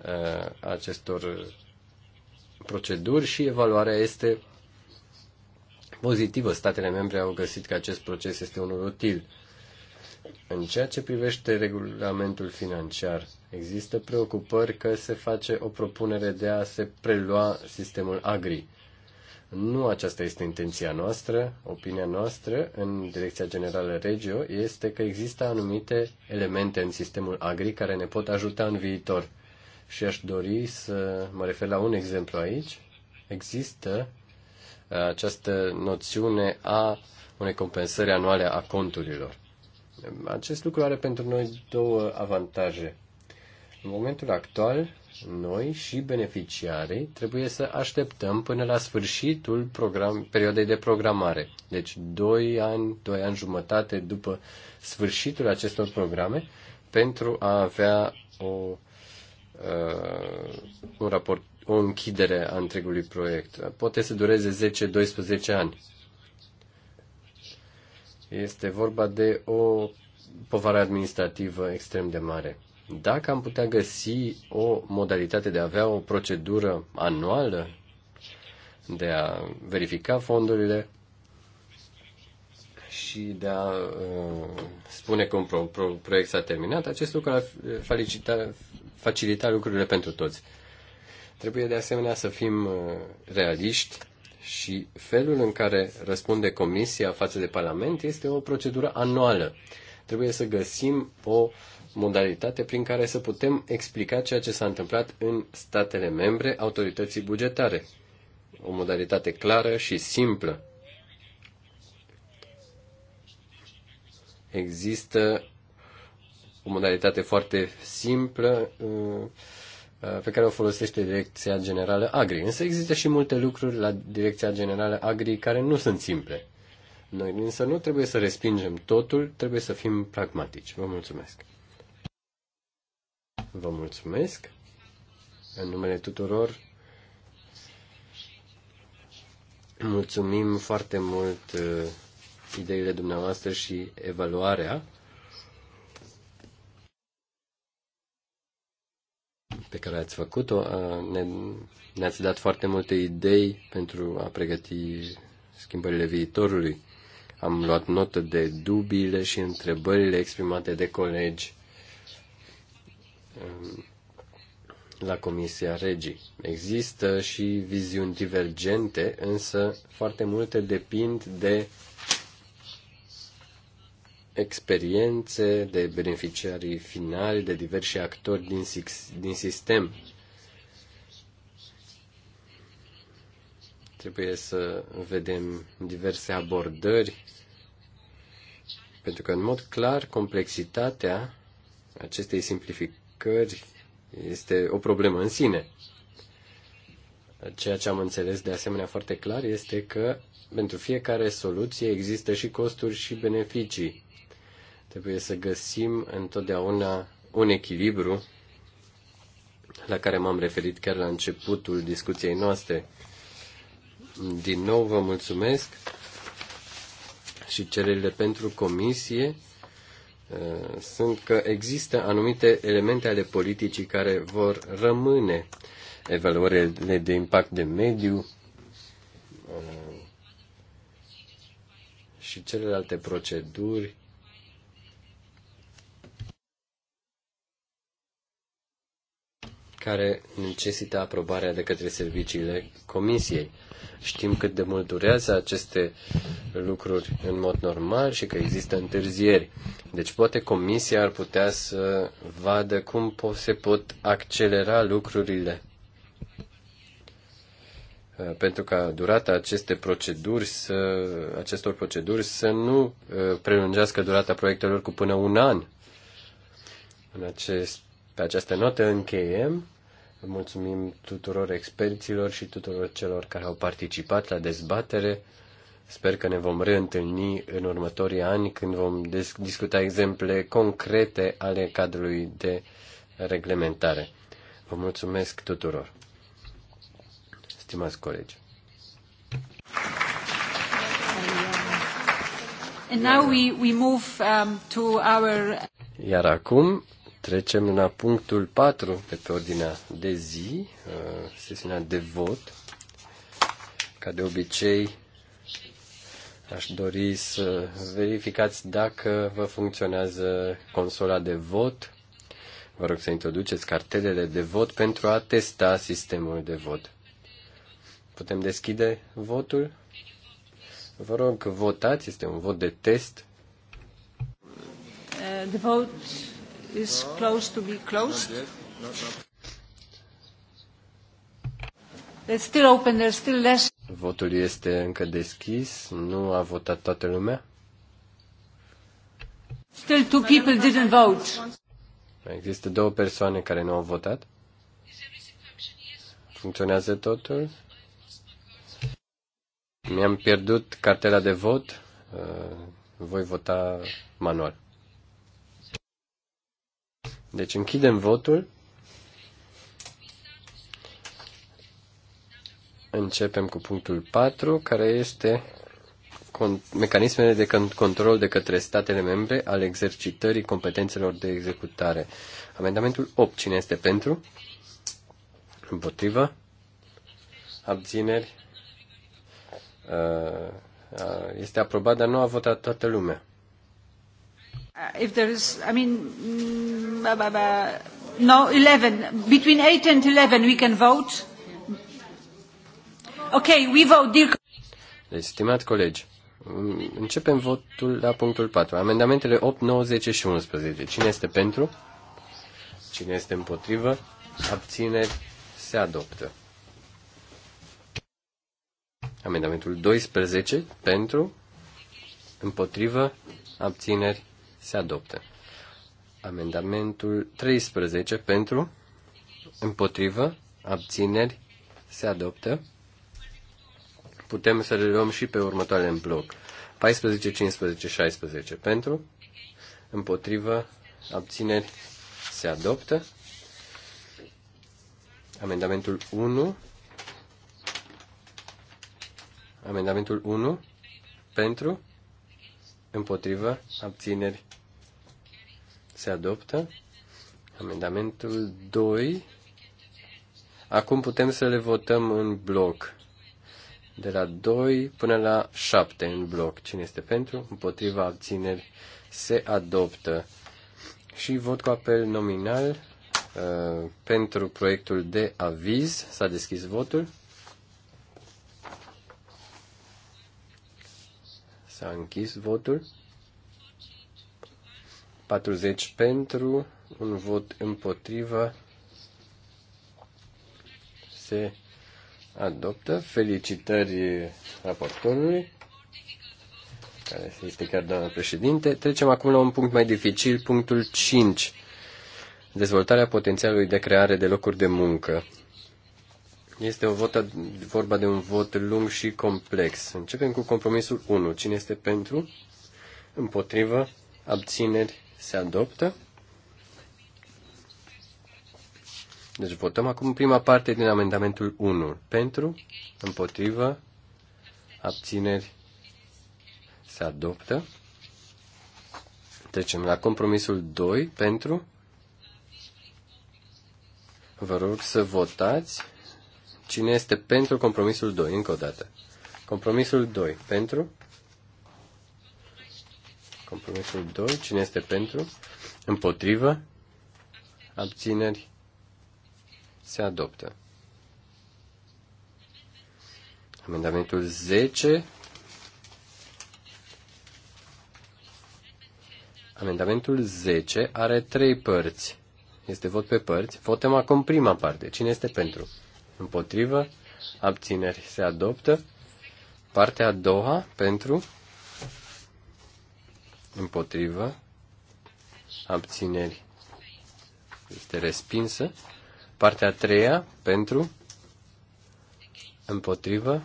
a uh, acestor proceduri și evaluarea este pozitivă. Statele membre au găsit că acest proces este unul util. În ceea ce privește regulamentul financiar, Există preocupări că se face o propunere de a se prelua sistemul agri. Nu aceasta este intenția noastră, opinia noastră în Direcția Generală Regio este că există anumite elemente în sistemul agri care ne pot ajuta în viitor. Și aș dori să mă refer la un exemplu aici. Există uh, această noțiune a unei compensări anuale a conturilor. Acest lucru are pentru noi două avantaje. În momentul actual, noi și beneficiarii trebuie să așteptăm până la sfârșitul program, perioadei de programare. Deci 2 ani, 2 ani jumătate după sfârșitul acestor programe pentru a avea o, uh, un raport, o închidere a întregului proiect. Poate să dureze 10-12 ani. Este vorba de o povară administrativă extrem de mare. Dacă am putea găsi o modalitate de a avea o procedură anuală de a verifica fondurile și de a uh, spune că un pro, pro, proiect s-a terminat, acest lucru ar facilita, facilita lucrurile pentru toți. Trebuie de asemenea să fim uh, realiști și felul în care răspunde Comisia față de Parlament este o procedură anuală. Trebuie să găsim o modalitate prin care să putem explica ceea ce s-a întâmplat în statele membre autorității bugetare. O modalitate clară și simplă. Există o modalitate foarte simplă uh, uh, pe care o folosește Direcția Generală Agri. Însă există și multe lucruri la Direcția Generală Agri care nu sunt simple. Noi însă nu trebuie să respingem totul, trebuie să fim pragmatici. Vă mulțumesc. Vă mulțumesc în numele tuturor. Mulțumim foarte mult uh, ideile dumneavoastră și evaluarea pe care ați făcut-o. Uh, ne, ne-ați dat foarte multe idei pentru a pregăti schimbările viitorului. Am luat notă de dubiile și întrebările exprimate de colegi Um, la Comisia Regii. Există și viziuni divergente, însă foarte multe depind de experiențe, de beneficiarii finali, de diversi actori din, din sistem. Trebuie să vedem diverse abordări, pentru că, în mod clar, complexitatea acestei simplificări încercări este o problemă în sine. Ceea ce am înțeles de asemenea foarte clar este că pentru fiecare soluție există și costuri și beneficii. Trebuie să găsim întotdeauna un echilibru la care m-am referit chiar la începutul discuției noastre. Din nou vă mulțumesc și cererile pentru comisie sunt că există anumite elemente ale politicii care vor rămâne. Evaluările de impact de mediu uh, și celelalte proceduri care necesită aprobarea de către serviciile comisiei. Știm cât de mult durează aceste lucruri în mod normal și că există întârzieri. Deci poate comisia ar putea să vadă cum se pot accelera lucrurile uh, pentru ca durata aceste proceduri să, acestor proceduri să nu uh, prelungească durata proiectelor cu până un an. În acest, pe această notă încheiem Mulțumim tuturor experților și tuturor celor care au participat la dezbatere. Sper că ne vom reîntâlni în următorii ani când vom discuta exemple concrete ale cadrului de reglementare. Vă mulțumesc tuturor. Stimați colegi. And now we, we move um, to our... Iar acum Trecem la punctul 4 de pe ordinea de zi, uh, sesiunea de vot. Ca de obicei, aș dori să verificați dacă vă funcționează consola de vot. Vă rog să introduceți cartelele de vot pentru a testa sistemul de vot. Putem deschide votul? Vă rog, votați, este un vot de test. Uh, the vote is close to be closed. It's still open, there's still less. Votul este încă deschis, nu a votat toată lumea. Still two people didn't vote. Există două persoane care nu au votat. Funcționează totul. Mi-am pierdut cartela de vot. Uh, voi vota manual. Deci închidem votul. Începem cu punctul 4, care este mecanismele de control de către statele membre al exercitării competențelor de executare. Amendamentul 8. Cine este pentru? Împotrivă? Abțineri? Uh, este aprobat, dar nu a votat toată lumea if there is, I mean, mm, no, 11. Between 8 and 11 we can vote. Okay, we vote, dear... Deci, stimați colegi, începem votul la punctul 4. Amendamentele 8, 9, 10 și 11. Cine este pentru? Cine este împotrivă? Abțineri? Se adoptă. Amendamentul 12 pentru, împotrivă, abțineri, se adoptă. Amendamentul 13 pentru, împotrivă, abțineri, se adoptă. Putem să le luăm și pe următoarele în bloc. 14, 15, 16 pentru, împotrivă, abțineri, se adoptă. Amendamentul 1. Amendamentul 1 pentru, împotrivă, abțineri, se adoptă. Amendamentul 2. Acum putem să le votăm în bloc. De la 2 până la 7 în bloc. Cine este pentru? Împotriva abțineri se adoptă. Și vot cu apel nominal uh, pentru proiectul de aviz. S-a deschis votul. S-a închis votul. 40 pentru, un vot împotrivă. Se adoptă. Felicitări raportorului, care este chiar doamna președinte. Trecem acum la un punct mai dificil, punctul 5. Dezvoltarea potențialului de creare de locuri de muncă. Este o votă, vorba de un vot lung și complex. Începem cu compromisul 1. Cine este pentru? Împotrivă? Abțineri? Se adoptă? Deci votăm acum prima parte din amendamentul 1. Pentru? Împotrivă? Abțineri? Se adoptă? Trecem la compromisul 2. Pentru? Vă rog să votați Cine este pentru compromisul 2? Încă o dată. Compromisul 2. Pentru? Compromisul 2. Cine este pentru? Împotrivă? Abțineri? Se adoptă. Amendamentul 10. Amendamentul 10 are trei părți. Este vot pe părți. Votăm acum prima parte. Cine este pentru? împotrivă, abțineri se adoptă. Partea a doua pentru, împotrivă, abțineri este respinsă. Partea a treia pentru, împotrivă,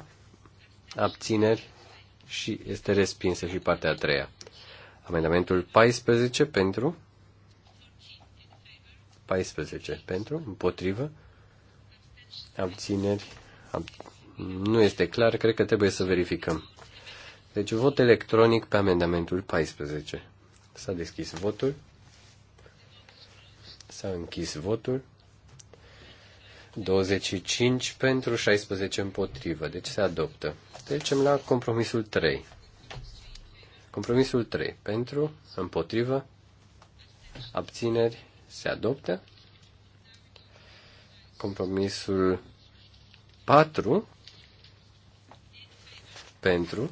abțineri și este respinsă și partea a treia. Amendamentul 14 pentru 14 pentru, împotrivă, abțineri, ab- nu este clar, cred că trebuie să verificăm. Deci vot electronic pe amendamentul 14. S-a deschis votul. S-a închis votul. 25 pentru 16 împotrivă, deci se adoptă. Trecem la compromisul 3. Compromisul 3. Pentru, împotrivă, abțineri, se adoptă. Compromisul 4 pentru,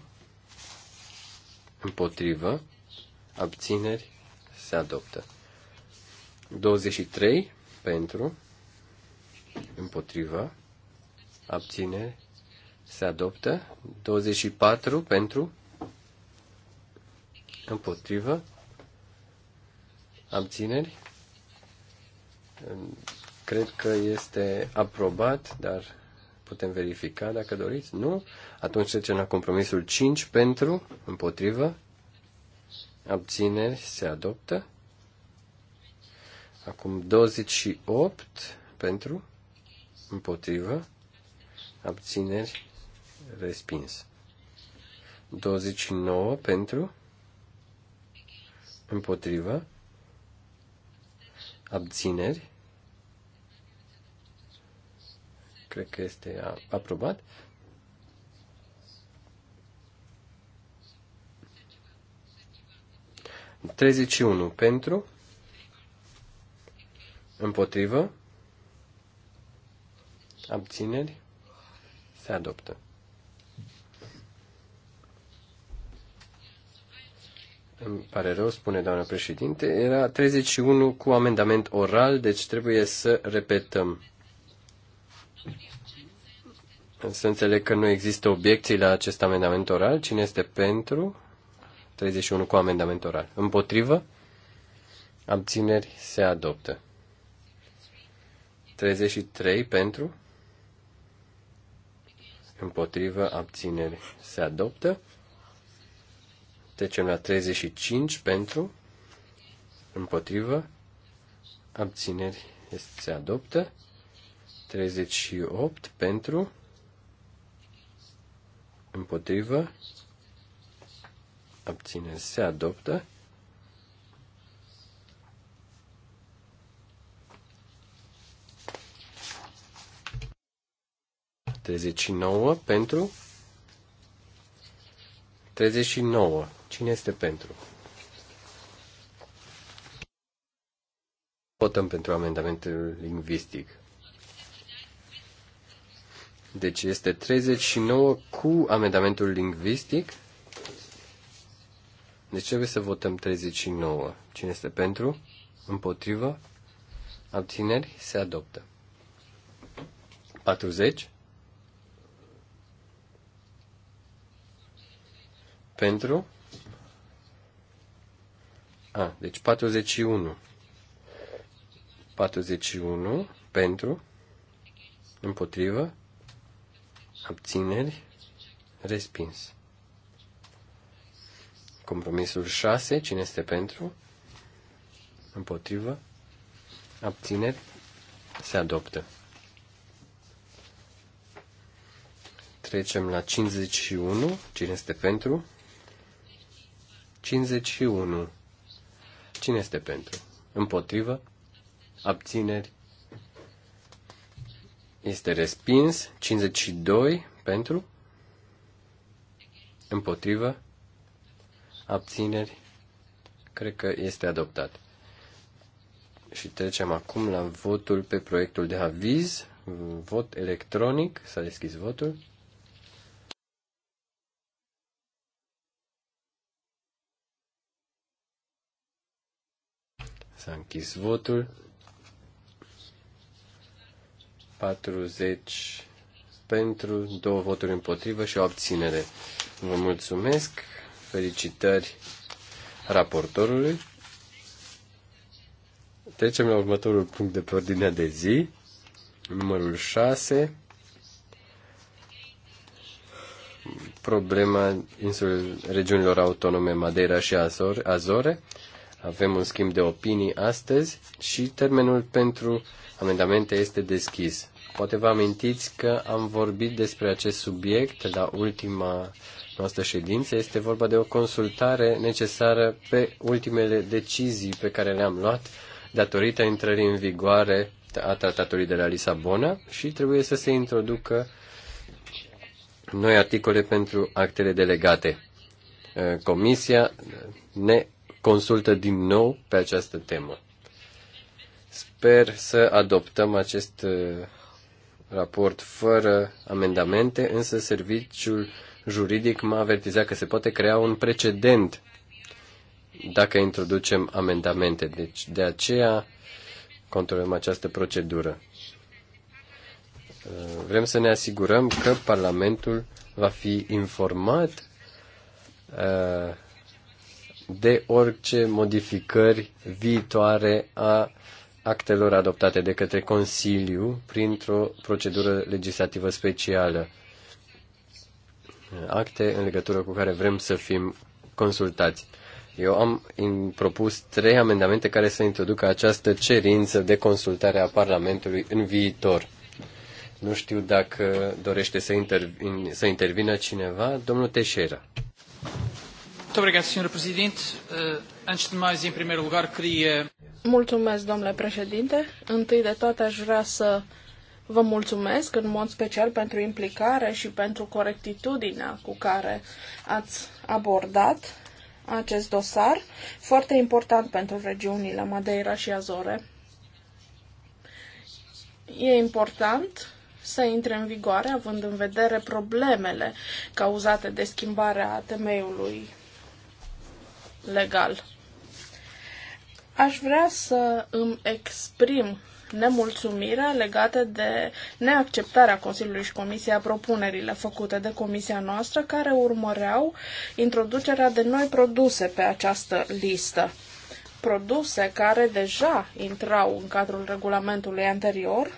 împotrivă, abțineri, se adoptă. 23 pentru, împotrivă, abțineri, se adoptă. 24 pentru, împotrivă, abțineri, Cred că este aprobat, dar putem verifica dacă doriți. Nu? Atunci trecem la compromisul 5 pentru, împotrivă, abțineri, se adoptă. Acum 28 pentru, împotrivă, abțineri, respins. 29 pentru, împotrivă, abțineri, Cred că este aprobat. Treizeci unu pentru, împotrivă, abțineri, se adoptă. Îmi pare rău, spune doamna președinte, era 31 cu amendament oral, deci trebuie să repetăm. Să înțeleg că nu există obiecții la acest amendament oral. Cine este pentru? 31 cu amendament oral. Împotrivă? Abțineri se adoptă. 33 pentru? Împotrivă, abțineri se adoptă. Trecem la 35 pentru? Împotrivă, abțineri se adoptă. 38 pentru, împotrivă, abține se adoptă. Treizeci nouă pentru. Treizeci nouă. Cine este pentru? Votăm pentru amendamentul lingvistic. Deci este 39 cu amendamentul lingvistic. Deci trebuie să votăm 39. Cine este pentru? Împotrivă? Abțineri? Se adoptă. 40. Pentru? A, deci 41. 41 pentru, împotrivă, abțineri, respins. Compromisul 6, cine este pentru? Împotrivă, abțineri, se adoptă. Trecem la 51, cine este pentru? 51. Cine este pentru? Împotrivă? Abțineri? Este respins. 52 pentru. Împotrivă. Abțineri. Cred că este adoptat. Și trecem acum la votul pe proiectul de aviz. Vot electronic. S-a deschis votul. S-a închis votul. 40 pentru, două voturi împotrivă și o abținere. Vă mulțumesc, felicitări raportorului. Trecem la următorul punct de pe ordinea de zi, numărul 6, problema insulelor regiunilor autonome Madeira și Azore. Azore. Avem un schimb de opinii astăzi și termenul pentru amendamente este deschis. Poate vă amintiți că am vorbit despre acest subiect la ultima noastră ședință. Este vorba de o consultare necesară pe ultimele decizii pe care le-am luat datorită intrării în vigoare a tratatului de la Lisabona și trebuie să se introducă noi articole pentru actele delegate. Comisia ne consultă din nou pe această temă. Sper să adoptăm acest uh, raport fără amendamente, însă serviciul juridic m-a avertizat că se poate crea un precedent dacă introducem amendamente. Deci de aceea controlăm această procedură. Uh, vrem să ne asigurăm că Parlamentul va fi informat uh, de orice modificări viitoare a actelor adoptate de către Consiliu printr-o procedură legislativă specială. Acte în legătură cu care vrem să fim consultați. Eu am propus trei amendamente care să introducă această cerință de consultare a Parlamentului în viitor. Nu știu dacă dorește să, intervin, să intervină cineva. Domnul Teșera. Eh, mulțumesc, domnule președinte. Întâi de toate aș vrea să vă mulțumesc în mod special pentru implicare și pentru corectitudinea cu care ați abordat acest dosar, foarte important pentru regiunile Madeira și Azore. E important să intre în vigoare, având în vedere problemele cauzate de schimbarea temeiului legal. Aș vrea să îmi exprim nemulțumirea legată de neacceptarea Consiliului și Comisia propunerile făcute de Comisia noastră care urmăreau introducerea de noi produse pe această listă. Produse care deja intrau în cadrul regulamentului anterior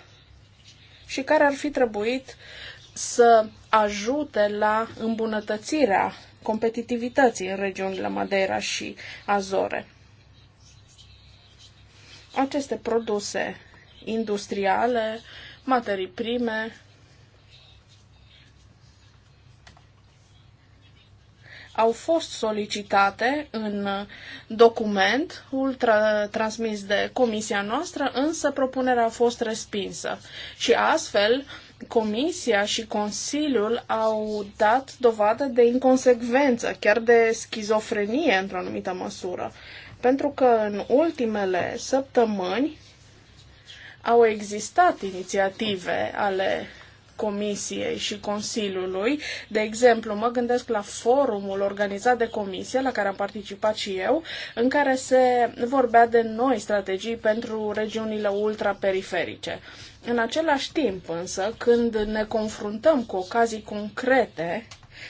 și care ar fi trebuit să ajute la îmbunătățirea competitivității în regiunile Madeira și Azore. Aceste produse industriale, materii prime, au fost solicitate în document ultra transmis de comisia noastră, însă propunerea a fost respinsă. Și astfel, uh, Comisia și Consiliul au dat dovadă de inconsecvență, chiar de schizofrenie într-o anumită măsură, pentru că în ultimele săptămâni au existat inițiative ale Comisiei și Consiliului. De exemplu, mă gândesc la forumul organizat de Comisie, la care am participat și eu, în care se vorbea de noi strategii pentru regiunile ultraperiferice. În același timp, însă, când ne confruntăm cu ocazii concrete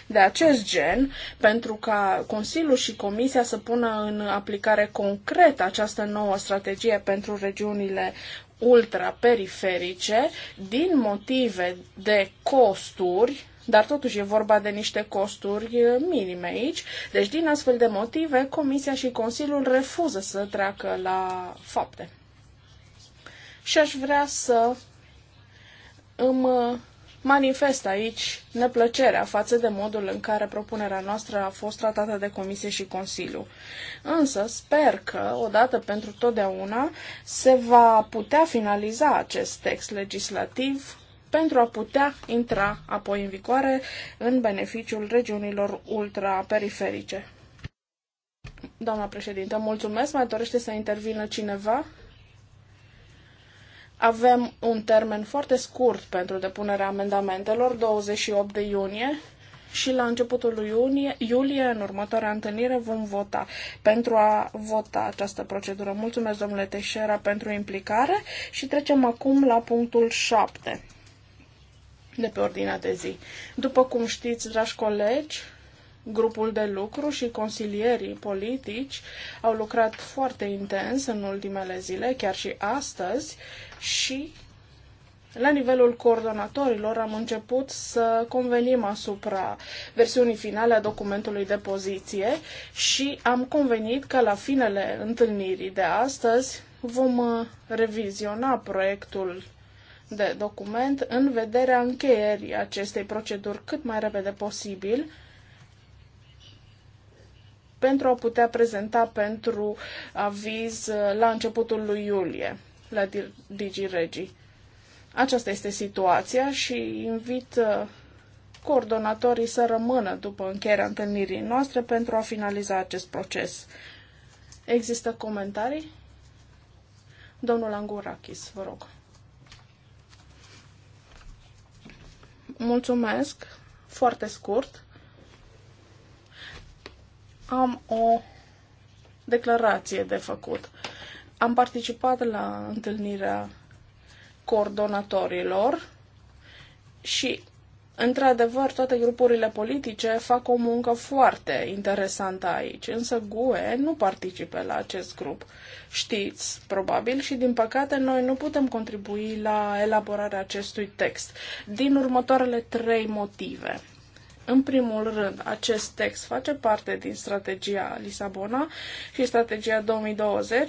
de acest gen, pentru ca Consiliul și Comisia să pună în aplicare concret această nouă strategie pentru regiunile ultraperiferice din motive de costuri, dar totuși e vorba de niște costuri minime aici. Deci, din astfel de motive, Comisia și Consiliul refuză să treacă la fapte. Și aș vrea să îmi manifest aici neplăcerea față de modul în care propunerea noastră a fost tratată de Comisie și Consiliu. Însă sper că, odată pentru totdeauna, se va putea finaliza acest text legislativ pentru a putea intra apoi în vigoare în beneficiul regiunilor ultraperiferice. Doamna președintă, mulțumesc. Mai dorește să intervină cineva? Avem un termen foarte scurt pentru depunerea amendamentelor, 28 de iunie, și la începutul lui iunie, iulie, în următoarea întâlnire, vom vota pentru a vota această procedură. Mulțumesc, domnule Teșera, pentru implicare și trecem acum la punctul 7 de pe ordinea de zi. După cum știți, dragi colegi, Grupul de lucru și consilierii politici au lucrat foarte intens în ultimele zile, chiar și astăzi, și la nivelul coordonatorilor am început să convenim asupra versiunii finale a documentului de poziție și am convenit că la finele întâlnirii de astăzi vom uh, reviziona proiectul de document în vederea încheierii acestei proceduri cât mai repede posibil pentru a putea prezenta pentru aviz la începutul lui iulie la DigiRegi. Aceasta este situația și invit uh, coordonatorii să rămână după încheierea întâlnirii noastre pentru a finaliza acest proces. Există comentarii? Domnul Angurakis, vă rog. Mulțumesc. Foarte scurt am o declarație de făcut. Am participat la întâlnirea coordonatorilor și, într-adevăr, toate grupurile politice fac o muncă foarte interesantă aici, însă GUE nu participe la acest grup. Știți, probabil, și din păcate noi nu putem contribui la elaborarea acestui text, din următoarele trei motive. În primul rând, acest text face parte din strategia Lisabona și strategia 2020